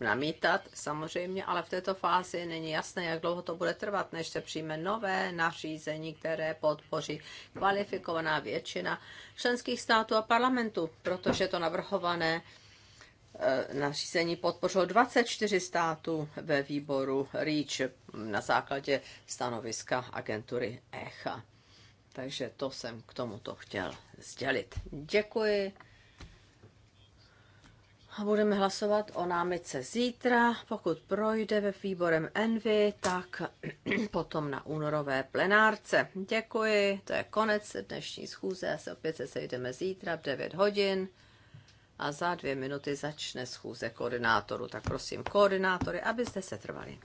[SPEAKER 3] namítat samozřejmě, ale v této fázi není jasné, jak dlouho to bude trvat, než se přijme nové nařízení, které podpoří kvalifikovaná většina členských států a parlamentů, protože to navrhované Eh, nařízení podpořilo 24 států ve výboru REACH na základě stanoviska agentury ECHA. Takže to jsem k tomuto chtěl sdělit. Děkuji. A budeme hlasovat o námice zítra. Pokud projde ve výborem Envy, tak (clears throat) potom na únorové plenárce. Děkuji, to je konec dnešní schůze. Já se opět se sejdeme zítra v 9 hodin a za dvě minuty začne schůze koordinátoru. Tak prosím koordinátory, abyste se trvali.